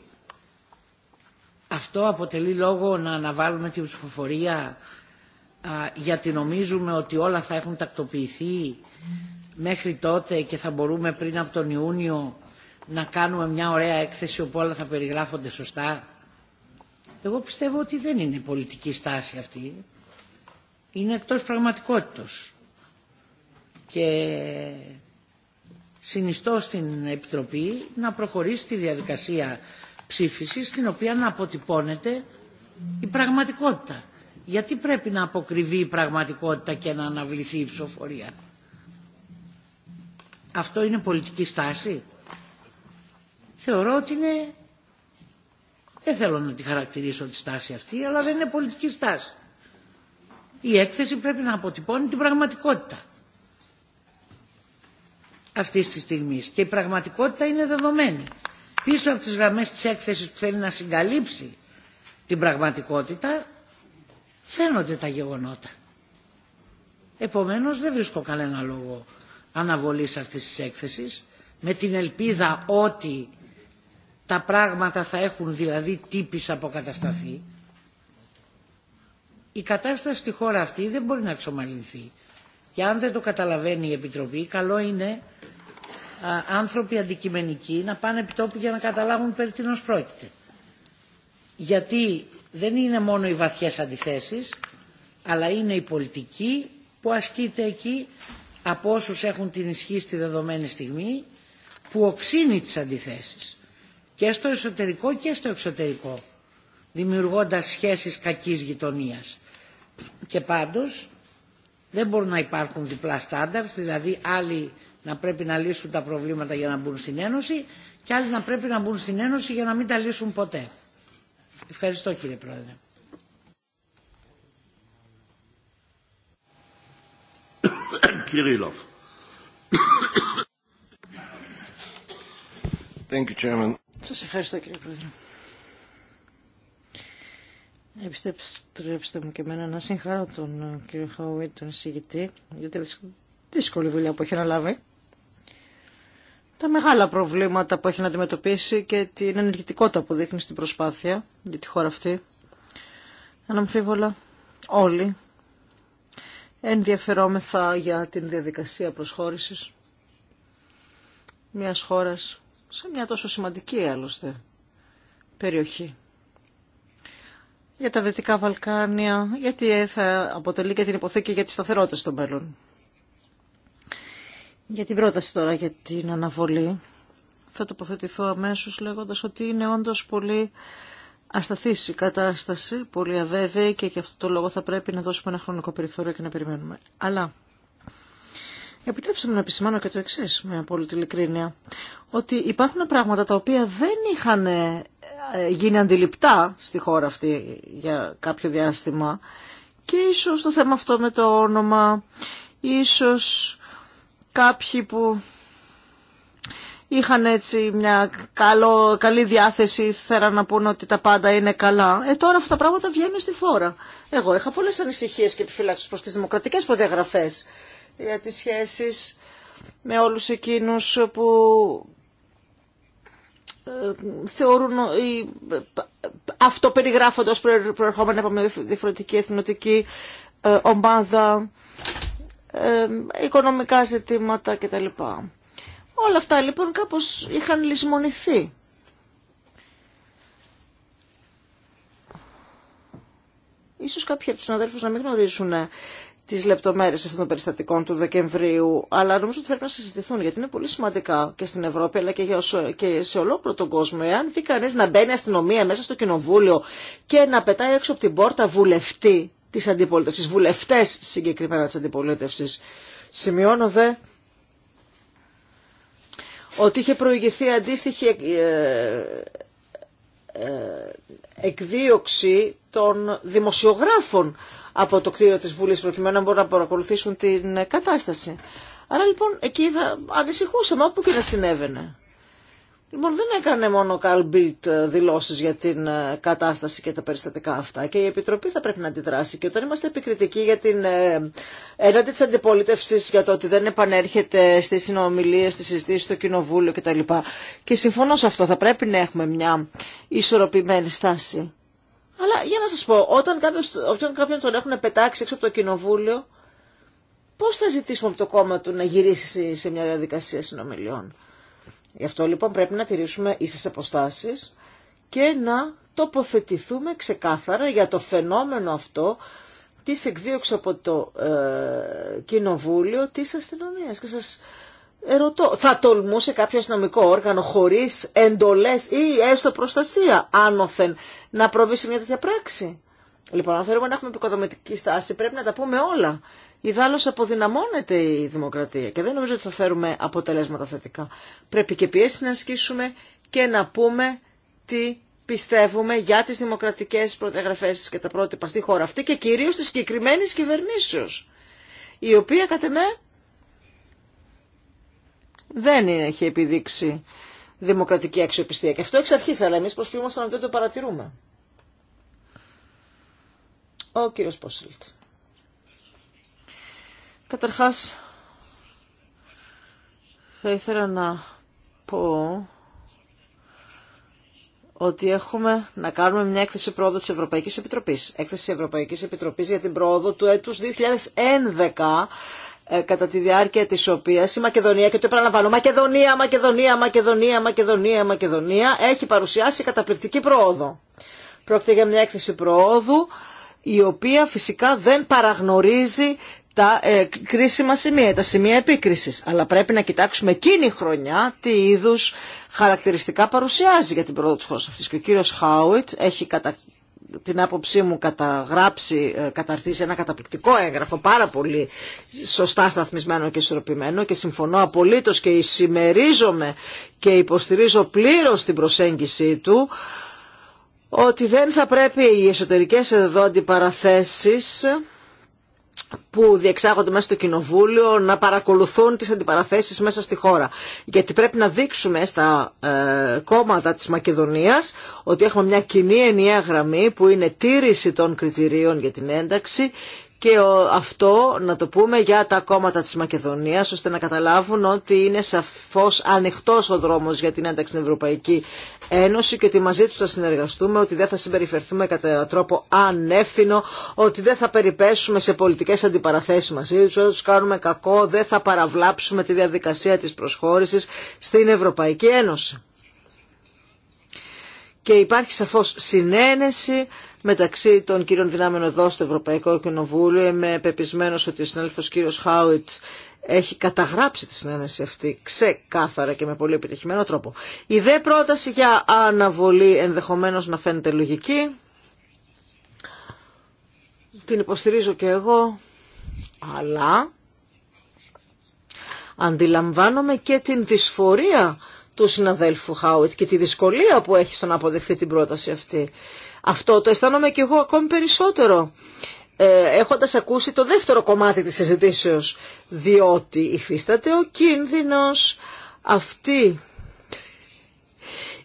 Αυτό αποτελεί λόγο να αναβάλουμε την ψηφοφορία γιατί νομίζουμε ότι όλα θα έχουν τακτοποιηθεί μέχρι τότε και θα μπορούμε πριν από τον Ιούνιο να κάνουμε μια ωραία έκθεση όπου όλα θα περιγράφονται σωστά. Εγώ πιστεύω ότι δεν είναι πολιτική στάση αυτή. Είναι εκτός πραγματικότητος. Και συνιστώ στην Επιτροπή να προχωρήσει τη διαδικασία ψήφισης στην οποία να αποτυπώνεται η πραγματικότητα. Γιατί πρέπει να αποκριβεί η πραγματικότητα και να αναβληθεί η ψηφοφορία. Αυτό είναι πολιτική στάση. Θεωρώ ότι είναι... Δεν θέλω να τη χαρακτηρίσω τη στάση αυτή, αλλά δεν είναι πολιτική στάση. Η έκθεση πρέπει να αποτυπώνει την πραγματικότητα αυτή τη στιγμή. Και η πραγματικότητα είναι δεδομένη. Πίσω από τις γραμμές της έκθεσης που θέλει να συγκαλύψει την πραγματικότητα, φαίνονται τα γεγονότα. Επομένως δεν βρίσκω κανένα λόγο αναβολής αυτής της έκθεσης με την ελπίδα ότι τα πράγματα θα έχουν δηλαδή τύπης αποκατασταθεί. Η κατάσταση στη χώρα αυτή δεν μπορεί να εξομαλυνθεί. Και αν δεν το καταλαβαίνει η Επιτροπή, καλό είναι άνθρωποι αντικειμενικοί να πάνε επιτόπου για να καταλάβουν περί τίνος πρόκειται. Γιατί δεν είναι μόνο οι βαθιές αντιθέσεις, αλλά είναι η πολιτική που ασκείται εκεί από όσου έχουν την ισχύ στη δεδομένη στιγμή που οξύνει τις αντιθέσεις και στο εσωτερικό και στο εξωτερικό δημιουργώντας σχέσεις κακής γειτονίας. Και πάντως δεν μπορούν να υπάρχουν διπλά στάνταρ, δηλαδή άλλοι να πρέπει να λύσουν τα προβλήματα για να μπουν στην Ένωση και άλλοι να πρέπει να μπουν στην Ένωση για να μην τα λύσουν ποτέ. Ευχαριστώ κύριε Πρόεδρε. Σας ευχαριστώ κύριε Πρόεδρε. Επιστρέψτε μου και εμένα να συγχαρώ τον ε, κύριο Χαουή, τον εισηγητή, για τη δύσκολη δουλειά που έχει λάβει, Τα μεγάλα προβλήματα που έχει να αντιμετωπίσει και την ενεργητικότητα που δείχνει στην προσπάθεια για τη χώρα αυτή. Αναμφίβολα όλοι ενδιαφερόμεθα για την διαδικασία προσχώρησης μιας χώρας σε μια τόσο σημαντική άλλωστε περιοχή. Για τα Δυτικά Βαλκάνια, γιατί θα αποτελεί και την υποθήκη για τη σταθερότητα στο μέλλον. Για την πρόταση τώρα για την αναβολή θα τοποθετηθώ αμέσως λέγοντας ότι είναι όντως πολύ ασταθής η κατάσταση, πολύ αβέβαιη και γι' αυτό το λόγο θα πρέπει να δώσουμε ένα χρονικό περιθώριο και να περιμένουμε. Αλλά επιτρέψτε μου να επισημάνω και το εξή με απόλυτη ειλικρίνεια, ότι υπάρχουν πράγματα τα οποία δεν είχαν ε, γίνει αντιληπτά στη χώρα αυτή για κάποιο διάστημα και ίσως το θέμα αυτό με το όνομα, ίσως κάποιοι που είχαν έτσι μια καλό, καλή διάθεση, θέλαν να πούν ότι τα πάντα είναι καλά. Ε, τώρα αυτά τα πράγματα βγαίνουν στη φόρα. Εγώ είχα πολλές ανησυχίες και επιφυλάξεις προς τις δημοκρατικές προδιαγραφές για τις σχέσεις με όλους εκείνους που ε, θεωρούν ή ε, αυτοπεριγράφοντας προερχόμενα από μια διαφορετική εθνοτική ε, ομάδα, οικονομικά ζητήματα κτλ. Όλα αυτά λοιπόν κάπως είχαν λησμονηθεί. Ίσως κάποιοι από τους συναδέλφους να μην γνωρίζουν ε, τις λεπτομέρειες αυτών των περιστατικών του Δεκεμβρίου, αλλά νομίζω ότι πρέπει να συζητηθούν γιατί είναι πολύ σημαντικά και στην Ευρώπη αλλά και, και σε ολόκληρο τον κόσμο. Εάν δει κανεί να μπαίνει αστυνομία μέσα στο κοινοβούλιο και να πετάει έξω από την πόρτα βουλευτή τη αντιπολίτευσης βουλευτές συγκεκριμένα της αντιπολίτευσης. Σημειώνω δε ότι είχε προηγηθεί αντίστοιχη ε, ε, εκδίωξη των δημοσιογράφων από το κτίριο της Βουλής προκειμένου να μπορούν να παρακολουθήσουν την κατάσταση. Άρα λοιπόν εκεί θα ανησυχούσαμε όπου και να συνέβαινε. Λοιπόν, δεν έκανε μόνο ο Καλ Μπίλτ δηλώσεις για την ε, κατάσταση και τα περιστατικά αυτά και η Επιτροπή θα πρέπει να αντιδράσει και όταν είμαστε επικριτικοί για την ε, έναντι τη αντιπολίτευση για το ότι δεν επανέρχεται στι συνομιλίε, στις συζητήσεις στο Κοινοβούλιο κτλ. Και συμφωνώ σε αυτό, θα πρέπει να έχουμε μια ισορροπημένη στάση. Αλλά για να σα πω, όταν κάποιον, κάποιον τον έχουν πετάξει έξω από το Κοινοβούλιο, πώ θα ζητήσουμε από το κόμμα του να γυρίσει σε μια διαδικασία συνομιλιών. Γι' αυτό λοιπόν πρέπει να τηρήσουμε ίσες αποστάσεις και να τοποθετηθούμε ξεκάθαρα για το φαινόμενο αυτό της εκδίωξης από το ε, κοινοβούλιο της αστυνομίας. Και σας ερωτώ, θα τολμούσε κάποιο αστυνομικό όργανο χωρίς εντολές ή έστω προστασία άνωθεν να προβεί σε μια τέτοια πράξη. Λοιπόν, αν θέλουμε να έχουμε επικοδομητική στάση πρέπει να τα πούμε όλα Ιδάλλως αποδυναμώνεται η δημοκρατία και δεν νομίζω ότι θα φέρουμε αποτελέσματα θετικά. Πρέπει και πιέσει να ασκήσουμε και να πούμε τι πιστεύουμε για τις δημοκρατικές προδιαγραφές και τα πρότυπα στη χώρα αυτή και κυρίως της συγκεκριμένη κυβερνήσεως, η οποία κατά με δεν έχει επιδείξει δημοκρατική αξιοπιστία. Και αυτό εξ αρχή, αλλά εμείς προσφύγουμε να δεν το παρατηρούμε. Ο κύριος Πόσιλτ. Καταρχάς, θα ήθελα να πω ότι έχουμε να κάνουμε μια έκθεση πρόοδου της Ευρωπαϊκής Επιτροπής. Έκθεση Ευρωπαϊκής Επιτροπής για την πρόοδο του έτους 2011 ε, κατά τη διάρκεια της οποίας η Μακεδονία, και το επαναλαμβάνω, Μακεδονία, Μακεδονία, Μακεδονία, Μακεδονία, Μακεδονία, έχει παρουσιάσει καταπληκτική πρόοδο. Πρόκειται για μια έκθεση πρόοδου, η οποία φυσικά δεν παραγνωρίζει τα ε, κρίσιμα σημεία, τα σημεία επίκρισης. Αλλά πρέπει να κοιτάξουμε εκείνη η χρονιά τι είδους χαρακτηριστικά παρουσιάζει για την πρόοδο της χώρας αυτής. Και ο κύριος Χάουιτ έχει κατά την άποψή μου καταγράψει, ε, καταρτήσει ένα καταπληκτικό έγγραφο, πάρα πολύ σωστά σταθμισμένο και ισορροπημένο και συμφωνώ απολύτως και συμμερίζομαι και υποστηρίζω πλήρως την προσέγγιση του ότι δεν θα πρέπει οι εσωτερικές εδώ αντιπαραθέσεις που διεξάγονται μέσα στο κοινοβούλιο να παρακολουθούν τις αντιπαραθέσεις μέσα στη χώρα. Γιατί πρέπει να δείξουμε στα ε, κόμματα της Μακεδονίας ότι έχουμε μια κοινή ενιαία γραμμή που είναι τήρηση των κριτηρίων για την ένταξη και αυτό να το πούμε για τα κόμματα της Μακεδονίας ώστε να καταλάβουν ότι είναι σαφώς ανοιχτός ο δρόμος για την ένταξη στην Ευρωπαϊκή Ένωση και ότι μαζί τους θα συνεργαστούμε, ότι δεν θα συμπεριφερθούμε κατά τρόπο ανεύθυνο, ότι δεν θα περιπέσουμε σε πολιτικές αντιπαραθέσεις μαζί τους, ότι τους κάνουμε κακό, δεν θα παραβλάψουμε τη διαδικασία της προσχώρησης στην Ευρωπαϊκή Ένωση και υπάρχει σαφώς συνένεση μεταξύ των κύριων δυνάμεων εδώ στο Ευρωπαϊκό Κοινοβούλιο. Είμαι πεπισμένος ότι ο συνέλφος κύριος Χάουιτ έχει καταγράψει τη συνένεση αυτή ξεκάθαρα και με πολύ επιτυχημένο τρόπο. Η δε πρόταση για αναβολή ενδεχομένως να φαίνεται λογική. Την υποστηρίζω και εγώ, αλλά αντιλαμβάνομαι και την δυσφορία του συναδέλφου Χάουιτ και τη δυσκολία που έχει στο να αποδεχθεί την πρόταση αυτή. Αυτό το αισθάνομαι και εγώ ακόμη περισσότερο ε, έχοντας ακούσει το δεύτερο κομμάτι της συζητήσεως, διότι υφίσταται ο κίνδυνος αυτή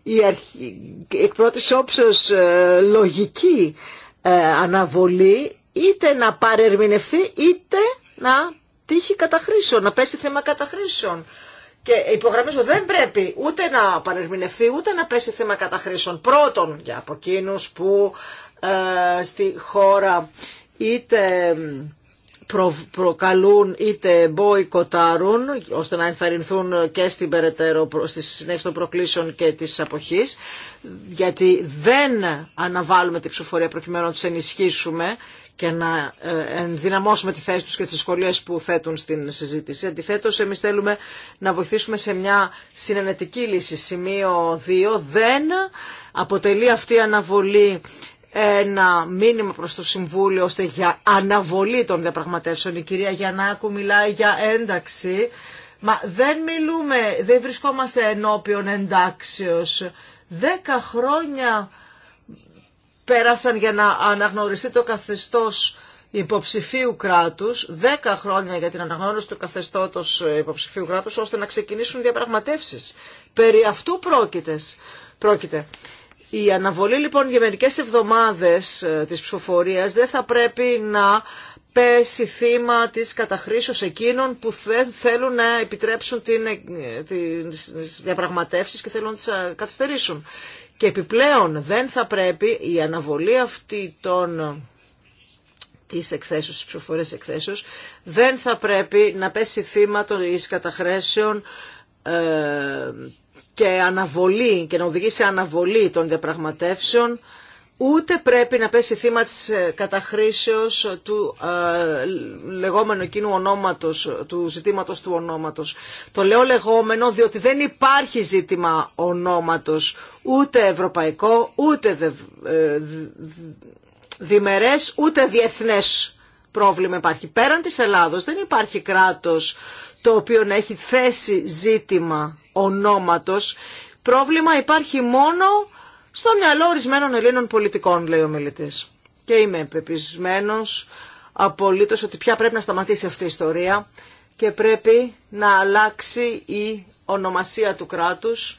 η αρχή, εκ πρώτης όψεως ε, λογική ε, αναβολή είτε να παρερμηνευθεί είτε να τύχει καταχρήσεων, να πέσει θέμα καταχρήσεων. Και υπογραμμίζω δεν πρέπει ούτε να παρερμηνευτεί ούτε να πέσει θέμα καταχρήσεων. Πρώτον για από εκείνου που ε, στη χώρα είτε προκαλούν είτε μποϊκοτάρουν ώστε να ενθαρρυνθούν και στην περαιτέρω στη συνέχιση των προκλήσεων και της αποχής γιατί δεν αναβάλουμε την ψηφοφορία προκειμένου να τους ενισχύσουμε και να ε, ενδυναμώσουμε τη θέση τους και τις δυσκολίες που θέτουν στην συζήτηση. Αντιθέτως, εμείς θέλουμε να βοηθήσουμε σε μια συνενετική λύση. Σημείο 2. Δεν αποτελεί αυτή η αναβολή ένα μήνυμα προς το Συμβούλιο ώστε για αναβολή των διαπραγματεύσεων. Η κυρία Γιαννάκου μιλάει για ένταξη. Μα δεν μιλούμε, δεν βρισκόμαστε ενώπιον εντάξεως. Δέκα χρόνια πέρασαν για να αναγνωριστεί το καθεστώς υποψηφίου κράτους, δέκα χρόνια για την αναγνώριση του καθεστώτος ε, υποψηφίου κράτους, ώστε να ξεκινήσουν διαπραγματεύσεις. Περί αυτού πρόκειται. Η αναβολή λοιπόν για μερικές εβδομάδες ε, της ψηφοφορίας δεν θα πρέπει να πέσει θύμα της καταχρήσεως εκείνων που δεν θέλουν να επιτρέψουν ε, τις διαπραγματεύσεις και θέλουν να τις καθυστερήσουν. Και επιπλέον δεν θα πρέπει η αναβολή αυτή των της εκθέσεως, της ψηφοφορίας εκθέσεως, δεν θα πρέπει να πέσει θύμα των καταχρέσεων ε, και, αναβολή, και να οδηγήσει σε αναβολή των διαπραγματεύσεων ούτε πρέπει να πέσει θύμα της ε, καταχρήσεως του ε, λεγόμενου εκείνου ονόματος, του ζητήματος του ονόματος. Το λέω λεγόμενο διότι δεν υπάρχει ζήτημα ονόματος, ούτε ευρωπαϊκό, ούτε δε, ε, διμερές, ούτε διεθνές πρόβλημα υπάρχει. Πέραν της Ελλάδος δεν υπάρχει κράτος το οποίο να έχει θέσει ζήτημα ονόματος. Πρόβλημα υπάρχει μόνο στο μυαλό ορισμένων Ελλήνων πολιτικών, λέει ο μιλητή. Και είμαι πεπισμένο απολύτω ότι πια πρέπει να σταματήσει αυτή η ιστορία και πρέπει να αλλάξει η ονομασία του κράτους.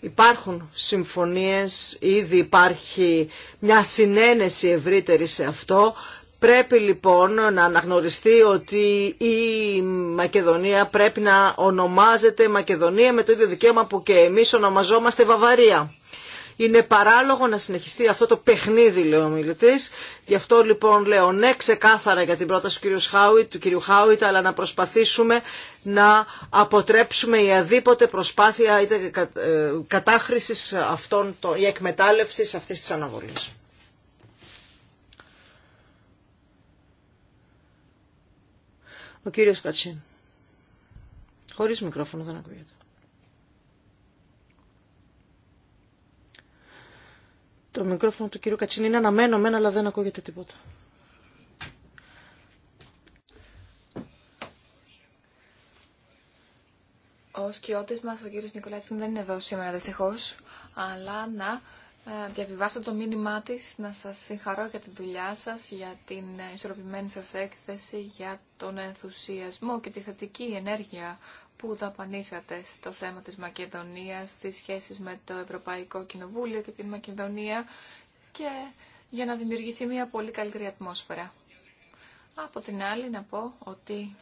Υπάρχουν συμφωνίες, ήδη υπάρχει μια συνένεση ευρύτερη σε αυτό. Πρέπει λοιπόν να αναγνωριστεί ότι η Μακεδονία πρέπει να ονομάζεται Μακεδονία με το ίδιο δικαίωμα που και εμείς ονομαζόμαστε Βαβαρία. Είναι παράλογο να συνεχιστεί αυτό το παιχνίδι, λέει ο μιλητή. Γι' αυτό λοιπόν λέω ναι ξεκάθαρα για την πρόταση του κυρίου Χάουιτ, του Χάουιτ, αλλά να προσπαθήσουμε να αποτρέψουμε η αδίποτε προσπάθεια είτε ε, κατάχρηση αυτών, η εκμετάλλευση αυτή τη αναβολή. Ο κύριος Κατσίν. Χωρίς μικρόφωνο δεν ακούγεται. Το μικρόφωνο του κυρίου Κατσίνη είναι αναμένο αλλά δεν ακούγεται τίποτα. Ο σκιώτη μα, ο κύριο Νικολάτσιν, δεν είναι εδώ σήμερα δυστυχώ. Αλλά να ε, διαβιβάσω το μήνυμά τη, να σα συγχαρώ για τη δουλειά σα, για την ισορροπημένη σα έκθεση, για τον ενθουσιασμό και τη θετική ενέργεια που δαπανίσατε στο θέμα της Μακεδονίας, στις σχέσεις με το Ευρωπαϊκό Κοινοβούλιο και την Μακεδονία και για να δημιουργηθεί μια πολύ καλύτερη ατμόσφαιρα. Από την άλλη να πω ότι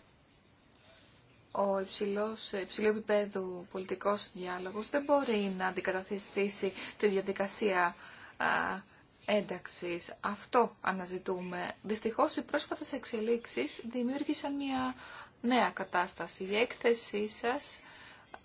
ο υψηλός, υψηλού επίπεδου πολιτικός διάλογος δεν μπορεί να αντικαταθιστήσει τη διαδικασία α, ένταξης. Αυτό αναζητούμε. Δυστυχώς οι πρόσφατες εξελίξεις δημιούργησαν μια νέα κατάσταση. Η έκθεσή σας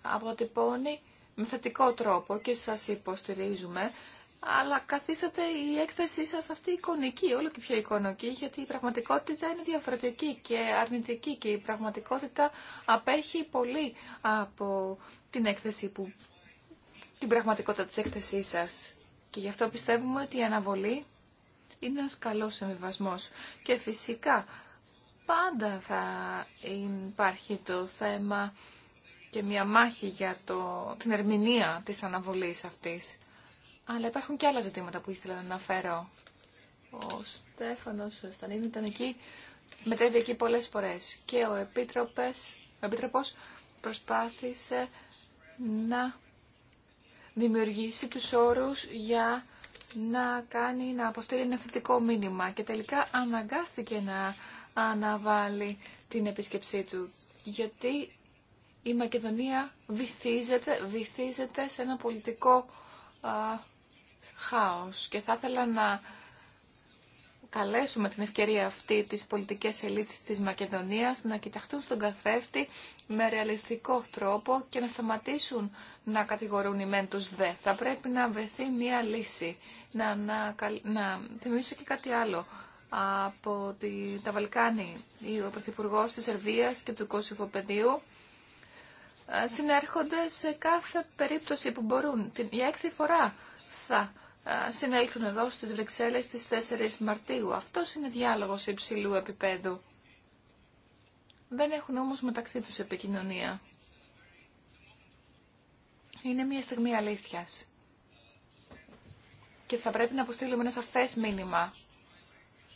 αποτυπώνει με θετικό τρόπο και σας υποστηρίζουμε, αλλά καθίσταται η έκθεσή σας αυτή εικονική, όλο και πιο εικονική, γιατί η πραγματικότητα είναι διαφορετική και αρνητική και η πραγματικότητα απέχει πολύ από την έκθεση που την πραγματικότητα της έκθεσή σας. Και γι' αυτό πιστεύουμε ότι η αναβολή είναι ένας καλός εμβιβασμός. Και φυσικά πάντα θα υπάρχει το θέμα και μια μάχη για το, την ερμηνεία της αναβολής αυτής. Αλλά υπάρχουν και άλλα ζητήματα που ήθελα να αναφέρω. Ο Στέφανος Στανίνου ήταν εκεί, μετέβη εκεί πολλές φορές και ο, Επίτροπες, Επίτροπος προσπάθησε να δημιουργήσει τους όρους για να κάνει, να αποστείλει ένα θετικό μήνυμα και τελικά αναγκάστηκε να αναβάλει την επίσκεψή του. Γιατί η Μακεδονία βυθίζεται, βυθίζεται σε ένα πολιτικό α, χάος. Και θα ήθελα να καλέσουμε την ευκαιρία αυτή της πολιτικές ελίτ της Μακεδονίας να κοιταχτούν στον καθρέφτη με ρεαλιστικό τρόπο και να σταματήσουν να κατηγορούν οι μεν τους δε. Θα πρέπει να βρεθεί μία λύση. Να, να, να θυμίσω και κάτι άλλο από τη, τα Βαλκάνη ή ο Πρωθυπουργό της Σερβίας και του Κωσυφοπεδίου ε, συνέρχονται σε κάθε περίπτωση που μπορούν. Την, για έκτη φορά θα ε, συνέλθουν εδώ στις Βρυξέλλες στις 4 Μαρτίου. Αυτό είναι διάλογος υψηλού επίπεδου. Δεν έχουν όμως μεταξύ τους επικοινωνία. Είναι μια στιγμή αλήθειας. Και θα πρέπει να αποστείλουμε ένα σαφές μήνυμα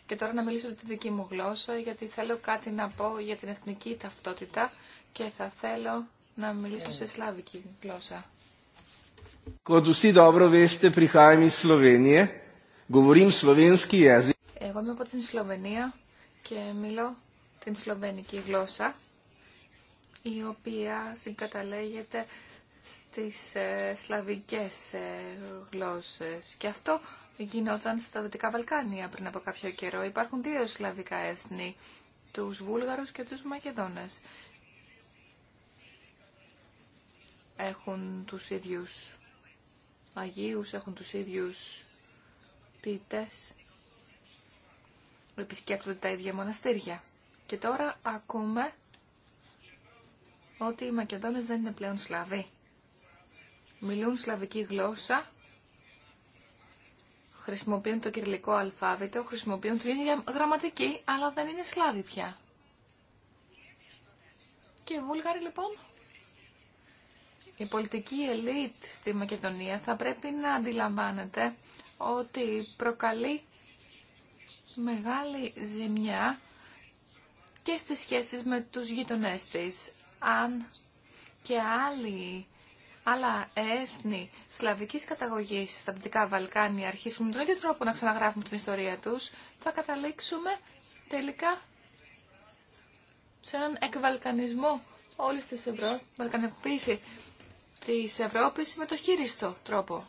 και τώρα να μιλήσω τη δική μου γλώσσα, γιατί θέλω κάτι να πω για την εθνική ταυτότητα και θα θέλω να μιλήσω σε σλάβικη γλώσσα. Εγώ είμαι από την Σλοβενία και μιλώ την σλοβενική γλώσσα, η οποία συγκαταλέγεται στις ε, σλαβικές ε, γλώσσες. Και αυτό γινόταν στα Δυτικά Βαλκάνια πριν από κάποιο καιρό. Υπάρχουν δύο σλαβικά έθνη, τους Βούλγαρους και τους Μακεδόνες. Έχουν τους ίδιους Αγίους, έχουν τους ίδιους ποιητές, επισκέπτονται τα ίδια μοναστήρια. Και τώρα ακούμε ότι οι Μακεδόνες δεν είναι πλέον Σλαβοί. Μιλούν σλαβική γλώσσα χρησιμοποιούν το κυριλικό αλφάβητο, χρησιμοποιούν την ίδια γραμματική, αλλά δεν είναι Σλάβοι πια. Και οι Βούλγαροι λοιπόν. Η πολιτική ελίτ στη Μακεδονία θα πρέπει να αντιλαμβάνεται ότι προκαλεί μεγάλη ζημιά και στις σχέσεις με τους γειτονές της. Αν και άλλοι άλλα έθνη σλαβικής καταγωγής στα Δυτικά Βαλκάνια αρχίσουν με τον ίδιο τρόπο να ξαναγράφουν την ιστορία τους, θα καταλήξουμε τελικά σε έναν εκβαλκανισμό όλη τη Ευρώπη, τη Ευρώπη με το χείριστο τρόπο.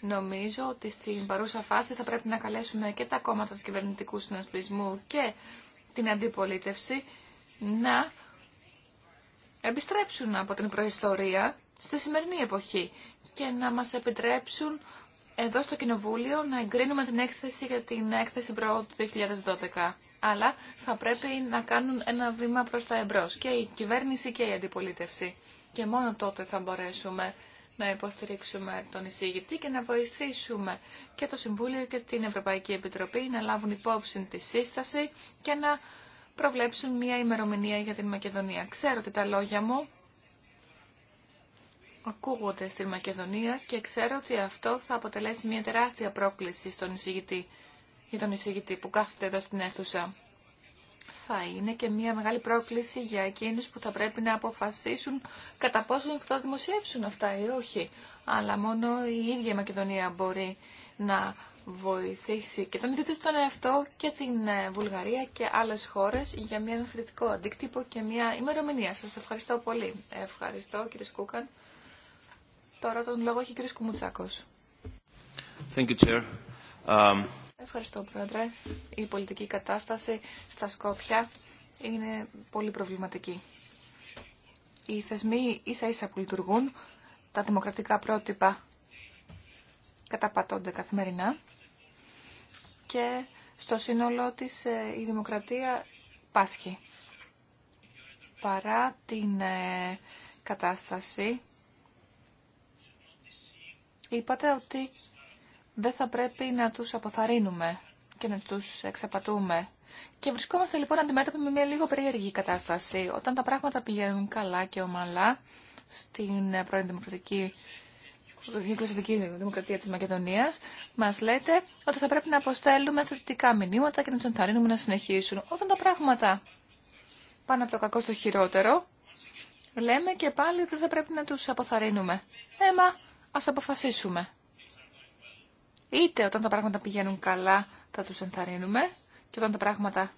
Νομίζω ότι στην παρούσα φάση θα πρέπει να καλέσουμε και τα κόμματα του κυβερνητικού συνασπισμού και την αντιπολίτευση να επιστρέψουν από την προϊστορία στη σημερινή εποχή και να μας επιτρέψουν εδώ στο Κοινοβούλιο να εγκρίνουμε την έκθεση για την έκθεση προ του 2012. Αλλά θα πρέπει να κάνουν ένα βήμα προς τα εμπρός και η κυβέρνηση και η αντιπολίτευση. Και μόνο τότε θα μπορέσουμε να υποστηρίξουμε τον εισηγητή και να βοηθήσουμε και το Συμβούλιο και την Ευρωπαϊκή Επιτροπή να λάβουν υπόψη τη σύσταση και να προβλέψουν μια ημερομηνία για την Μακεδονία. Ξέρω ότι τα λόγια μου ακούγονται στη Μακεδονία και ξέρω ότι αυτό θα αποτελέσει μια τεράστια πρόκληση στον εισηγητή, για τον εισηγητή που κάθεται εδώ στην αίθουσα. Θα είναι και μια μεγάλη πρόκληση για εκείνους που θα πρέπει να αποφασίσουν κατά πόσο θα δημοσιεύσουν αυτά ή όχι. Αλλά μόνο η ίδια η Μακεδονία μπορεί να βοηθήσει και τον ίδιο στον εαυτό και την ε, Βουλγαρία και άλλες χώρες για μια θετικό αντίκτυπο και μια ημερομηνία. Σας ευχαριστώ πολύ. Ευχαριστώ κύριε Σκούκαν. Τώρα τον λόγο έχει ο κ. Κουμουτσάκος. Um, Ευχαριστώ, Πρόεδρε. Η πολιτική κατάσταση στα Σκόπια είναι πολύ προβληματική. Οι θεσμοί ίσα ίσα που λειτουργούν, τα δημοκρατικά πρότυπα καταπατώνται καθημερινά και στο σύνολό της ε, η δημοκρατία πάσχει. Παρά την ε, κατάσταση είπατε ότι δεν θα πρέπει να τους αποθαρρύνουμε και να τους εξαπατούμε. Και βρισκόμαστε λοιπόν αντιμέτωποι με μια λίγο περίεργη κατάσταση. Όταν τα πράγματα πηγαίνουν καλά και ομαλά στην πρώην δημοκρατική στην δημοκρατία της Μακεδονίας, μας λέτε ότι θα πρέπει να αποστέλουμε θετικά μηνύματα και να τους ενθαρρύνουμε να συνεχίσουν. Όταν τα πράγματα πάνε από το κακό στο χειρότερο, λέμε και πάλι ότι δεν θα πρέπει να τους αποθαρρύνουμε. Έμα, ε, ας αποφασίσουμε. Είτε όταν τα πράγματα πηγαίνουν καλά θα τους ενθαρρύνουμε και όταν τα πράγματα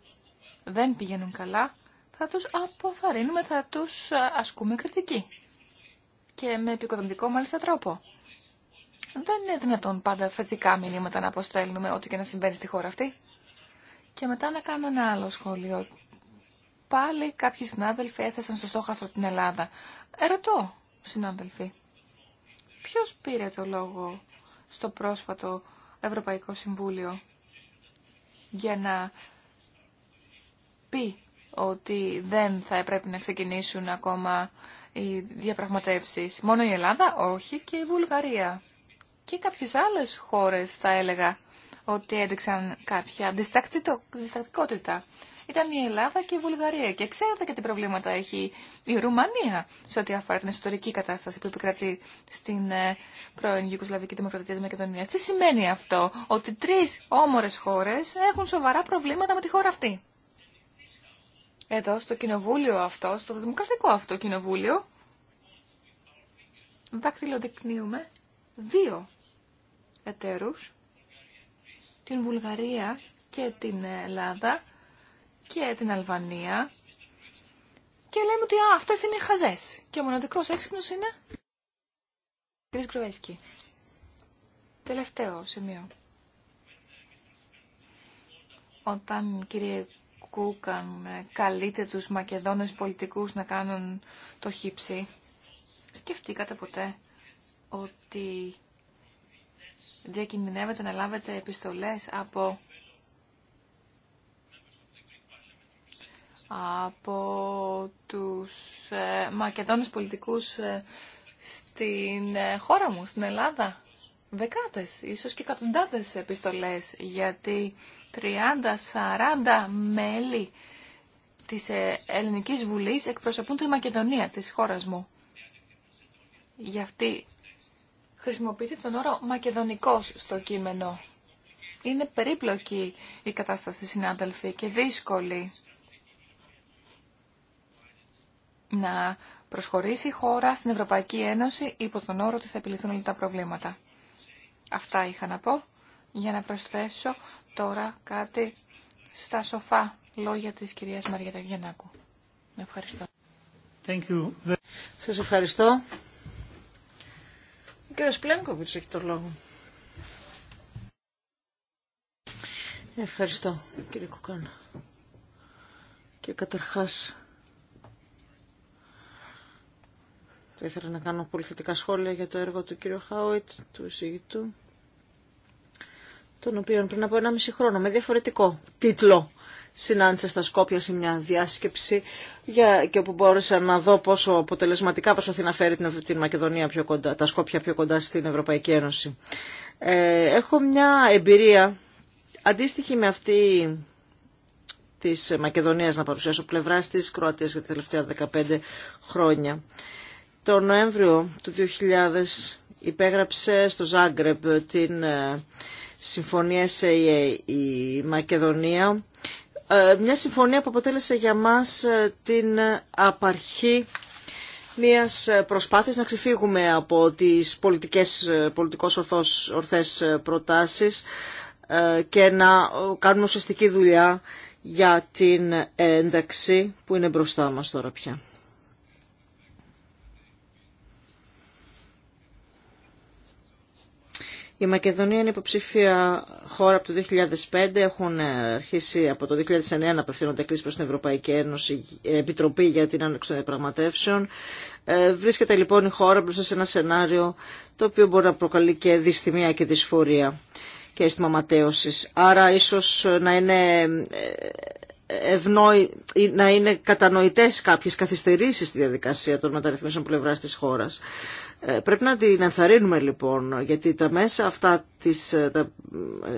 δεν πηγαίνουν καλά θα τους αποθαρρύνουμε, θα τους ασκούμε κριτική. Και με επικοδομητικό μάλιστα τρόπο. Δεν είναι δυνατόν πάντα φετικά μηνύματα να αποστέλνουμε ό,τι και να συμβαίνει στη χώρα αυτή. Και μετά να κάνω ένα άλλο σχόλιο. Πάλι κάποιοι συνάδελφοι έθεσαν στο στόχαστρο την Ελλάδα. Ερωτώ, συνάδελφοι. Ποιος πήρε το λόγο στο πρόσφατο Ευρωπαϊκό Συμβούλιο για να πει ότι δεν θα έπρεπε να ξεκινήσουν ακόμα οι διαπραγματεύσεις. Μόνο η Ελλάδα, όχι, και η Βουλγαρία. Και κάποιες άλλες χώρες, θα έλεγα, ότι έδειξαν κάποια διστακτικότητα ήταν η Ελλάδα και η Βουλγαρία. Και ξέρετε και τι προβλήματα έχει η Ρουμανία σε ό,τι αφορά την ιστορική κατάσταση που επικρατεί στην ε, πρώην Ιουγκοσλαβική Δημοκρατία τη Μακεδονία. Τι σημαίνει αυτό, ότι τρει όμορε χώρε έχουν σοβαρά προβλήματα με τη χώρα αυτή. Εδώ στο κοινοβούλιο αυτό, στο δημοκρατικό αυτό κοινοβούλιο, δακτυλοδεικνύουμε δύο εταίρους, την Βουλγαρία και την Ελλάδα, και την Αλβανία και λέμε ότι α, αυτές είναι χαζές και ο μοναδικός έξυπνος είναι κ. Κρουέσκι. Τελευταίο σημείο. Όταν κύριε Κούκαν καλείτε τους Μακεδόνες πολιτικούς να κάνουν το χύψη, σκεφτήκατε ποτέ ότι διακινδυνεύετε να λάβετε επιστολές από από τους ε, Μακεδόνες πολιτικούς ε, στην ε, χώρα μου, στην Ελλάδα. Δεκάδες, ίσως και εκατοντάδες επιστολές, γιατί 30-40 μέλη της Ελληνικής Βουλής εκπροσωπούν τη Μακεδονία της χώρας μου. Γι' αυτή χρησιμοποιείται τον όρο «μακεδονικός» στο κείμενο. Είναι περίπλοκη η κατάσταση, συνάδελφοι, και δύσκολη να προσχωρήσει η χώρα στην Ευρωπαϊκή Ένωση υπό τον όρο ότι θα επιληθούν όλα τα προβλήματα. Αυτά είχα να πω για να προσθέσω τώρα κάτι στα σοφά λόγια της κυρίας Μαριέτα Γιαννάκου. Ευχαριστώ. Thank you. Σας ευχαριστώ. Ο κύριος Πλένκοβιτς έχει το λόγο. Ευχαριστώ κύριε Κουκάνα. Και καταρχάς Θα ήθελα να κάνω πολύ θετικά σχόλια για το έργο του κύριου Χάουιτ, του εισηγητού, τον οποίο πριν από 1,5 χρόνο με διαφορετικό τίτλο συνάντησα στα Σκόπια σε μια διάσκεψη για, και όπου μπόρεσα να δω πόσο αποτελεσματικά προσπαθεί να φέρει την, την Μακεδονία πιο κοντά, τα Σκόπια πιο κοντά στην Ευρωπαϊκή Ένωση. Ε, έχω μια εμπειρία αντίστοιχη με αυτή της Μακεδονίας να παρουσιάσω πλευρά της Κροατίας για τα τελευταία 15 χρόνια. Το Νοέμβριο του 2000 υπέγραψε στο Ζάγκρεπ την ε, συμφωνία SAA η Μακεδονία. Ε, μια συμφωνία που αποτέλεσε για μας ε, την απαρχή μιας προσπάθειας να ξεφύγουμε από τις πολιτικές, πολιτικώς ορθώς, ορθές προτάσεις και να κάνουμε ουσιαστική δουλειά για την ένταξη που είναι μπροστά μας τώρα πια. Η Μακεδονία είναι υποψήφια χώρα από το 2005. Έχουν ε, αρχίσει από το 2009 να απευθύνονται κλείσει προς την Ευρωπαϊκή Ένωση, ε, Επιτροπή για την Άνοιξη των Διαπραγματεύσεων. Ε, βρίσκεται λοιπόν η χώρα μπροστά σε ένα σενάριο το οποίο μπορεί να προκαλεί και δυστημία και δυσφορία και αίσθημα ματέωσης. Άρα ίσως να είναι ευνόη, να είναι κατανοητές κάποιες καθυστερήσεις στη διαδικασία των μεταρρυθμίσεων πλευράς της χώρας. Ε, πρέπει να την ενθαρρύνουμε λοιπόν, γιατί τα μέσα αυτά της, ε, τα,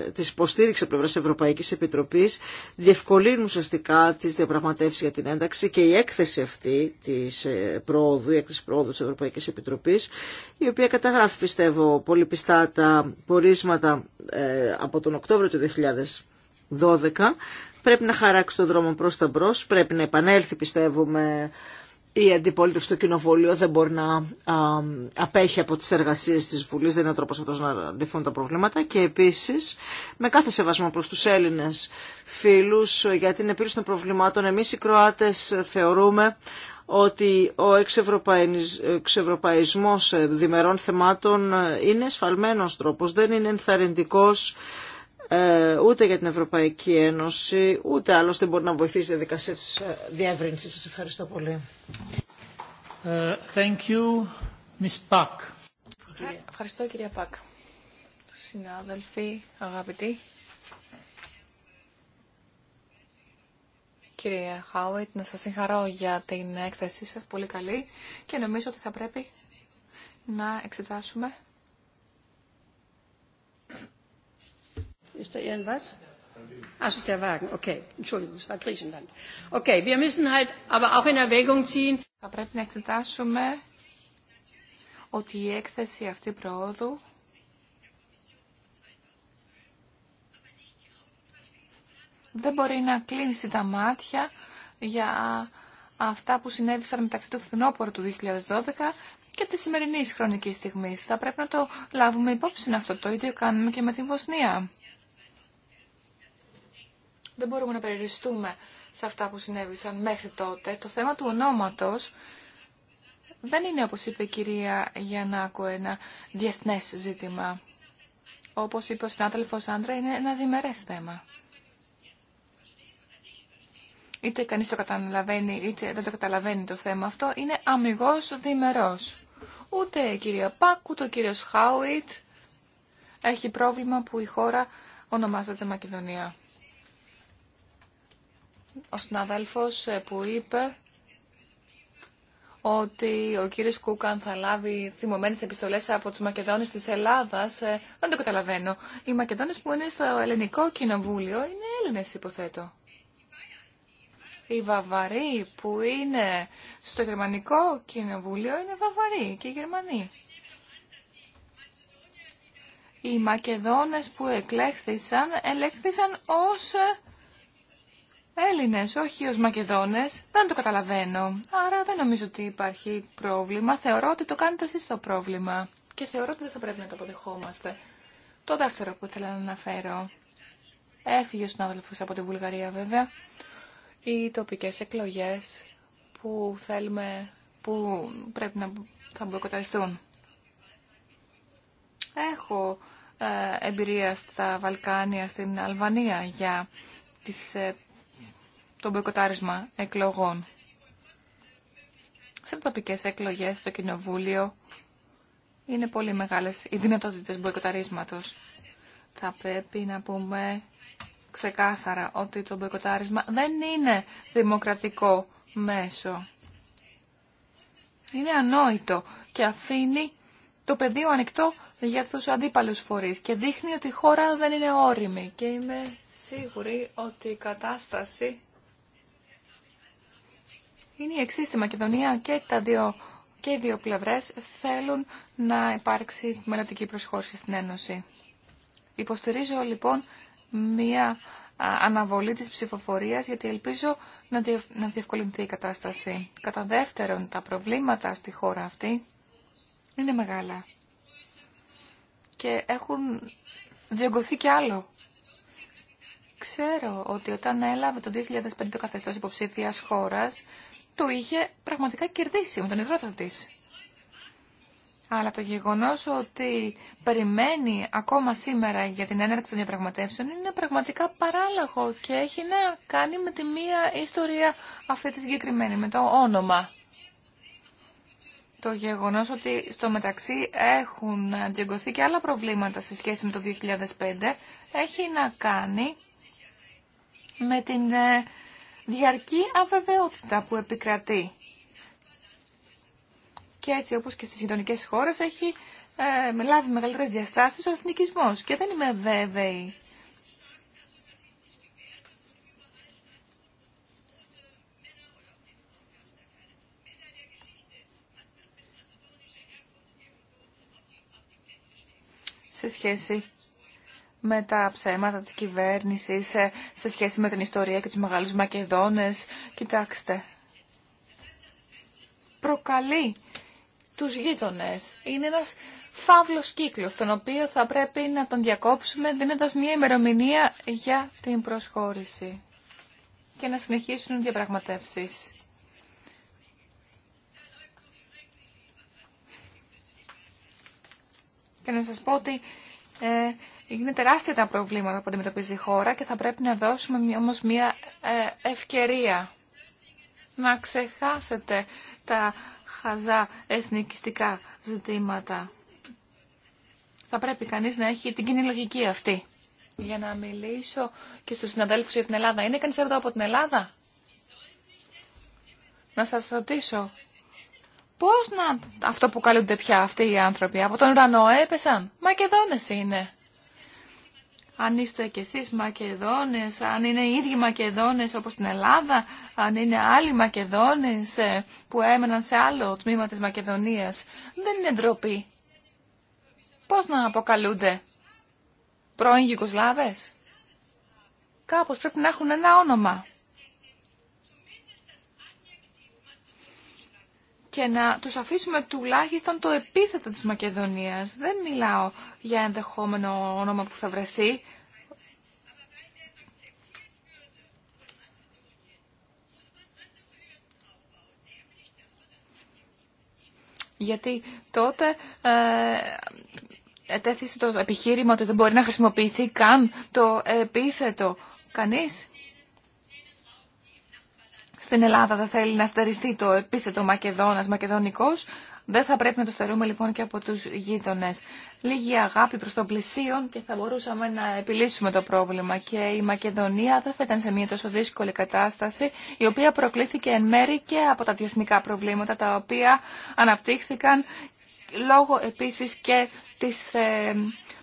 ε, της υποστήριξης από πλευράς Ευρωπαϊκής Επιτροπής διευκολύνουν ουσιαστικά τις διαπραγματεύσεις για την ένταξη και η έκθεση αυτή της πρόοδου, η έκθεση πρόοδου της Ευρωπαϊκής Επιτροπής, η οποία καταγράφει πιστεύω πολύ πιστά τα πορίσματα από τον Οκτώβριο του 2012, πρέπει να χαράξει τον δρόμο προς τα μπρος, πρέπει να επανέλθει πιστεύουμε η αντιπολίτευση στο κοινοβούλιο δεν μπορεί να απέχει από τις εργασίες της Βουλής, δεν είναι ο τρόπος αυτός να λυθούν τα προβλήματα και επίσης με κάθε σεβασμό προς τους Έλληνες φίλους για την επίλυση των προβλημάτων εμείς οι Κροάτες θεωρούμε ότι ο εξευρωπαϊσμός διμερών θεμάτων είναι σφαλμένος τρόπος, δεν είναι ενθαρρυντικός ε, ούτε για την Ευρωπαϊκή Ένωση, ούτε άλλωστε μπορεί να βοηθήσει τη διαδικασία της ε, διεύρυνσης. Σας ευχαριστώ πολύ. Ε, thank you, Miss Ευχαριστώ κυρία Πακ. Συνάδελφοι, αγαπητοί. Κυρία Χάουιτ, να σας συγχαρώ για την έκθεσή σας, πολύ καλή και νομίζω ότι θα πρέπει να εξετάσουμε Θα πρέπει να εξετάσουμε ότι η έκθεση αυτή προόδου δεν μπορεί να κλείνει τα μάτια για αυτά που συνέβησαν μεταξύ του φθινόπωρου του 2012 και τη σημερινή χρονική στιγμή. Θα πρέπει να το λάβουμε υπόψη αυτό. Το ίδιο κάνουμε και με την Βοσνία. Δεν μπορούμε να περιοριστούμε σε αυτά που συνέβησαν μέχρι τότε. Το θέμα του ονόματος δεν είναι, όπως είπε η κυρία Γιαννάκου, ένα διεθνές ζήτημα. Όπως είπε ο συνάδελφος Άντρα, είναι ένα διμερές θέμα. Είτε κανείς το καταλαβαίνει, είτε δεν το καταλαβαίνει το θέμα αυτό, είναι αμυγός διμερός. Ούτε η κυρία Πάκου, ούτε ο κύριος Χάουιτ έχει πρόβλημα που η χώρα ονομάζεται Μακεδονία ο συναδέλφος ε, που είπε ότι ο κύριος Κούκαν θα λάβει θυμωμένες επιστολές από τους Μακεδόνες της Ελλάδας. Ε, δεν το καταλαβαίνω. Οι Μακεδόνες που είναι στο ελληνικό κοινοβούλιο είναι Έλληνες, υποθέτω. Οι Βαβαροί που είναι στο γερμανικό κοινοβούλιο είναι Βαβαροί και Γερμανοί. Οι Μακεδόνες που εκλέχθησαν, ελέγχθησαν ως Έλληνε, όχι ω μακεδόνε, Δεν το καταλαβαίνω. Άρα δεν νομίζω ότι υπάρχει πρόβλημα. Θεωρώ ότι το κάνετε εσεί το πρόβλημα. Και θεωρώ ότι δεν θα πρέπει να το αποδεχόμαστε. Το δεύτερο που ήθελα να αναφέρω. Έφυγε ο συνάδελφο από τη Βουλγαρία βέβαια. Οι τοπικέ εκλογέ που θέλουμε, που πρέπει να θα μποϊκοταριστούν. Έχω ε, εμπειρία στα Βαλκάνια, στην Αλβανία για τις ε, το μποϊκοτάρισμα εκλογών. Σε τοπικές εκλογές, στο Κοινοβούλιο, είναι πολύ μεγάλες οι δυνατότητες μποϊκοταρίσματος. Θα πρέπει να πούμε ξεκάθαρα ότι το μποϊκοτάρισμα δεν είναι δημοκρατικό μέσο. Είναι ανόητο και αφήνει το πεδίο ανοιχτό για τους αντίπαλους φορείς και δείχνει ότι η χώρα δεν είναι όριμη και είμαι σίγουρη ότι η κατάσταση είναι η εξή. Στη Μακεδονία και, τα δύο, και οι δύο πλευρές θέλουν να υπάρξει μελλοντική προσχώρηση στην Ένωση. Υποστηρίζω λοιπόν μία αναβολή της ψηφοφορίας γιατί ελπίζω να διευκολυνθεί η κατάσταση. Κατά δεύτερον, τα προβλήματα στη χώρα αυτή είναι μεγάλα και έχουν διωγγωθεί κι άλλο. Ξέρω ότι όταν έλαβε το 2005 το καθεστώς υποψήφιας χώρας, το είχε πραγματικά κερδίσει με τον υδρότα τη. Αλλά το γεγονό ότι περιμένει ακόμα σήμερα για την έναρξη των διαπραγματεύσεων είναι πραγματικά παράλογο και έχει να κάνει με τη μία ιστορία αυτή τη συγκεκριμένη, με το όνομα. Το γεγονό ότι στο μεταξύ έχουν διεγκωθεί και άλλα προβλήματα σε σχέση με το 2005 έχει να κάνει με την ε, διαρκή αβεβαιότητα που επικρατεί. Και έτσι όπως και στις γειτονικέ χώρες έχει ε, λάβει μεγαλύτερες διαστάσεις ο εθνικισμός. Και δεν είμαι βέβαιη. σε σχέση με τα ψέματα της κυβέρνησης ε, σε σχέση με την ιστορία και τους μεγάλους Μακεδόνες. Κοιτάξτε, προκαλεί τους γείτονες. Είναι ένας φαύλος κύκλος, τον οποίο θα πρέπει να τον διακόψουμε δίνοντας μια ημερομηνία για την προσχώρηση και να συνεχίσουν οι διαπραγματεύσεις. Και να σας πω ότι ε, είναι τεράστια τα προβλήματα που αντιμετωπίζει η χώρα και θα πρέπει να δώσουμε όμως μια ε, ευκαιρία να ξεχάσετε τα χαζά εθνικιστικά ζητήματα. Θα πρέπει κανείς να έχει την κοινή λογική αυτή. Για να μιλήσω και στους συναδέλφους για την Ελλάδα. Είναι κανείς εδώ από την Ελλάδα? Να σας ρωτήσω. Πώς να αυτό που καλούνται πια αυτοί οι άνθρωποι. Από τον ουρανό έπεσαν. Μακεδόνες είναι αν είστε κι εσείς Μακεδόνες, αν είναι οι ίδιοι Μακεδόνες όπως στην Ελλάδα, αν είναι άλλοι Μακεδόνες ε, που έμεναν σε άλλο τμήμα της Μακεδονίας. Δεν είναι ντροπή. Πώς να αποκαλούνται πρώην Γιουγκοσλάβες. Κάπως πρέπει να έχουν ένα όνομα. και να τους αφήσουμε τουλάχιστον το επίθετο της Μακεδονίας. Δεν μιλάω για ενδεχόμενο όνομα που θα βρεθεί. Γιατί τότε ε, το επιχείρημα ότι δεν μπορεί να χρησιμοποιηθεί καν το επίθετο. Κανείς στην Ελλάδα δεν θέλει να στερηθεί το επίθετο Μακεδόνας, Μακεδονικός, δεν θα πρέπει να το στερούμε λοιπόν και από τους γείτονες. Λίγη αγάπη προς τον πλησίον και θα μπορούσαμε να επιλύσουμε το πρόβλημα. Και η Μακεδονία δεν θα ήταν σε μια τόσο δύσκολη κατάσταση, η οποία προκλήθηκε εν μέρη και από τα διεθνικά προβλήματα, τα οποία αναπτύχθηκαν λόγω επίσης και της ε,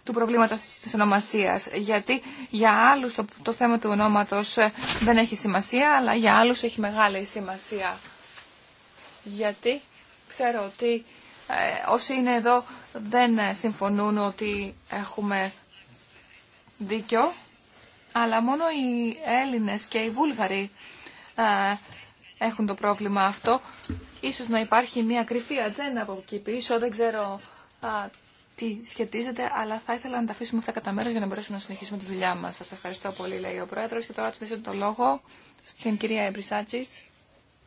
του προβλήματος της ονομασίας. Γιατί για άλλους το, θέμα του ονόματος ε, δεν έχει σημασία, αλλά για άλλους έχει μεγάλη σημασία. Γιατί ξέρω ότι ε, όσοι είναι εδώ δεν ε, συμφωνούν ότι έχουμε δίκιο, αλλά μόνο οι Έλληνες και οι Βούλγαροι έχουν το πρόβλημα αυτό. Ίσως να υπάρχει μια κρυφή ατζέντα από εκεί πίσω, δεν ξέρω σχετίζεται, αλλά θα ήθελα να τα αφήσουμε αυτά κατά μέρο για να μπορέσουμε να συνεχίσουμε τη δουλειά μα. Σα ευχαριστώ πολύ, λέει ο Πρόεδρο. Και τώρα του δίνω το λόγο στην κυρία Εμπρισάτση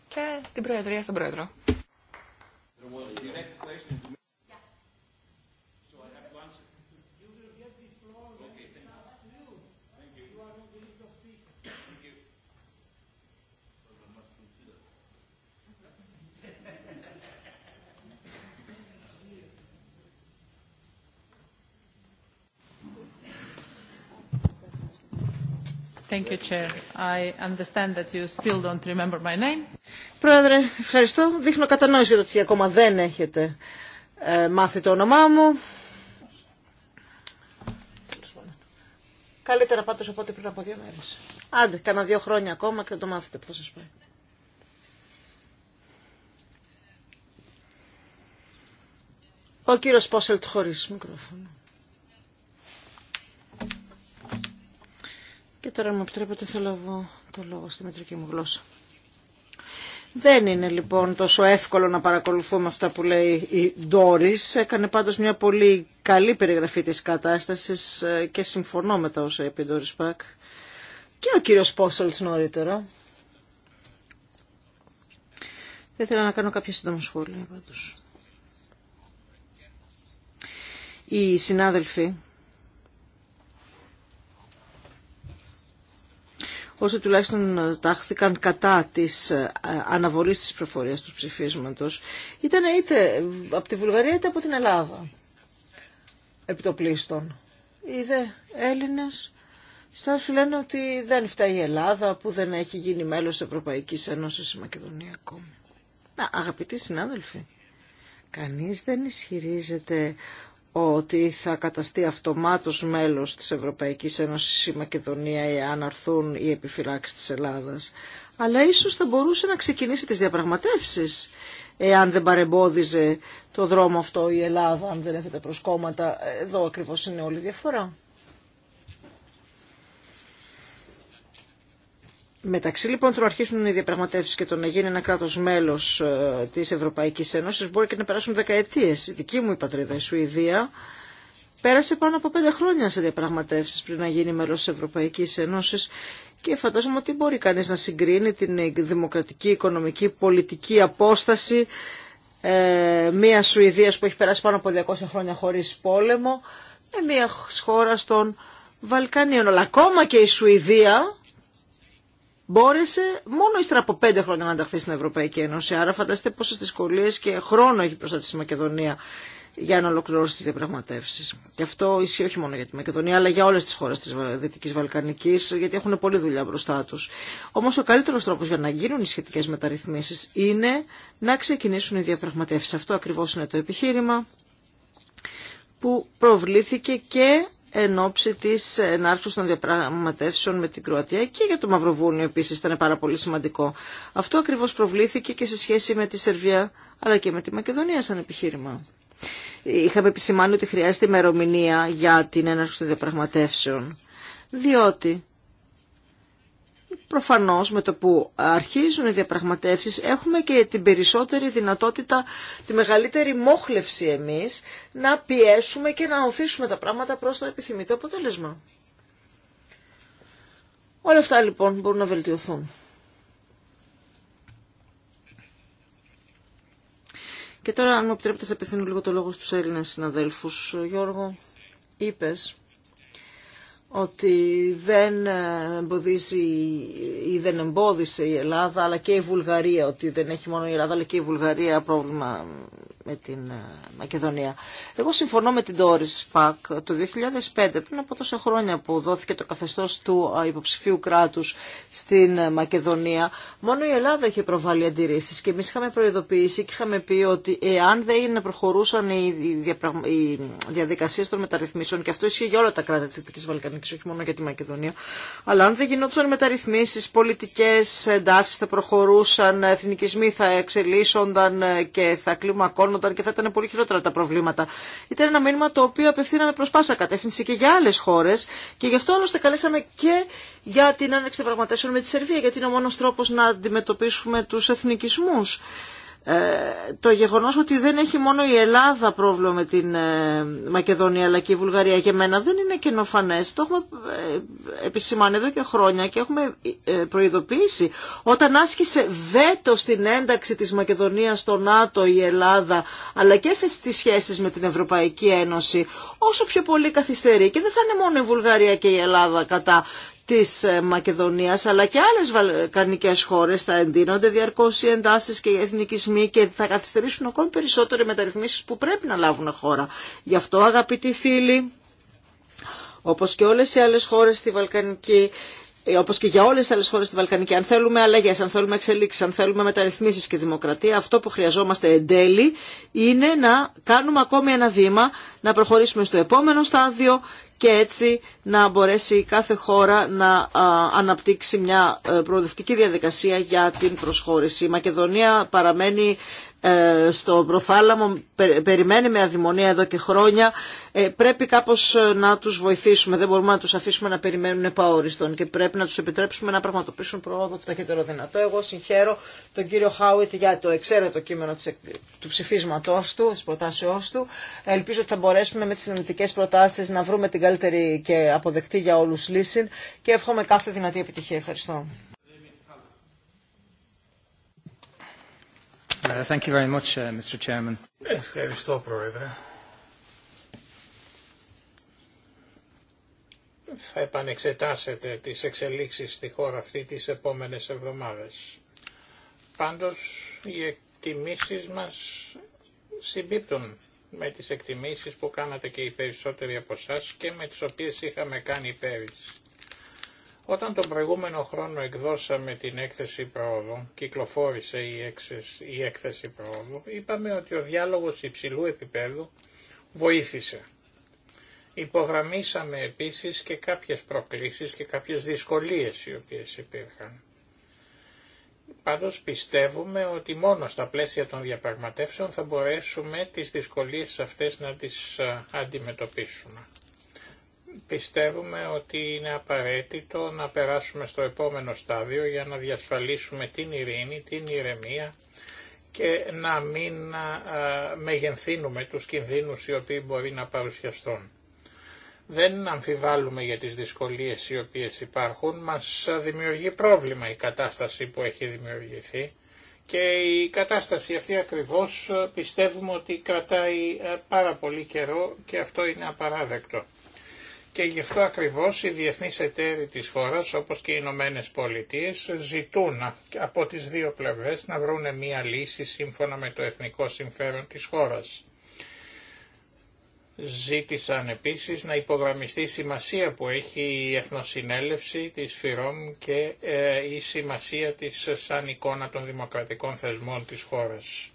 και την Προεδρία στον Πρόεδρο. Thank Πρόεδρε, ευχαριστώ. Δείχνω κατανόηση για ότι ακόμα δεν έχετε ε, μάθει το όνομά μου. Καλύτερα πάντως από ό,τι πριν από δύο μέρες. Άντε, κάνα δύο χρόνια ακόμα και το μάθετε που θα σας πάει. Ο κύριος Πόσελτ χωρίς μικρόφωνο. Και τώρα, αν μου επιτρέπετε, θα λάβω το λόγο στη μετρική μου γλώσσα. Δεν είναι λοιπόν τόσο εύκολο να παρακολουθούμε αυτά που λέει η Ντόρις. Έκανε πάντως μια πολύ καλή περιγραφή της κατάστασης ε, και συμφωνώ με τα όσα είπε η Ντόρις Πακ. Και ο κύριος Πόσολτς νωρίτερα. Δεν ήθελα να κάνω κάποια σύντομα σχόλια πάντως. Οι συνάδελφοι όσοι τουλάχιστον τάχθηκαν κατά της ε, αναβολής της προφορίας του ψηφίσματος ήταν είτε από τη Βουλγαρία είτε από την Ελλάδα επιτοπλίστων. πλήστον. Είδε Έλληνες στάσου λένε ότι δεν φταίει η Ελλάδα που δεν έχει γίνει μέλος Ευρωπαϊκής Ένωσης η Μακεδονία ακόμη Να, αγαπητοί συνάδελφοι, κανείς δεν ισχυρίζεται ότι θα καταστεί αυτομάτως μέλος της Ευρωπαϊκής Ένωσης η Μακεδονία εάν αρθούν οι επιφυλάξεις της Ελλάδας. Αλλά ίσως θα μπορούσε να ξεκινήσει τις διαπραγματεύσεις εάν δεν παρεμπόδιζε το δρόμο αυτό η Ελλάδα, αν δεν έθετε προσκόμματα. Εδώ ακριβώς είναι όλη η διαφορά. Μεταξύ λοιπόν του αρχίσουν οι διαπραγματεύσει και το να γίνει ένα κράτο μέλο ε, τη Ευρωπαϊκή Ένωση μπορεί και να περάσουν δεκαετίε. Η δική μου η πατρίδα, η Σουηδία, πέρασε πάνω από πέντε χρόνια σε διαπραγματεύσει πριν να γίνει μέλο τη Ευρωπαϊκή Ένωση και φαντάζομαι ότι μπορεί κανεί να συγκρίνει την δημοκρατική, οικονομική, πολιτική απόσταση ε, μια Σουηδία που έχει περάσει πάνω από 200 χρόνια χωρί πόλεμο με μια χώρα των Βαλκανίων. Αλλά ακόμα και η Σουηδία μπόρεσε μόνο ύστερα από πέντε χρόνια να ανταχθεί στην Ευρωπαϊκή Ένωση. Άρα φανταστείτε πόσε δυσκολίε και χρόνο έχει μπροστά η Μακεδονία για να ολοκληρώσει τι διαπραγματεύσει. Και αυτό ισχύει όχι μόνο για τη Μακεδονία, αλλά για όλε τι χώρε τη Δυτική Βαλκανική, γιατί έχουν πολλή δουλειά μπροστά του. Όμω ο καλύτερο τρόπο για να γίνουν οι σχετικέ μεταρρυθμίσει είναι να ξεκινήσουν οι διαπραγματεύσει. Αυτό ακριβώ είναι το επιχείρημα που προβλήθηκε και εν ώψη τη ενάρξη των διαπραγματεύσεων με την Κροατία και για το Μαυροβούνιο επίση ήταν πάρα πολύ σημαντικό. Αυτό ακριβώ προβλήθηκε και σε σχέση με τη Σερβία αλλά και με τη Μακεδονία σαν επιχείρημα. Είχαμε επισημάνει ότι χρειάζεται ημερομηνία για την έναρξη των διαπραγματεύσεων. Διότι προφανώς με το που αρχίζουν οι διαπραγματεύσεις έχουμε και την περισσότερη δυνατότητα, τη μεγαλύτερη μόχλευση εμείς να πιέσουμε και να οθήσουμε τα πράγματα προς το επιθυμητό αποτέλεσμα. Όλα αυτά λοιπόν μπορούν να βελτιωθούν. Και τώρα αν μου επιτρέπετε θα επιθύνω λίγο το λόγο στους Έλληνες συναδέλφους. Γιώργο, είπες ότι δεν εμποδίζει ή δεν εμπόδισε η Ελλάδα αλλά και η Βουλγαρία, ότι δεν έχει μόνο η Ελλάδα αλλά και η Βουλγαρία πρόβλημα με την ε, Μακεδονία. Εγώ συμφωνώ με την Doris Πακ. Το 2005, πριν από τόσα χρόνια που δόθηκε το καθεστώς του ε, υποψηφίου κράτους στην ε, Μακεδονία, μόνο η Ελλάδα είχε προβάλει αντιρρήσεις και εμείς είχαμε προειδοποιήσει και είχαμε πει ότι εάν δεν προχωρούσαν οι διαδικασίες των μεταρρυθμίσεων, και αυτό ισχύει για όλα τα κράτη της Δυτικής Βαλκανικής, όχι μόνο για τη Μακεδονία, αλλά αν δεν γινόντουσαν μεταρρυθμίσεις, πολιτικές εντάσει θα προχωρούσαν, εθνικισμοί θα εξελίσσονταν και θα και θα ήταν πολύ χειρότερα τα προβλήματα. Ήταν ένα μήνυμα το οποίο απευθύναμε προ πάσα κατεύθυνση και για άλλε χώρε και γι' αυτό άλλωστε καλέσαμε και για την άνοιξη πραγματεύσεων με τη Σερβία, γιατί είναι ο μόνο τρόπο να αντιμετωπίσουμε του εθνικισμού. Ε, το γεγονός ότι δεν έχει μόνο η Ελλάδα πρόβλημα με την ε, Μακεδονία αλλά και η Βουλγαρία για μένα δεν είναι καινοφανές. Το έχουμε ε, επισημάνει εδώ και χρόνια και έχουμε προειδοποιήσει. Όταν άσκησε βέτο στην ένταξη της Μακεδονίας στο ΝΑΤΟ η Ελλάδα αλλά και στις σχέσεις με την Ευρωπαϊκή Ένωση όσο πιο πολύ καθυστερεί και δεν θα είναι μόνο η Βουλγαρία και η Ελλάδα κατά της ε, Μακεδονίας αλλά και άλλες βαλκανικές χώρες θα εντείνονται διαρκώς οι εντάσεις και οι εθνικισμοί και θα καθυστερήσουν ακόμη περισσότερο οι μεταρρυθμίσεις που πρέπει να λάβουν χώρα. Γι' αυτό αγαπητοί φίλοι, όπως και όλες οι άλλες χώρες στη Βαλκανική, ε, Όπω και για όλε τι άλλε χώρε στη Βαλκανική, αν θέλουμε αλλαγέ, αν θέλουμε εξελίξει, αν θέλουμε μεταρρυθμίσει και δημοκρατία, αυτό που χρειαζόμαστε εν τέλει είναι να κάνουμε ακόμη ένα βήμα, να προχωρήσουμε στο επόμενο στάδιο και έτσι να μπορέσει κάθε χώρα να αναπτύξει μια ε, προοδευτική διαδικασία για την προσχώρηση. Η Μακεδονία παραμένει ε, στο Προφάλαμο, περιμένει με αδημονία εδώ και χρόνια. Ε, πρέπει κάπως ε, να τους βοηθήσουμε. Δεν μπορούμε να τους αφήσουμε να περιμένουν επαόριστον και πρέπει να τους επιτρέψουμε να πραγματοποιήσουν πρόοδο το ταχύτερο δυνατό. Εγώ συγχαίρω τον κύριο Χάουιτ για το εξαίρετο κείμενο του ψηφίσματός του, της προτάσεώς του. Ελπίζω ότι θα μπορέσουμε με τις συνομιτικές προτάσεις να βρούμε την καλύτερη και αποδεκτή για όλους λύση και εύχομαι κάθε δυνατή επιτυχία. Ευχαριστώ. Uh, thank you very much, uh, Mr. Chairman. Ευχαριστώ, Πρόεδρε. Θα επανεξετάσετε τις εξελίξεις στη χώρα αυτή τις επόμενες εβδομάδες. Πάντως, οι εκτιμήσεις μας συμπίπτουν με τις εκτιμήσεις που κάνατε και οι περισσότεροι από εσά και με τις οποίες είχαμε κάνει πέρυσι. Όταν τον προηγούμενο χρόνο εκδώσαμε την έκθεση πρόοδου, κυκλοφόρησε η, έκθεση, η έκθεση πρόοδου, είπαμε ότι ο διάλογος υψηλού επίπεδου βοήθησε. Υπογραμμίσαμε επίσης και κάποιες προκλήσεις και κάποιες δυσκολίες οι οποίες υπήρχαν. Πάντως πιστεύουμε ότι μόνο στα πλαίσια των διαπραγματεύσεων θα μπορέσουμε τις δυσκολίες αυτές να τις αντιμετωπίσουμε πιστεύουμε ότι είναι απαραίτητο να περάσουμε στο επόμενο στάδιο για να διασφαλίσουμε την ειρήνη, την ηρεμία και να μην μεγενθύνουμε τους κινδύνους οι οποίοι μπορεί να παρουσιαστούν. Δεν αμφιβάλλουμε για τις δυσκολίες οι οποίες υπάρχουν, μας δημιουργεί πρόβλημα η κατάσταση που έχει δημιουργηθεί και η κατάσταση αυτή ακριβώς πιστεύουμε ότι κρατάει ε, πάρα πολύ καιρό και αυτό είναι απαράδεκτο και γι' αυτό ακριβώς οι διεθνείς εταίροι της χώρας όπως και οι Ηνωμένε Πολιτείε ζητούν από τις δύο πλευρές να βρουν μία λύση σύμφωνα με το εθνικό συμφέρον της χώρας. Ζήτησαν επίσης να υπογραμμιστεί η σημασία που έχει η Εθνοσυνέλευση της ΦΥΡΟΜ και ε, η σημασία της σαν εικόνα των δημοκρατικών θεσμών της χώρας.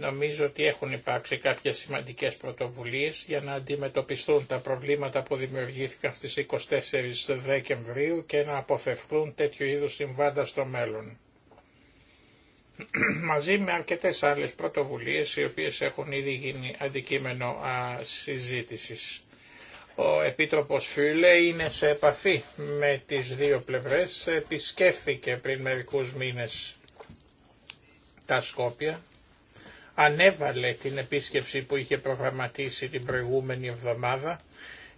Νομίζω ότι έχουν υπάρξει κάποιες σημαντικές πρωτοβουλίες για να αντιμετωπιστούν τα προβλήματα που δημιουργήθηκαν στις 24 Δεκεμβρίου και να αποφευθούν τέτοιου είδους συμβάντα στο μέλλον. Μαζί με αρκετές άλλες πρωτοβουλίες οι οποίες έχουν ήδη γίνει αντικείμενο α, συζήτησης. Ο Επίτροπος Φιούλε είναι σε επαφή με τις δύο πλευρές, επισκέφθηκε πριν μερικούς μήνες τα Σκόπια ανέβαλε την επίσκεψη που είχε προγραμματίσει την προηγούμενη εβδομάδα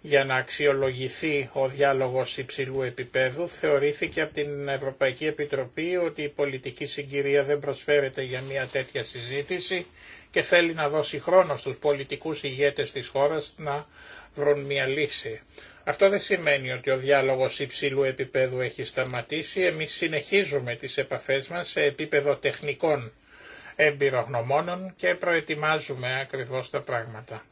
για να αξιολογηθεί ο διάλογος υψηλού επίπεδου, θεωρήθηκε από την Ευρωπαϊκή Επιτροπή ότι η πολιτική συγκυρία δεν προσφέρεται για μια τέτοια συζήτηση και θέλει να δώσει χρόνο στους πολιτικούς ηγέτες της χώρας να βρουν μια λύση. Αυτό δεν σημαίνει ότι ο διάλογος υψηλού επίπεδου έχει σταματήσει. Εμείς συνεχίζουμε τις επαφές μας σε επίπεδο τεχνικών εμπειρογνωμόνων και προετοιμάζουμε ακριβώς τα πράγματα.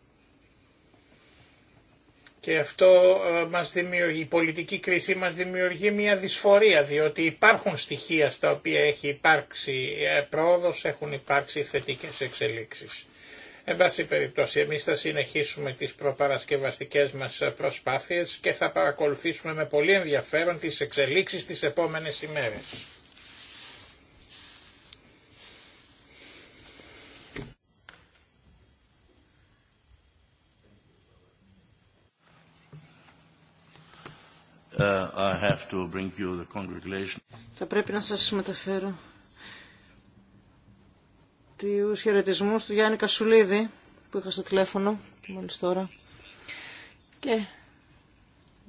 Και αυτό ε, μας δημιουργεί, η πολιτική κρίση μας δημιουργεί μια δυσφορία, διότι υπάρχουν στοιχεία στα οποία έχει υπάρξει ε, πρόοδος, έχουν υπάρξει θετικές εξελίξεις. Εν πάση περιπτώσει, εμείς θα συνεχίσουμε τις προπαρασκευαστικές μας προσπάθειες και θα παρακολουθήσουμε με πολύ ενδιαφέρον τις εξελίξεις τις επόμενες ημέρες. Uh, θα πρέπει να σας μεταφέρω τους χαιρετισμούς του Γιάννη Κασουλίδη που είχα στο τηλέφωνο μόλις τώρα και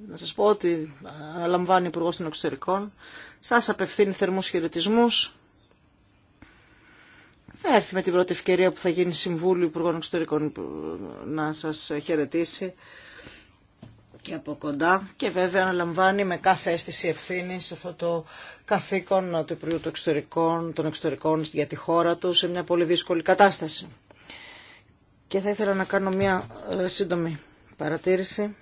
να σας πω ότι αναλαμβάνει υπουργός των Εξωτερικών. Σας απευθύνει θερμούς χαιρετισμούς. Θα έρθει με την πρώτη ευκαιρία που θα γίνει Συμβούλιο Υπουργών Εξωτερικών να σας χαιρετήσει και από κοντά και βέβαια αναλαμβάνει με κάθε αίσθηση ευθύνη σε αυτό το καθήκον του Υπουργείου των Εξωτερικών, των για τη χώρα του σε μια πολύ δύσκολη κατάσταση. Και θα ήθελα να κάνω μια ε, σύντομη παρατήρηση.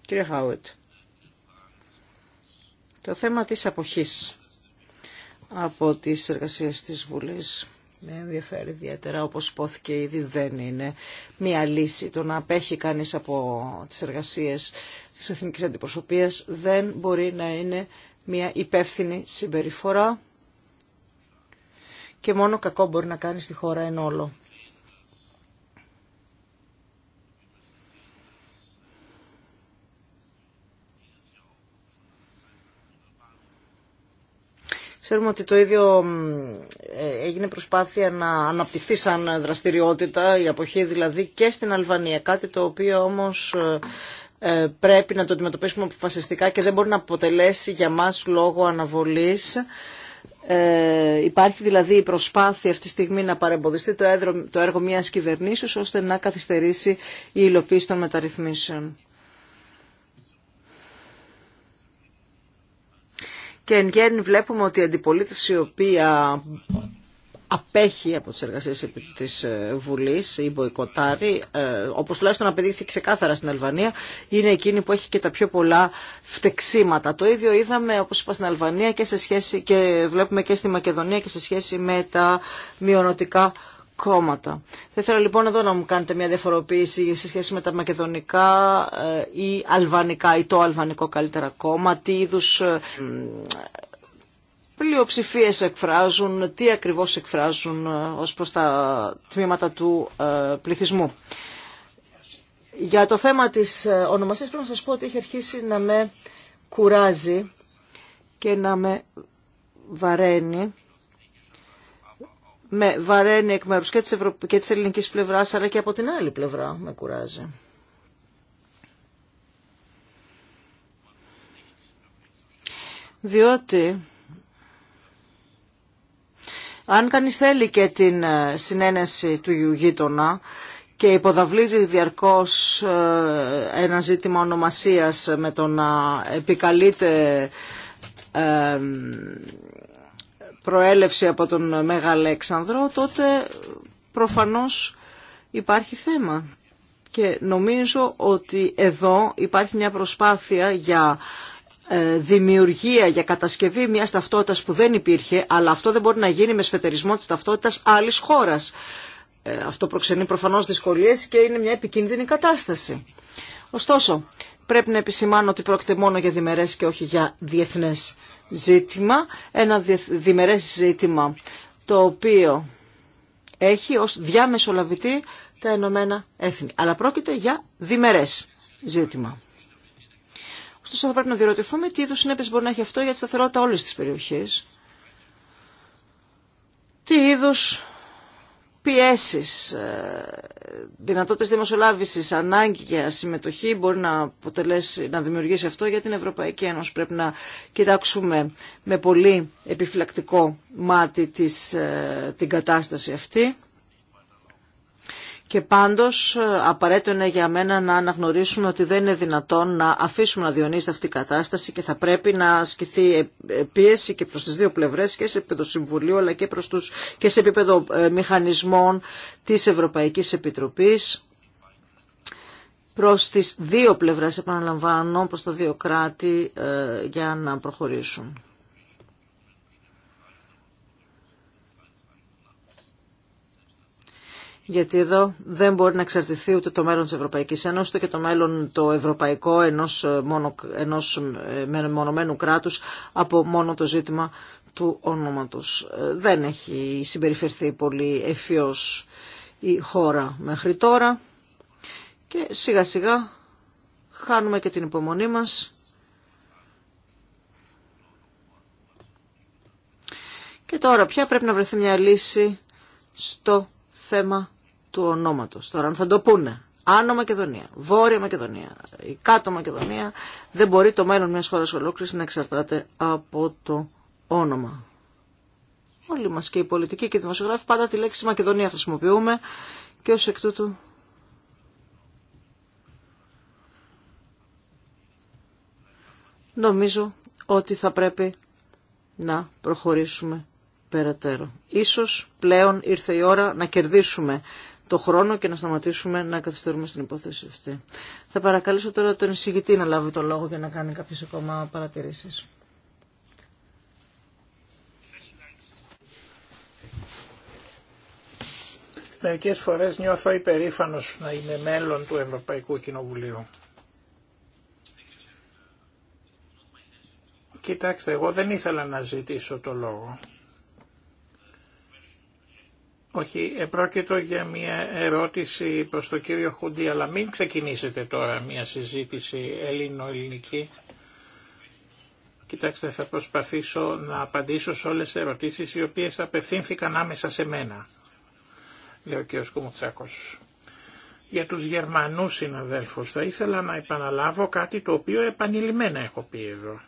Κύριε Χάουιτ, το θέμα της αποχής από τις εργασίες της Βουλής με ενδιαφέρει ιδιαίτερα, όπως υπόθηκε ήδη δεν είναι μία λύση. Το να απέχει κανείς από τις εργασίες της εθνικής αντιπροσωπείας δεν μπορεί να είναι μία υπεύθυνη συμπεριφορά και μόνο κακό μπορεί να κάνει στη χώρα εν όλο. Ξέρουμε ότι το ίδιο ε, έγινε προσπάθεια να αναπτυχθεί σαν δραστηριότητα, η αποχή δηλαδή και στην Αλβανία, κάτι το οποίο όμως ε, ε, πρέπει να το αντιμετωπίσουμε αποφασιστικά και δεν μπορεί να αποτελέσει για μας λόγο αναβολής. Ε, υπάρχει δηλαδή η προσπάθεια αυτή τη στιγμή να παρεμποδιστεί το, έδρο, το έργο μιας κυβερνήσεως ώστε να καθυστερήσει η υλοποίηση των μεταρρυθμίσεων. και εν γέννη βλέπουμε ότι η αντιπολίτευση η οποία απέχει από τις εργασίες της ε, Βουλής ή μποϊκοτάρει, ε, όπως τουλάχιστον απαιτήθηκε ξεκάθαρα στην Αλβανία, είναι εκείνη που έχει και τα πιο πολλά φτεξίματα. Το ίδιο είδαμε, όπως είπα, στην Αλβανία και, σε σχέση, και βλέπουμε και στη Μακεδονία και σε σχέση με τα μειονοτικά κόμματα. Θα ήθελα λοιπόν εδώ να μου κάνετε μια διαφοροποίηση σε σχέση με τα μακεδονικά ε, ή αλβανικά ή το αλβανικό καλύτερα κόμμα, τι είδους ε, πλειοψηφίε εκφράζουν, τι ακριβώς εκφράζουν ε, ως προς τα τμήματα του πληθυσμού. Για το θέμα της ονομασίας πρέπει να σας πω ότι έχει αρχίσει να με κουράζει και να με βαραίνει με βαραίνει εκ μέρους και της, Ευρω... και της ελληνικής πλευράς αλλά και από την άλλη πλευρά με κουράζει. Διότι αν κανείς θέλει και την ε, συνένεση του γείτονα και υποδαβλίζει διαρκώς ε, ένα ζήτημα ονομασίας με το να επικαλείται ε, προέλευση από τον Αλέξανδρο, τότε προφανώς υπάρχει θέμα. Και νομίζω ότι εδώ υπάρχει μια προσπάθεια για ε, δημιουργία, για κατασκευή μιας ταυτότητας που δεν υπήρχε, αλλά αυτό δεν μπορεί να γίνει με σφετερισμό της ταυτότητας άλλης χώρας. Ε, αυτό προξενεί προφανώς δυσκολίες και είναι μια επικίνδυνη κατάσταση. Ωστόσο, Πρέπει να επισημάνω ότι πρόκειται μόνο για διμερές και όχι για διεθνές ζήτημα. Ένα διμερές ζήτημα το οποίο έχει ως διάμεσολαβητή τα Ηνωμένα Έθνη. Αλλά πρόκειται για διμερές ζήτημα. Ωστόσο θα πρέπει να διερωτηθούμε τι είδους συνέπειες μπορεί να έχει αυτό για τη σταθερότητα όλης της περιοχής. Τι είδους πιέσεις, ε, δυνατότητες δημοσιολάβησης, ανάγκη για συμμετοχή μπορεί να, αποτελέσει, να δημιουργήσει αυτό για την Ευρωπαϊκή Ένωση. Πρέπει να κοιτάξουμε με πολύ επιφυλακτικό μάτι της, ε, την κατάσταση αυτή. Και πάντως ε, απαραίτητο είναι για μένα να αναγνωρίσουμε ότι δεν είναι δυνατόν να αφήσουμε να διονύσει αυτή η κατάσταση και θα πρέπει να ασκηθεί ε, ε, πίεση και προς τις δύο πλευρές και σε επίπεδο Συμβουλίου αλλά και, προς τους, και σε επίπεδο μηχανισμών της Ευρωπαϊκής Επιτροπής προς τις δύο πλευρές, επαναλαμβάνω, προς τα δύο κράτη για να προχωρήσουν. γιατί εδώ δεν μπορεί να εξαρτηθεί ούτε το μέλλον της Ευρωπαϊκής Ένωσης, ούτε και το μέλλον το ευρωπαϊκό ενός, ε, μονο, ε, μονομένου κράτους από μόνο το ζήτημα του ονόματος. Ε, δεν έχει συμπεριφερθεί πολύ ευφυώς η χώρα μέχρι τώρα και σιγά σιγά χάνουμε και την υπομονή μας και τώρα πια πρέπει να βρεθεί μια λύση στο θέμα του ονόματο Τώρα αν θα το πούνε. Άνω Μακεδονία, Βόρεια Μακεδονία, η Κάτω Μακεδονία, δεν μπορεί το μέλλον μια χώρα ολόκληρη να εξαρτάται από το όνομα. Όλοι μα και οι πολιτικοί και οι δημοσιογράφοι πάντα τη λέξη Μακεδονία χρησιμοποιούμε και ω εκ τούτου νομίζω ότι θα πρέπει να προχωρήσουμε περαιτέρω. Ίσως πλέον ήρθε η ώρα να κερδίσουμε το χρόνο και να σταματήσουμε να καθυστερούμε στην υπόθεση αυτή. Θα παρακαλέσω τώρα τον εισηγητή να λάβει το λόγο για να κάνει κάποιες ακόμα παρατηρήσεις. Μερικές φορές νιώθω υπερήφανος να είμαι μέλλον του Ευρωπαϊκού Κοινοβουλίου. Κοιτάξτε, εγώ δεν ήθελα να ζητήσω το λόγο. Όχι, επρόκειτο για μια ερώτηση προς τον κύριο Χουντή, αλλά μην ξεκινήσετε τώρα μια συζήτηση ελληνο-ελληνική. Κοιτάξτε, θα προσπαθήσω να απαντήσω σε όλες τις ερωτήσεις οι οποίες απευθύνθηκαν άμεσα σε μένα, λέει ο κύριος Κουμουτσάκος. Για τους Γερμανούς συναδέλφους θα ήθελα να επαναλάβω κάτι το οποίο επανειλημμένα έχω πει εδώ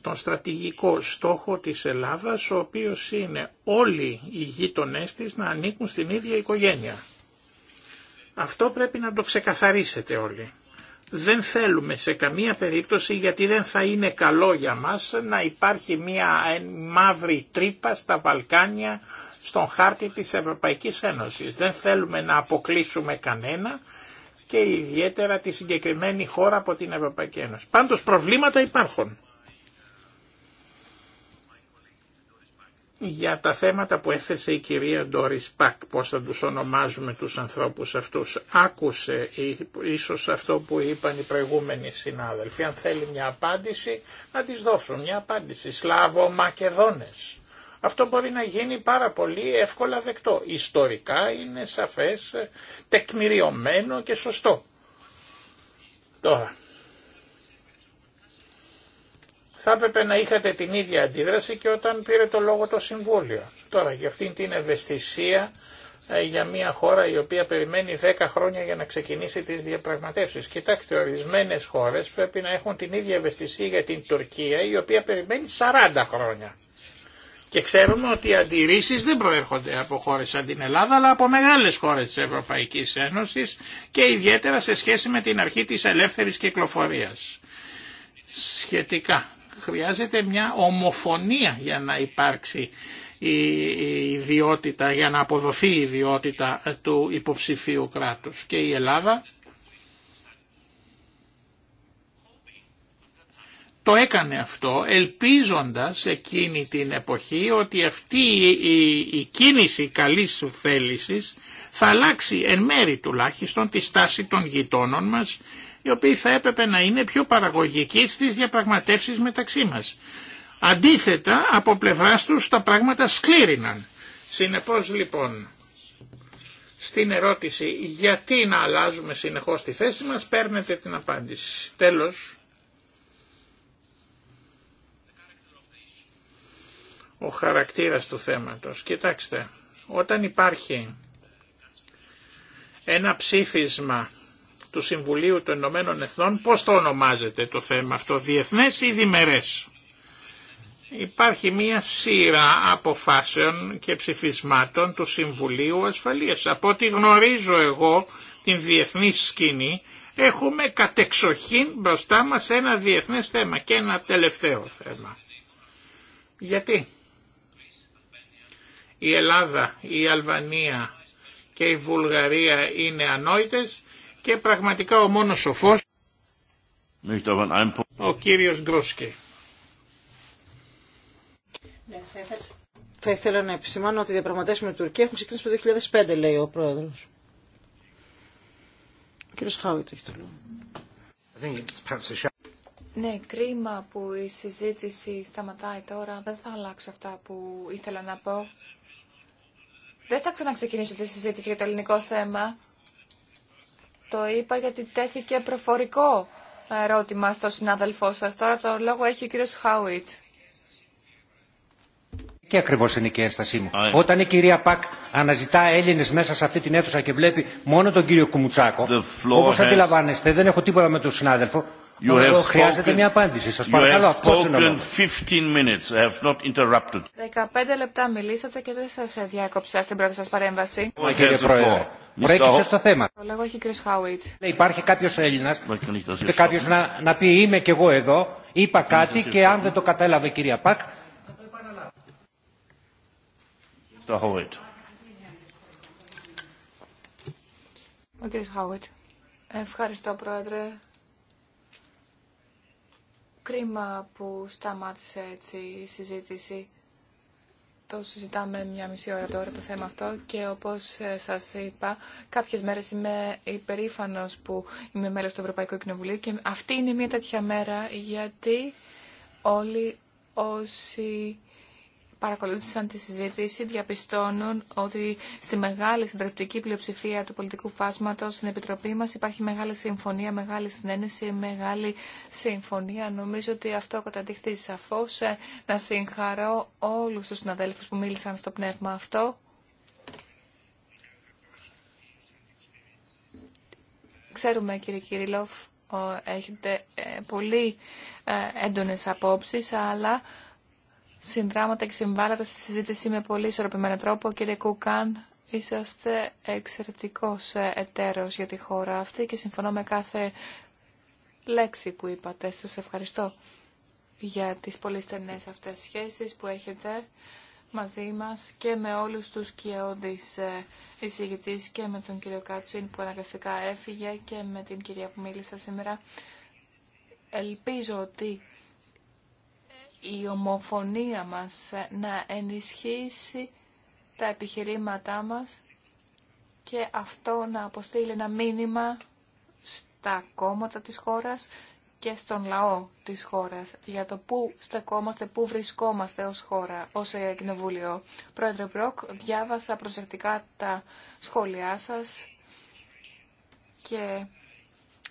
τον στρατηγικό στόχο της Ελλάδας, ο οποίος είναι όλοι οι γείτονές της να ανήκουν στην ίδια οικογένεια. Αυτό πρέπει να το ξεκαθαρίσετε όλοι. Δεν θέλουμε σε καμία περίπτωση, γιατί δεν θα είναι καλό για μας, να υπάρχει μια μαύρη τρύπα στα Βαλκάνια, στον χάρτη της Ευρωπαϊκής Ένωσης. Δεν θέλουμε να αποκλείσουμε κανένα και ιδιαίτερα τη συγκεκριμένη χώρα από την Ευρωπαϊκή Ένωση. Πάντως προβλήματα υπάρχουν. για τα θέματα που έθεσε η κυρία Ντόρις Πακ, πώς θα τους ονομάζουμε τους ανθρώπους αυτούς. Άκουσε ίσως αυτό που είπαν οι προηγούμενοι συνάδελφοι. Αν θέλει μια απάντηση, να της δώσουν μια απάντηση. Σλάβο Μακεδόνες. Αυτό μπορεί να γίνει πάρα πολύ εύκολα δεκτό. Ιστορικά είναι σαφές, τεκμηριωμένο και σωστό. Τώρα, θα έπρεπε να είχατε την ίδια αντίδραση και όταν πήρε το λόγο το Συμβούλιο. Τώρα για αυτήν την ευαισθησία ε, για μια χώρα η οποία περιμένει 10 χρόνια για να ξεκινήσει τις διαπραγματεύσεις. Κοιτάξτε, ορισμένες χώρες πρέπει να έχουν την ίδια ευαισθησία για την Τουρκία η οποία περιμένει 40 χρόνια. Και ξέρουμε ότι οι αντιρρήσεις δεν προέρχονται από χώρες σαν την Ελλάδα αλλά από μεγάλες χώρες της Ευρωπαϊκής Ένωσης και ιδιαίτερα σε σχέση με την αρχή της ελεύθερης κυκλοφορία. Σχετικά χρειάζεται μια ομοφωνία για να υπάρξει η ιδιότητα, για να αποδοθεί η ιδιότητα ε, του υποψηφίου κράτους. Και η Ελλάδα το έκανε αυτό ελπίζοντας εκείνη την εποχή ότι αυτή η, κίνηση καλής θέλησης θα αλλάξει εν μέρη τουλάχιστον τη στάση των γειτόνων μας οι οποίοι θα έπρεπε να είναι πιο παραγωγικοί στις διαπραγματεύσεις μεταξύ μας. Αντίθετα, από πλευράς τους τα πράγματα σκλήριναν. Συνεπώς λοιπόν, στην ερώτηση γιατί να αλλάζουμε συνεχώς τη θέση μας, παίρνετε την απάντηση. Τέλος, ο χαρακτήρας του θέματος. Κοιτάξτε, όταν υπάρχει ένα ψήφισμα του Συμβουλίου των Ηνωμένων Εθνών, πώς το ονομάζεται το θέμα αυτό, διεθνές ή διμερές. Υπάρχει μία σειρά αποφάσεων και ψηφισμάτων του Συμβουλίου Ασφαλείας. Από ό,τι γνωρίζω εγώ την διεθνή σκηνή, έχουμε κατεξοχήν μπροστά μας ένα διεθνές θέμα και ένα τελευταίο θέμα. Γιατί η Ελλάδα, η Αλβανία και η Βουλγαρία είναι ανόητες και πραγματικά ο μόνος σοφός ο κύριος Γκρόσκι. Ναι, θα ήθελα να επισημάνω ότι οι διαπραγματεύσει με την Τουρκία έχουν ξεκινήσει το 2005, λέει ο πρόεδρο. Ο κύριο Χάουιτ έχει το λόγο. Ναι, κρίμα που η συζήτηση σταματάει τώρα. Δεν θα αλλάξω αυτά που ήθελα να πω. Δεν θα ξαναξεκινήσω τη συζήτηση για το ελληνικό θέμα. Το είπα γιατί τέθηκε προφορικό ερώτημα στον συνάδελφό σας. Τώρα το λόγο έχει ο κύριος Χάουιτ. Και ακριβώς είναι και η ένστασή μου. Όταν η κυρία Πακ αναζητά Έλληνες μέσα σε αυτή την αίθουσα και βλέπει μόνο τον κύριο Κουμουτσάκο, όπως αντιλαμβάνεστε, δεν έχω τίποτα με τον συνάδελφο, You have χρειάζεται μια απάντηση. Σας παρακαλώ, αυτό είναι 15 λεπτά μιλήσατε και δεν σας ε, διάκοψα στην πρώτη σας παρέμβαση. Κύριε Πρόεδρε, προέκυψε στο θέμα. Το λέγω έχει κύριος Χάουιτ. Υπάρχει κάποιος Έλληνας, κάποιος να, να πει είμαι κι εγώ εδώ, είπα κάτι και αν δεν το κατάλαβε κυρία Πακ, θα το επαναλάβω. Ο κύριος Χάουιτ. Ευχαριστώ Πρόεδρε. Κρίμα που σταμάτησε έτσι η συζήτηση. Το συζητάμε μια μισή ώρα τώρα το θέμα αυτό και όπως ε, σας είπα κάποιες μέρες είμαι υπερήφανος που είμαι μέλος του Ευρωπαϊκού Κοινοβουλίου και αυτή είναι μια τέτοια μέρα γιατί όλοι όσοι παρακολούθησαν τη συζήτηση διαπιστώνουν ότι στη μεγάλη συντριπτική πλειοψηφία του πολιτικού φάσματος στην Επιτροπή μας υπάρχει μεγάλη συμφωνία, μεγάλη συνένεση, μεγάλη συμφωνία. Νομίζω ότι αυτό καταδείχθη σαφώς. Ε, να συγχαρώ όλους τους συναδέλφους που μίλησαν στο πνεύμα αυτό. Ξέρουμε κύριε Κυρίλοφ, έχετε ε, πολύ ε, έντονες απόψεις, αλλά συνδράματα και συμβάλλατε στη συζήτηση με πολύ ισορροπημένο τρόπο. Κύριε Κουκάν, είσαστε εξαιρετικό ε, εταίρος για τη χώρα αυτή και συμφωνώ με κάθε λέξη που είπατε. Σας ευχαριστώ για τις πολύ στενές αυτές σχέσεις που έχετε μαζί μας και με όλους τους κοιόδης ε, εισηγητής και με τον κύριο Κάτσιν που αναγκαστικά έφυγε και με την κυρία που μίλησα σήμερα. Ελπίζω ότι η ομοφωνία μας να ενισχύσει τα επιχειρήματά μας και αυτό να αποστείλει ένα μήνυμα στα κόμματα της χώρας και στον λαό της χώρας για το πού στεκόμαστε, πού βρισκόμαστε ως χώρα, ως κοινοβούλιο. Πρόεδρε Μπροκ, διάβασα προσεκτικά τα σχόλιά σας και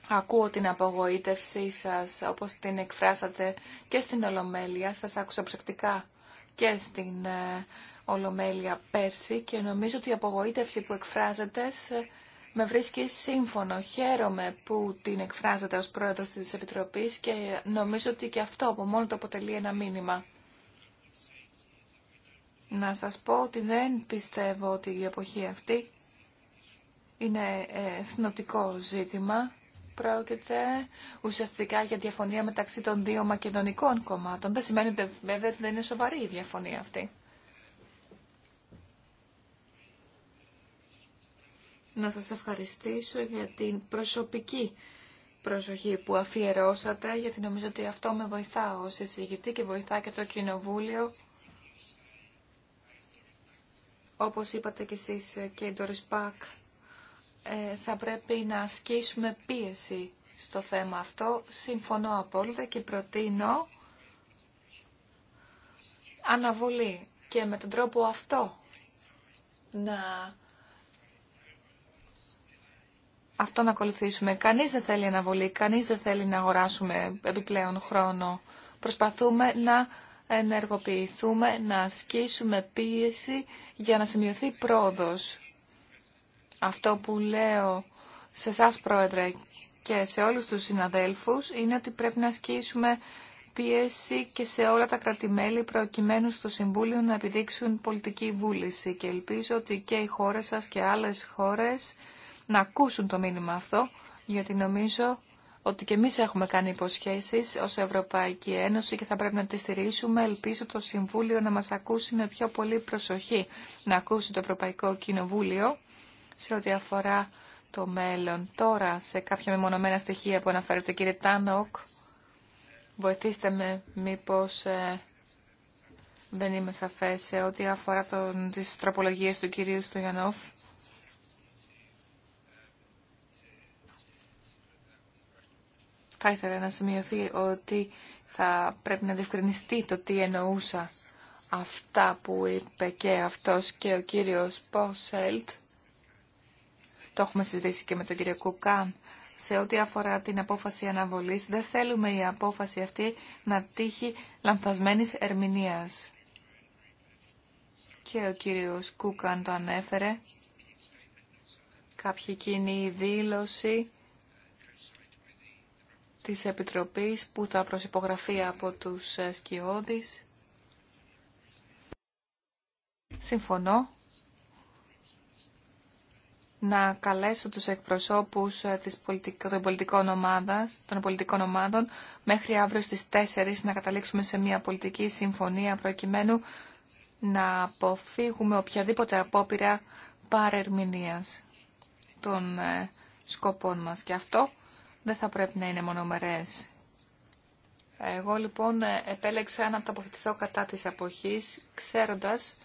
Ακούω την απογοήτευσή σας, όπως την εκφράσατε και στην Ολομέλεια. Σας άκουσα ψεκτικά και στην ε, Ολομέλεια πέρσι και νομίζω ότι η απογοήτευση που εκφράζετε με βρίσκει σύμφωνο. Χαίρομαι που την εκφράζετε ως πρόεδρος της Επιτροπής και νομίζω ότι και αυτό από μόνο το αποτελεί ένα μήνυμα. Να σας πω ότι δεν πιστεύω ότι η εποχή αυτή είναι ε, εθνοτικό ζήτημα πρόκειται ουσιαστικά για διαφωνία μεταξύ των δύο μακεδονικών κομμάτων. Δεν σημαίνει βέβαια ότι δεν είναι σοβαρή η διαφωνία αυτή. Να σας ευχαριστήσω για την προσωπική προσοχή που αφιερώσατε, γιατί νομίζω ότι αυτό με βοηθά ως εισηγητή και βοηθά και το Κοινοβούλιο. Όπως είπατε και εσείς και η ε, θα πρέπει να ασκήσουμε πίεση στο θέμα αυτό. Συμφωνώ απόλυτα και προτείνω αναβολή και με τον τρόπο αυτό να αυτό να ακολουθήσουμε. Κανείς δεν θέλει αναβολή, κανείς δεν θέλει να αγοράσουμε επιπλέον χρόνο. Προσπαθούμε να ενεργοποιηθούμε, να ασκήσουμε πίεση για να σημειωθεί πρόοδος. Αυτό που λέω σε εσά Πρόεδρε και σε όλους τους συναδέλφους είναι ότι πρέπει να ασκήσουμε πίεση και σε όλα τα κρατημέλη προκειμένου στο Συμβούλιο να επιδείξουν πολιτική βούληση και ελπίζω ότι και οι χώρες σας και άλλες χώρες να ακούσουν το μήνυμα αυτό γιατί νομίζω ότι και εμείς έχουμε κάνει υποσχέσεις ως Ευρωπαϊκή Ένωση και θα πρέπει να τις στηρίσουμε. Ελπίζω το Συμβούλιο να μας ακούσει με πιο πολύ προσοχή, να ακούσει το Ευρωπαϊκό Κοινοβούλιο σε ό,τι αφορά το μέλλον. Τώρα, σε κάποια μεμονωμένα στοιχεία που αναφέρεται κύριε Τάνοκ, βοηθήστε με μήπως ε, δεν είμαι σαφές σε ό,τι αφορά τον, τις τροπολογίες του κυρίου Στογιανόφ. Θα ήθελα να σημειωθεί ότι θα πρέπει να διευκρινιστεί το τι εννοούσα αυτά που είπε και αυτός και ο κύριος Πόσελτ το έχουμε συζητήσει και με τον κύριο Κουκάν. Σε ό,τι αφορά την απόφαση αναβολής, δεν θέλουμε η απόφαση αυτή να τύχει λανθασμένης ερμηνείας. Και ο κύριος Κούκαν το ανέφερε. Κάποια κοινή δήλωση της Επιτροπής που θα προσυπογραφεί από τους ε, σκιώδεις. Συμφωνώ να καλέσω τους εκπροσώπους ε, της των, πολιτικών ομάδας, των πολιτικών ομάδων μέχρι αύριο στις 4 να καταλήξουμε σε μια πολιτική συμφωνία προκειμένου να αποφύγουμε οποιαδήποτε απόπειρα παρερμηνίας των ε, σκοπών μας. Και αυτό δεν θα πρέπει να είναι μονομερές. Εγώ λοιπόν ε, επέλεξα να τοποθετηθώ κατά της αποχής, ξέροντας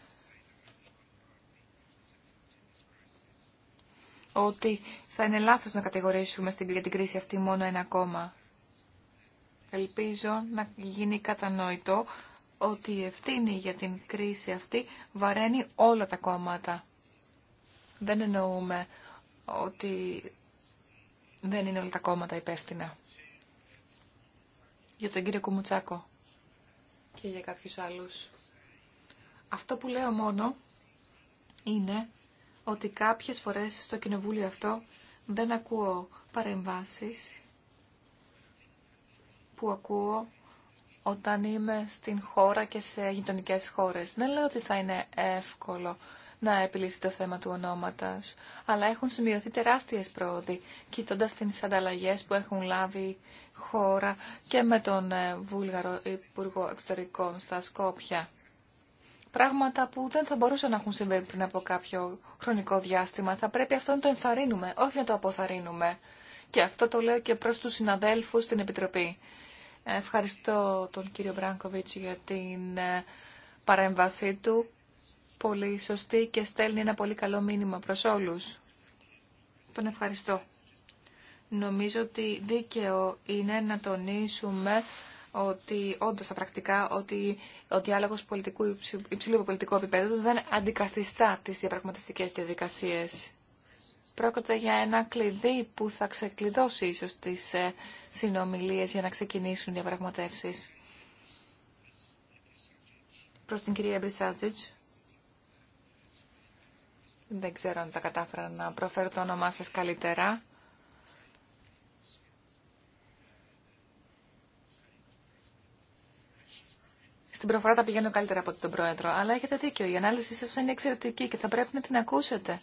ότι θα είναι λάθος να κατηγορήσουμε στην, για την κρίση αυτή μόνο ένα κόμμα. Ελπίζω να γίνει κατανοητό ότι η ευθύνη για την κρίση αυτή βαραίνει όλα τα κόμματα. Δεν εννοούμε ότι δεν είναι όλα τα κόμματα υπεύθυνα. Για τον κύριο Κουμουτσάκο και για κάποιους άλλους. Αυτό που λέω μόνο είναι ότι κάποιες φορές στο κοινοβούλιο αυτό δεν ακούω παρεμβάσεις που ακούω όταν είμαι στην χώρα και σε γειτονικέ χώρες. Δεν λέω ότι θα είναι εύκολο να επιληθεί το θέμα του ονόματος, αλλά έχουν σημειωθεί τεράστιες πρόοδοι, κοιτώντα τις ανταλλαγέ που έχουν λάβει χώρα και με τον ε, Βούλγαρο Υπουργό Εξωτερικών στα Σκόπια. Πράγματα που δεν θα μπορούσαν να έχουν συμβεί πριν από κάποιο χρονικό διάστημα. Θα πρέπει αυτό να το ενθαρρύνουμε, όχι να το αποθαρρύνουμε. Και αυτό το λέω και προς τους συναδέλφους στην Επιτροπή. Ευχαριστώ τον κύριο Μπράνκοβιτς για την ε, παρέμβασή του. Πολύ σωστή και στέλνει ένα πολύ καλό μήνυμα προς όλους. Τον ευχαριστώ. Νομίζω ότι δίκαιο είναι να τονίσουμε ότι όντω τα πρακτικά ότι ο διάλογο πολιτικού υψηλού πολιτικού επίπεδου δεν αντικαθιστά τι διαπραγματευτικέ διαδικασίε. Πρόκειται για ένα κλειδί που θα ξεκλειδώσει ίσω τι ε, συνομιλίε για να ξεκινήσουν οι διαπραγματεύσει. Προ την κυρία Μπρισάτζιτ. Δεν ξέρω αν τα κατάφερα να προφέρω το όνομά σας καλύτερα. στην προφορά τα πηγαίνω καλύτερα από τον Πρόεδρο. Αλλά έχετε δίκιο. Η ανάλυση σας είναι εξαιρετική και θα πρέπει να την ακούσετε.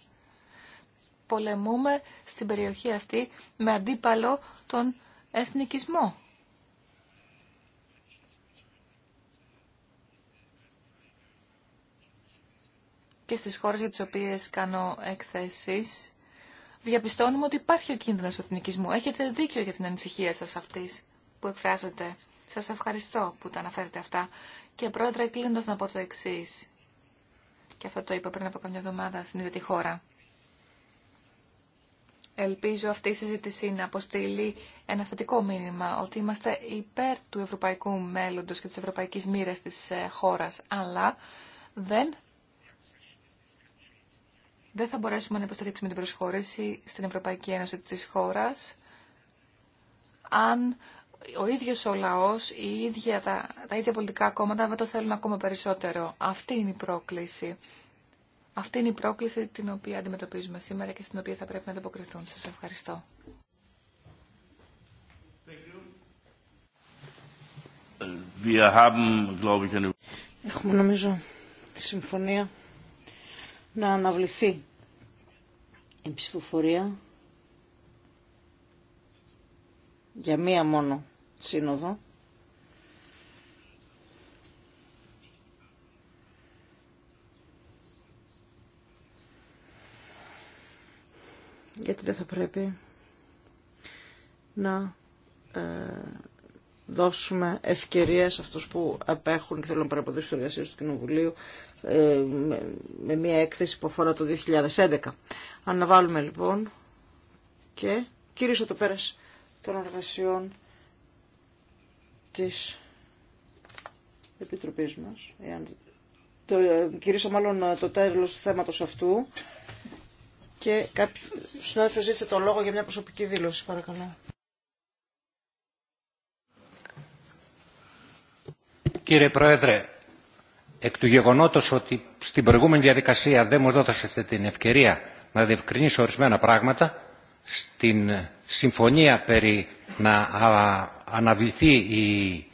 Πολεμούμε στην περιοχή αυτή με αντίπαλο τον εθνικισμό. Και στις χώρες για τις οποίες κάνω εκθέσεις, διαπιστώνουμε ότι υπάρχει ο κίνδυνος του εθνικισμού. Έχετε δίκιο για την ανησυχία σας αυτής που εκφράζεται. Σας ευχαριστώ που τα αναφέρετε αυτά. Και πρόεδρε, κλείνοντας να πω το εξή. Και αυτό το είπα πριν από καμιά εβδομάδα στην ίδια τη χώρα. Ελπίζω αυτή η συζήτηση να αποστείλει ένα θετικό μήνυμα ότι είμαστε υπέρ του ευρωπαϊκού μέλλοντος και της ευρωπαϊκής μοίρα της ε, χώρας, αλλά δεν δεν θα μπορέσουμε να υποστηρίξουμε την προσχώρηση στην Ευρωπαϊκή Ένωση της χώρας αν ο ίδιος ο λαός, η ίδια, τα, τα ίδια πολιτικά κόμματα δεν το θέλουν ακόμα περισσότερο. Αυτή είναι η πρόκληση. Αυτή είναι η πρόκληση την οποία αντιμετωπίζουμε σήμερα και στην οποία θα πρέπει να ανταποκριθούν. Σας ευχαριστώ. Έχουμε νομίζω συμφωνία να αναβληθεί η ψηφοφορία για μία μόνο σύνοδο. Γιατί δεν θα πρέπει να ε, δώσουμε ευκαιρίες σε αυτούς που απέχουν και θέλουν να παραποδίσουν εργασίες του Κοινοβουλίου ε, με μια έκθεση που αφορά το 2011. Αναβάλουμε λοιπόν και κυρίως το πέρασε των εργασιών της Επιτροπής μας. Το, ε, κυρίσω μάλλον ε, το τέλος του θέματος αυτού και κάποιο συνάδελφος ζήτησε τον λόγο για μια προσωπική δήλωση, παρακαλώ. Κύριε Πρόεδρε, εκ του γεγονότος ότι στην προηγούμενη διαδικασία δεν μου δόθασε την ευκαιρία να διευκρινίσω ορισμένα πράγματα, στην συμφωνία περί να αναβληθεί η,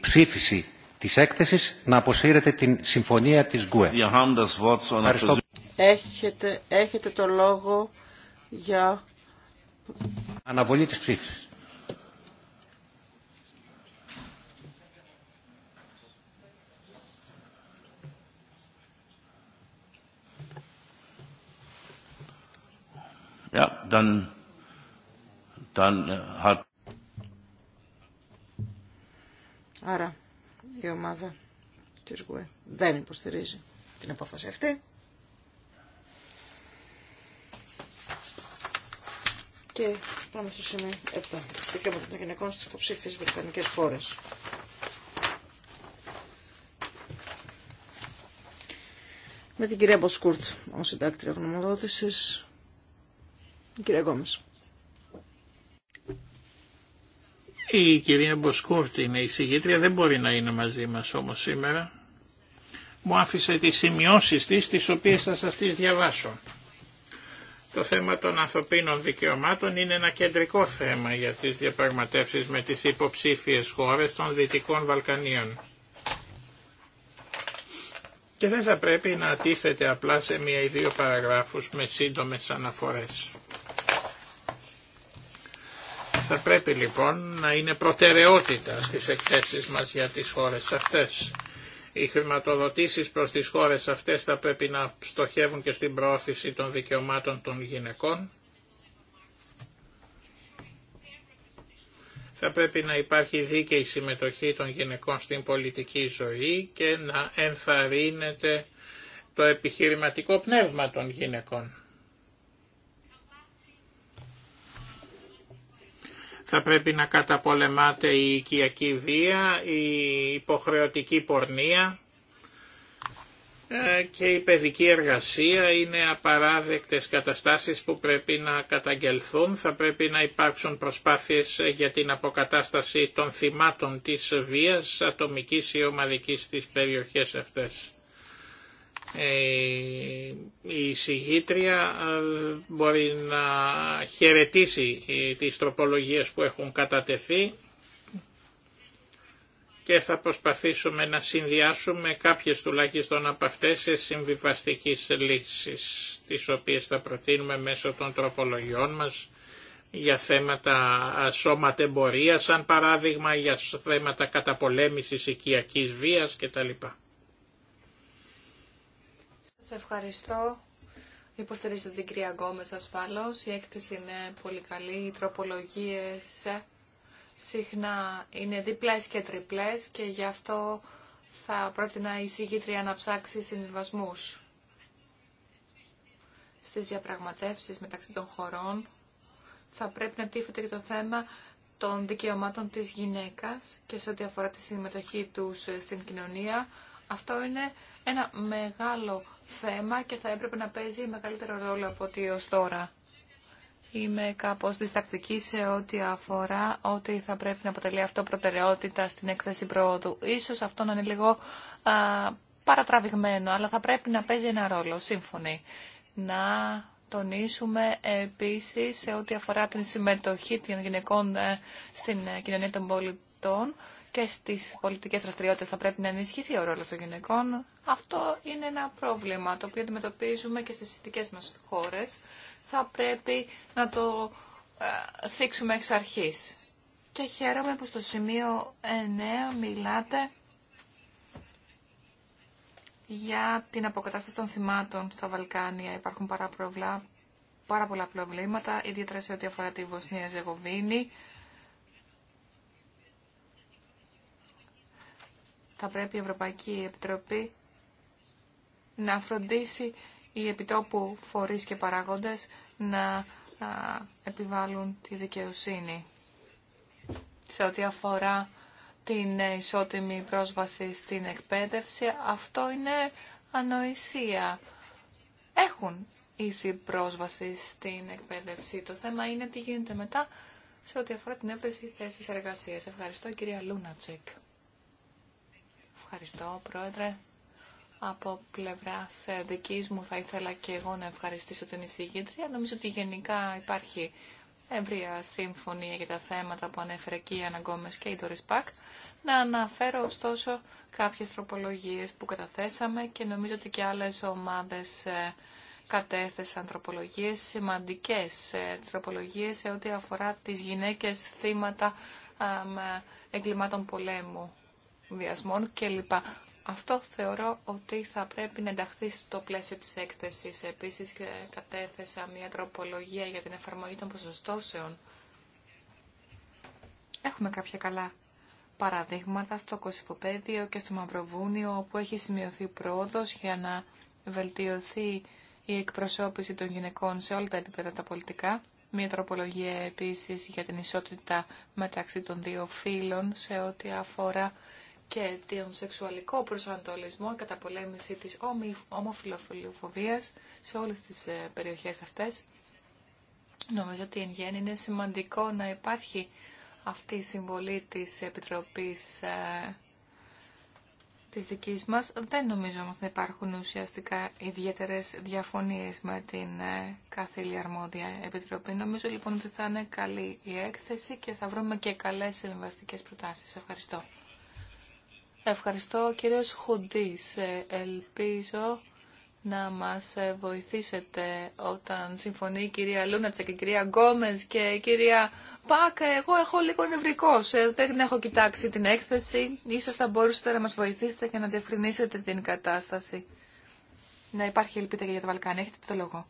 ψήφιση της έκθεσης να αποσύρετε την συμφωνία της ΓΚΟΕ. Έχετε, έχετε το λόγο για... Αναβολή της ψήφισης. Ja, dann, dann äh, hat... Άρα η ομάδα της ΓΟΕ δεν υποστηρίζει την απόφαση αυτή. Και πάμε στο σημείο 7. Δικαιώματα των γυναικών στις υποψήφιες βρετανικές χώρες. Με την κυρία Μποσκούρτ, ως συντάκτρια γνωμοδότησης, η κυρία Γκόμες. Η κυρία Μποσκούρτη είναι η συγγήτρια, δεν μπορεί να είναι μαζί μας όμως σήμερα. Μου άφησε τις σημειώσεις της, τις οποίες θα σας τις διαβάσω. Το θέμα των ανθρωπίνων δικαιωμάτων είναι ένα κεντρικό θέμα για τις διαπραγματεύσεις με τις υποψήφιες χώρες των Δυτικών Βαλκανίων. Και δεν θα πρέπει να αντίθεται απλά σε μία ή δύο παραγράφους με σύντομες αναφορές. Θα πρέπει λοιπόν να είναι προτεραιότητα στις εκθέσεις μας για τις χώρες αυτές. Οι χρηματοδοτήσεις προς τις χώρες αυτές θα πρέπει να στοχεύουν και στην προώθηση των δικαιωμάτων των γυναικών. Θα πρέπει να υπάρχει δίκαιη συμμετοχή των γυναικών στην πολιτική ζωή και να ενθαρρύνεται το επιχειρηματικό πνεύμα των γυναικών. θα πρέπει να καταπολεμάται η οικιακή βία, η υποχρεωτική πορνεία ε, και η παιδική εργασία είναι απαράδεκτες καταστάσεις που πρέπει να καταγγελθούν. Θα πρέπει να υπάρξουν προσπάθειες για την αποκατάσταση των θυμάτων της βίας ατομικής ή ομαδικής στις περιοχές αυτές. Ε, η συγγήτρια ε, μπορεί να χαιρετήσει ε, τις τροπολογίες που έχουν κατατεθεί και θα προσπαθήσουμε να συνδυάσουμε κάποιες τουλάχιστον από αυτές σε συμβιβαστική λύσεις, τις οποίες θα προτείνουμε μέσω των τροπολογιών μας για θέματα σώματεμπορίας, σαν παράδειγμα, για θέματα καταπολέμησης οικιακής βίας κτλ. Σε ευχαριστώ. Υποστηρίζω την κυρία Γκόμες ασφαλώς. Η έκθεση είναι πολύ καλή. Οι τροπολογίες συχνά είναι διπλές και τριπλές και γι' αυτό θα πρότεινα η συγκήτρια να ψάξει συμβιβασμούς στις διαπραγματεύσεις μεταξύ των χωρών. Θα πρέπει να τύφεται και το θέμα των δικαιωμάτων της γυναίκας και σε ό,τι αφορά τη συμμετοχή τους στην κοινωνία. Αυτό είναι ένα μεγάλο θέμα και θα έπρεπε να παίζει μεγαλύτερο ρόλο από ότι ως τώρα. Είμαι κάπως διστακτική σε ό,τι αφορά ότι θα πρέπει να αποτελεί αυτό προτεραιότητα στην έκθεση πρόοδου. Ίσως αυτό να είναι λίγο παρατραβηγμένο, αλλά θα πρέπει να παίζει ένα ρόλο, σύμφωνοι. Να τονίσουμε επίσης σε ό,τι αφορά την συμμετοχή των γυναικών ε, στην ε, κοινωνία των πολιτών, και στι πολιτικές δραστηριότητε θα πρέπει να ενισχυθεί ο ρόλος των γυναικών. Αυτό είναι ένα πρόβλημα το οποίο αντιμετωπίζουμε και στις δυτικέ μας χώρες. Θα πρέπει να το ε, θίξουμε εξ αρχής. Και χαίρομαι που στο σημείο 9 μιλάτε για την αποκατάσταση των θυμάτων στα Βαλκάνια. Υπάρχουν πάρα πάρα πολλά προβλήματα, ιδιαίτερα σε ό,τι αφορά τη Βοσνία-Ζεγοβίνη. θα πρέπει η Ευρωπαϊκή Επιτροπή να φροντίσει οι επιτόπου φορείς και παράγοντες να επιβάλλουν τη δικαιοσύνη σε ό,τι αφορά την ισότιμη πρόσβαση στην εκπαίδευση. Αυτό είναι ανοησία. Έχουν ίση πρόσβαση στην εκπαίδευση. Το θέμα είναι τι γίνεται μετά σε ό,τι αφορά την έβρεση θέσης εργασίας. Ευχαριστώ κυρία Λούνατσεκ. Ευχαριστώ, Πρόεδρε. Από πλευρά δική μου θα ήθελα και εγώ να ευχαριστήσω την εισηγήτρια. Νομίζω ότι γενικά υπάρχει ευρία σύμφωνία για τα θέματα που ανέφερε και η Αναγκόμε και η Doris Πακ. Να αναφέρω ωστόσο κάποιες τροπολογίε που καταθέσαμε και νομίζω ότι και άλλες ομάδες ε, κατέθεσαν τροπολογίε, σημαντικέ ε, τροπολογίε σε ό,τι αφορά τι γυναίκε θύματα εγκλημάτων πολέμου βιασμών κλπ. Αυτό θεωρώ ότι θα πρέπει να ενταχθεί στο πλαίσιο της έκθεσης. Επίσης ε, κατέθεσα μια τροπολογία για την εφαρμογή των ποσοστώσεων. Έχουμε κάποια καλά παραδείγματα στο Κωσυφοπέδιο και στο Μαυροβούνιο όπου έχει σημειωθεί πρόοδος για να βελτιωθεί η εκπροσώπηση των γυναικών σε όλα τα επίπεδα τα πολιτικά. Μια τροπολογία επίσης για την ισότητα μεταξύ των δύο φύλων σε ό,τι αφορά και τον σεξουαλικό προσανατολισμό, πολέμηση της ομοφιλοφοβίας σε όλες τις ε, περιοχές αυτές. Νομίζω ότι εν γέννη είναι σημαντικό να υπάρχει αυτή η συμβολή της Επιτροπής ε, της δικής μας. Δεν νομίζω όμως να υπάρχουν ουσιαστικά ιδιαίτερες διαφωνίες με την ε, καθήλια αρμόδια Επιτροπή. Νομίζω λοιπόν ότι θα είναι καλή η έκθεση και θα βρούμε και καλές συμβαστικές προτάσεις. Ευχαριστώ. Ευχαριστώ κύριος Χουντής. Ε, ελπίζω να μας ε, βοηθήσετε όταν συμφωνεί η κυρία Λούνατσα και η κυρία Γκόμες και η κυρία Πάκ. Ε, εγώ έχω λίγο νευρικός, δεν έχω κοιτάξει την έκθεση. Ίσως θα μπορούσατε να μας βοηθήσετε και να διευκρινίσετε την κατάσταση. Να υπάρχει ελπίδα και για τα Βαλκάνια. Έχετε το λόγο.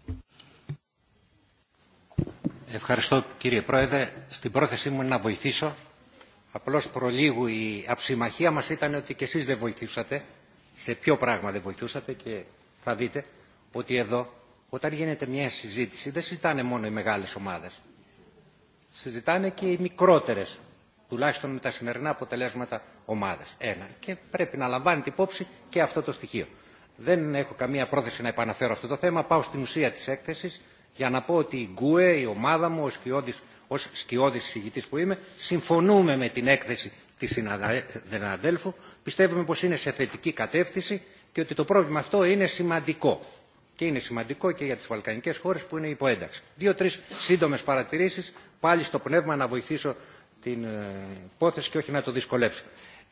Ευχαριστώ κύριε Πρόεδρε. Στην πρόθεσή μου να βοηθήσω Απλώς προλίγου η αψημαχία μας ήταν ότι και εσείς δεν βοηθούσατε, σε ποιο πράγμα δεν βοηθούσατε και θα δείτε ότι εδώ όταν γίνεται μια συζήτηση δεν συζητάνε μόνο οι μεγάλες ομάδες. Συζητάνε και οι μικρότερες, τουλάχιστον με τα σημερινά αποτελέσματα ομάδες. Ένα. Και πρέπει να λαμβάνετε υπόψη και αυτό το στοιχείο. Δεν έχω καμία πρόθεση να επαναφέρω αυτό το θέμα. Πάω στην ουσία της έκθεσης για να πω ότι η Γκουε, η ομάδα μου, ως σκιώδης συγητής που είμαι, συμφωνούμε με την έκθεση της συναδέλφου, πιστεύουμε πως είναι σε θετική κατεύθυνση και ότι το πρόβλημα αυτό είναι σημαντικό. Και είναι σημαντικό και για τις Βαλκανικές χώρες που είναι υπό ένταξη. Δύο-τρεις σύντομες παρατηρήσεις, πάλι στο πνεύμα να βοηθήσω την ε, υπόθεση και όχι να το δυσκολεύσω.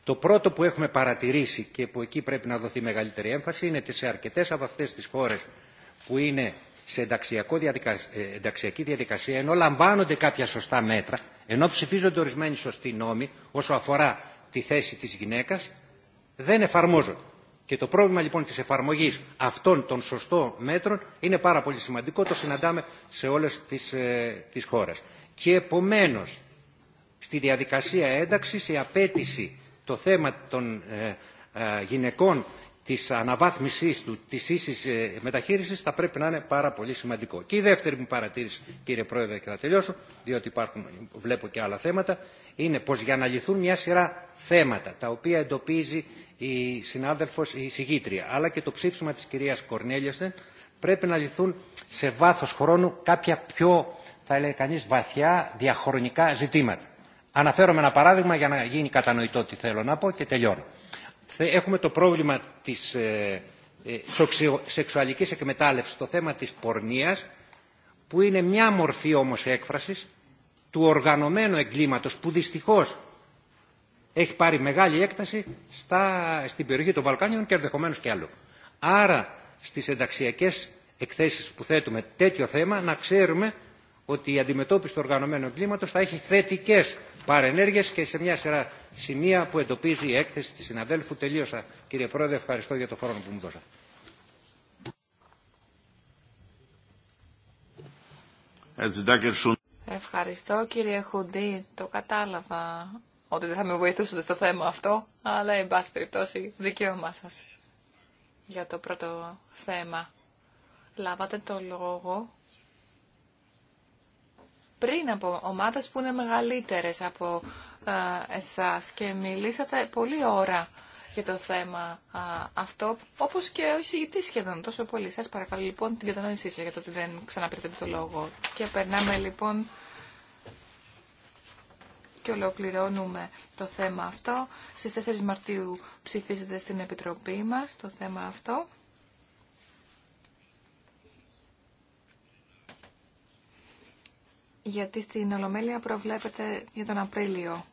Το πρώτο που έχουμε παρατηρήσει και που εκεί πρέπει να δοθεί μεγαλύτερη έμφαση είναι ότι σε αρκετές από αυτές τις χώρες που είναι σε ε, ενταξιακή διαδικασία, ενώ λαμβάνονται κάποια σωστά μέτρα, ενώ ψηφίζονται ορισμένοι σωστοί νόμοι όσο αφορά τη θέση της γυναίκας, δεν εφαρμόζονται. Και το πρόβλημα λοιπόν της εφαρμογής αυτών των σωστών μέτρων είναι πάρα πολύ σημαντικό, το συναντάμε σε όλες τις, ε, τις χώρες. Και επομένως, στη διαδικασία ένταξης η απέτηση το θέμα των ε, ε, γυναικών της αναβάθμισής του, της ίσης ε, μεταχείρισης θα πρέπει να είναι πάρα πολύ σημαντικό. Και η δεύτερη μου παρατήρηση, κύριε Πρόεδρε, και θα τελειώσω, διότι υπάρχουν, βλέπω και άλλα θέματα, είναι πως για να λυθούν μια σειρά θέματα, τα οποία εντοπίζει η συνάδελφο η συγγήτρια, αλλά και το ψήφισμα της κυρίας Κορνέλιασεν, πρέπει να λυθούν σε βάθος χρόνου κάποια πιο, θα έλεγε κανείς, βαθιά διαχρονικά ζητήματα. Αναφέρομαι ένα παράδειγμα για να γίνει κατανοητό τι θέλω να πω και τελειώνω. Έχουμε το πρόβλημα της ε, ε, σεξουαλικής εκμετάλλευσης, το θέμα της πορνείας, που είναι μια μορφή όμως έκφρασης του οργανωμένου εγκλήματος, που δυστυχώς έχει πάρει μεγάλη έκταση στα, στην περιοχή των Βαλκάνιων και ενδεχομένω και άλλο. Άρα στις ενταξιακές εκθέσεις που θέτουμε τέτοιο θέμα να ξέρουμε ότι η αντιμετώπιση του οργανωμένου εγκλήματος θα έχει θετικές παρενέργειες και σε μια σειρά σημεία που εντοπίζει η έκθεση τη συναδέλφου. Τελείωσα κύριε Πρόεδρε, ευχαριστώ για το χρόνο που μου δώσατε. Ευχαριστώ κύριε Χουντή. Το κατάλαβα ότι δεν θα με βοηθούσατε στο θέμα αυτό, αλλά εν πάση περιπτώσει δικαίωμά σα για το πρώτο θέμα. Λάβατε το λόγο πριν από ομάδες που είναι μεγαλύτερες από ε, εσάς και μιλήσατε πολλή ώρα για το θέμα ε, αυτό, όπως και ο εισηγητής σχεδόν τόσο πολύ. Σας παρακαλώ λοιπόν την κατανόησή σας για το ότι δεν ξαναπήρετε το λόγο. Και περνάμε λοιπόν και ολοκληρώνουμε το θέμα αυτό. Στις 4 Μαρτίου ψηφίζεται στην Επιτροπή μας το θέμα αυτό. γιατί στην Ολομέλεια προβλέπεται για τον Απρίλιο.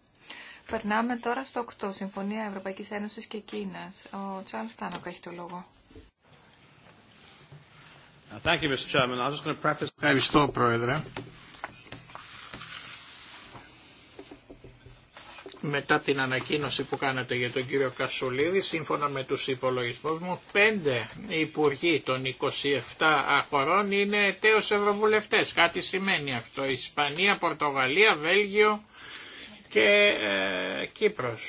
Περνάμε τώρα στο 8, Συμφωνία Ευρωπαϊκής Ένωσης και Κίνας. Ο τσαν στανοκ έχει το λόγο. Ευχαριστώ, Πρόεδρε. μετά την ανακοίνωση που κάνατε για τον κύριο Κασουλίδη, σύμφωνα με τους υπολογισμούς μου, πέντε υπουργοί των 27 χωρών είναι τέως ευρωβουλευτές. Κάτι σημαίνει αυτό. Ισπανία, Πορτογαλία, Βέλγιο και ε, Κύπρος.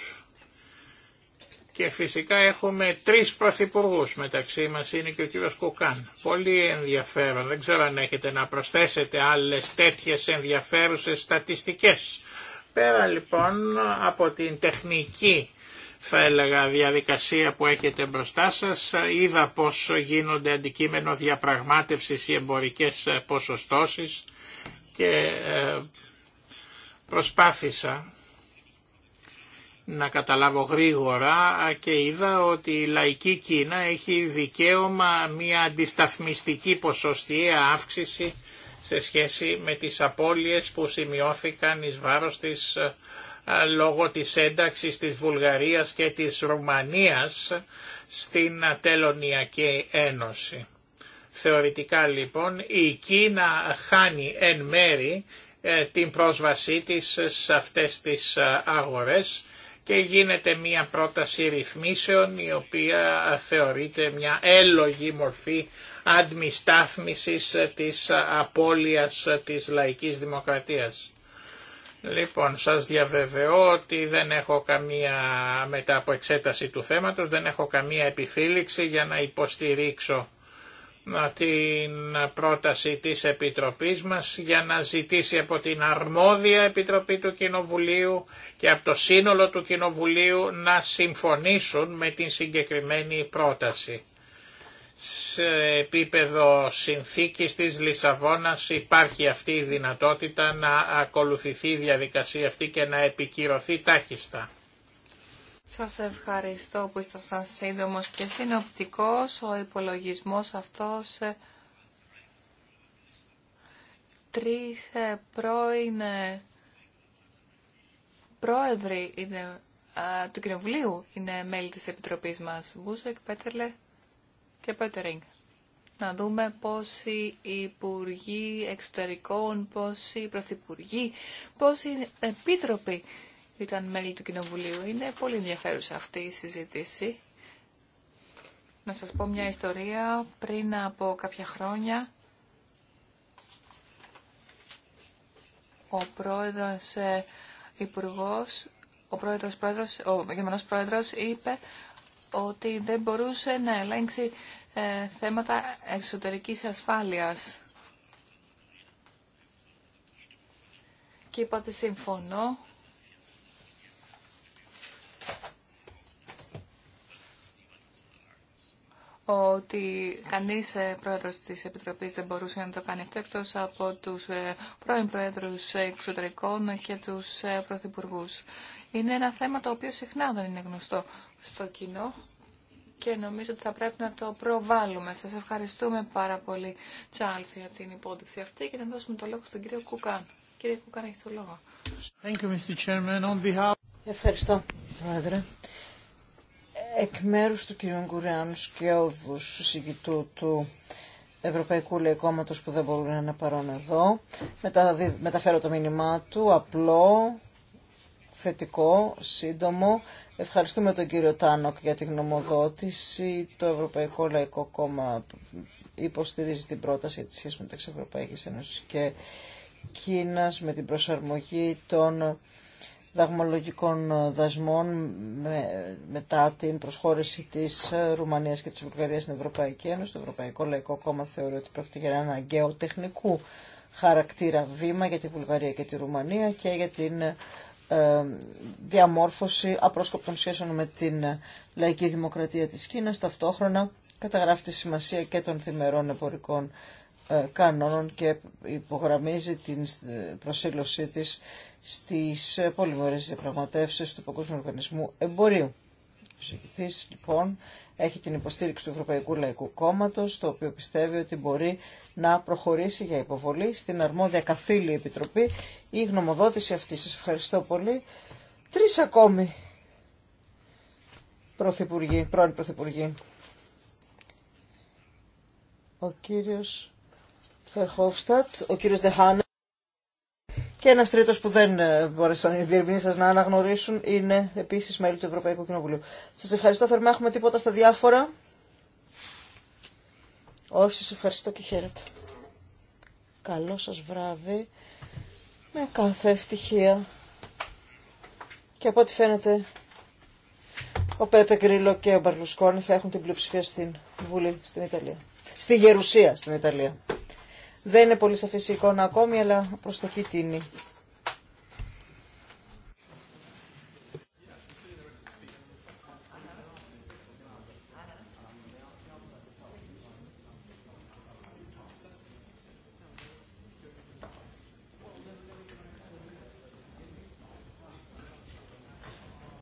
Και φυσικά έχουμε τρεις πρωθυπουργούς μεταξύ μας είναι και ο κύριος Κουκάν. Πολύ ενδιαφέρον. Δεν ξέρω αν έχετε να προσθέσετε άλλες τέτοιες ενδιαφέρουσες στατιστικές Πέρα λοιπόν από την τεχνική θα έλεγα διαδικασία που έχετε μπροστά σας, είδα πώς γίνονται αντικείμενο διαπραγμάτευσης οι εμπορικές ποσοστώσεις και ε, προσπάθησα να καταλάβω γρήγορα και είδα ότι η λαϊκή Κίνα έχει δικαίωμα μια αντισταθμιστική ποσοστιαία αύξηση σε σχέση με τις απώλειες που σημειώθηκαν εις βάρος της ε, ε, λόγω της ένταξης της Βουλγαρίας και της Ρουμανίας στην Τελωνιακή Ένωση. Θεωρητικά λοιπόν η Κίνα χάνει εν μέρη ε, την πρόσβασή της σε αυτές τις αγορές και γίνεται μια πρόταση ρυθμίσεων η οποία θεωρείται μια έλογη μορφή αντιστάθμισης ε, της ε, απώλειας ε, της λαϊκής δημοκρατίας. Λοιπόν, σας διαβεβαιώ ότι δεν έχω καμία, μετά από εξέταση του θέματος, δεν έχω καμία επιφύληξη για να υποστηρίξω την πρόταση της Επιτροπής μας για να ζητήσει από την αρμόδια Επιτροπή του Κοινοβουλίου και από το σύνολο του Κοινοβουλίου να συμφωνήσουν με την συγκεκριμένη πρόταση σε επίπεδο συνθήκης της Λισαβόνας υπάρχει αυτή η δυνατότητα να ακολουθηθεί η διαδικασία αυτή και να επικυρωθεί τάχιστα. Σας ευχαριστώ που ήσασταν σύντομος και συνοπτικός. Ο υπολογισμός αυτός ε, τρεις ε, πρώην ε, πρόεδροι είναι, του Κοινοβουλίου είναι μέλη της Επιτροπής μας. Μπούσεκ, και Να δούμε πόσοι υπουργοί εξωτερικών, πόσοι πρωθυπουργοί, πόσοι επίτροποι ήταν μέλη του Κοινοβουλίου. Είναι πολύ ενδιαφέρουσα αυτή η συζήτηση. Να σας πω μια ιστορία πριν από κάποια χρόνια. Ο πρόεδρος ε, υπουργός, ο πρόεδρος πρόεδρος, ο γερμανός πρόεδρος είπε ότι δεν μπορούσε να ελέγξει ε, θέματα εξωτερικής ασφάλειας. Και είπα ότι συμφωνώ. ότι κανείς ε, πρόεδρος της Επιτροπής δεν μπορούσε να το κάνει αυτό εκτός από τους ε, πρώην πρόεδρους εξωτερικών και τους πρωθυπουργούς. Είναι ένα θέμα το οποίο συχνά δεν είναι γνωστό στο κοινό και νομίζω ότι θα πρέπει να το προβάλλουμε. Σας ευχαριστούμε πάρα πολύ, Τσάρλς, για την υπόδειξη αυτή και να δώσουμε το λόγο στον κύριο Κουκάν. Κύριε Κουκάν, έχει το λόγο. Ευχαριστώ, Πρόεδρε. Εκ μέρου του κυρίου Γκουριάνου και συζητητού του Ευρωπαϊκού Λεκόμματο που δεν μπορούν να είναι παρόν εδώ, μεταφέρω το μήνυμά του, απλό, θετικό, σύντομο. Ευχαριστούμε τον κύριο Τάνοκ για την γνωμοδότηση. Το Ευρωπαϊκό Λαϊκό Κόμμα υποστηρίζει την πρόταση της σχέσης μεταξύ Ευρωπαϊκής Ένωσης και Κίνας με την προσαρμογή των δαγμολογικών δασμών μετά την προσχώρηση της Ρουμανίας και της Βουλγαρίας στην Ευρωπαϊκή Ένωση. Το Ευρωπαϊκό Λαϊκό Κόμμα θεωρεί ότι πρόκειται για ένα αγκαίο τεχνικού χαρακτήρα βήμα για τη Βουλγαρία και τη Ρουμανία και για την ε, διαμόρφωση απρόσκοπτων σχέσεων με την λαϊκή δημοκρατία της Κίνας. Ταυτόχρονα καταγράφει τη σημασία και των θημερών εμπορικών ε, κανόνων και υπογραμμίζει την ε, προσήλωσή της στις πολυμερείς διαπραγματεύσεις του Παγκόσμιου Οργανισμού Εμπορίου εισηγητής λοιπόν έχει την υποστήριξη του Ευρωπαϊκού Λαϊκού Κόμματος, το οποίο πιστεύει ότι μπορεί να προχωρήσει για υποβολή στην αρμόδια καθήλη επιτροπή η γνωμοδότηση αυτή. Σα ευχαριστώ πολύ. Τρεις ακόμη πρωθυπουργοί, πρώην πρωθυπουργοί. Ο κύριος Φερχόφστατ, ο κύριος Δεχάνε. Και ένα τρίτο που δεν ε, μπόρεσαν οι διερμηνεί σα να αναγνωρίσουν είναι επίση μέλη του Ευρωπαϊκού Κοινοβουλίου. Σα ευχαριστώ θερμά. Έχουμε τίποτα στα διάφορα. Όχι, σα ευχαριστώ και χαίρετε. Καλό σα βράδυ. Με κάθε ευτυχία. Και από ό,τι φαίνεται, ο Πέπε Γκρίλο και ο Μπαρλουσκόνη θα έχουν την πλειοψηφία στην Βουλή στην Ιταλία. Στη Γερουσία στην Ιταλία. Δεν είναι πολύ σαφή η εικόνα ακόμη, αλλά προ το εκεί τίνει.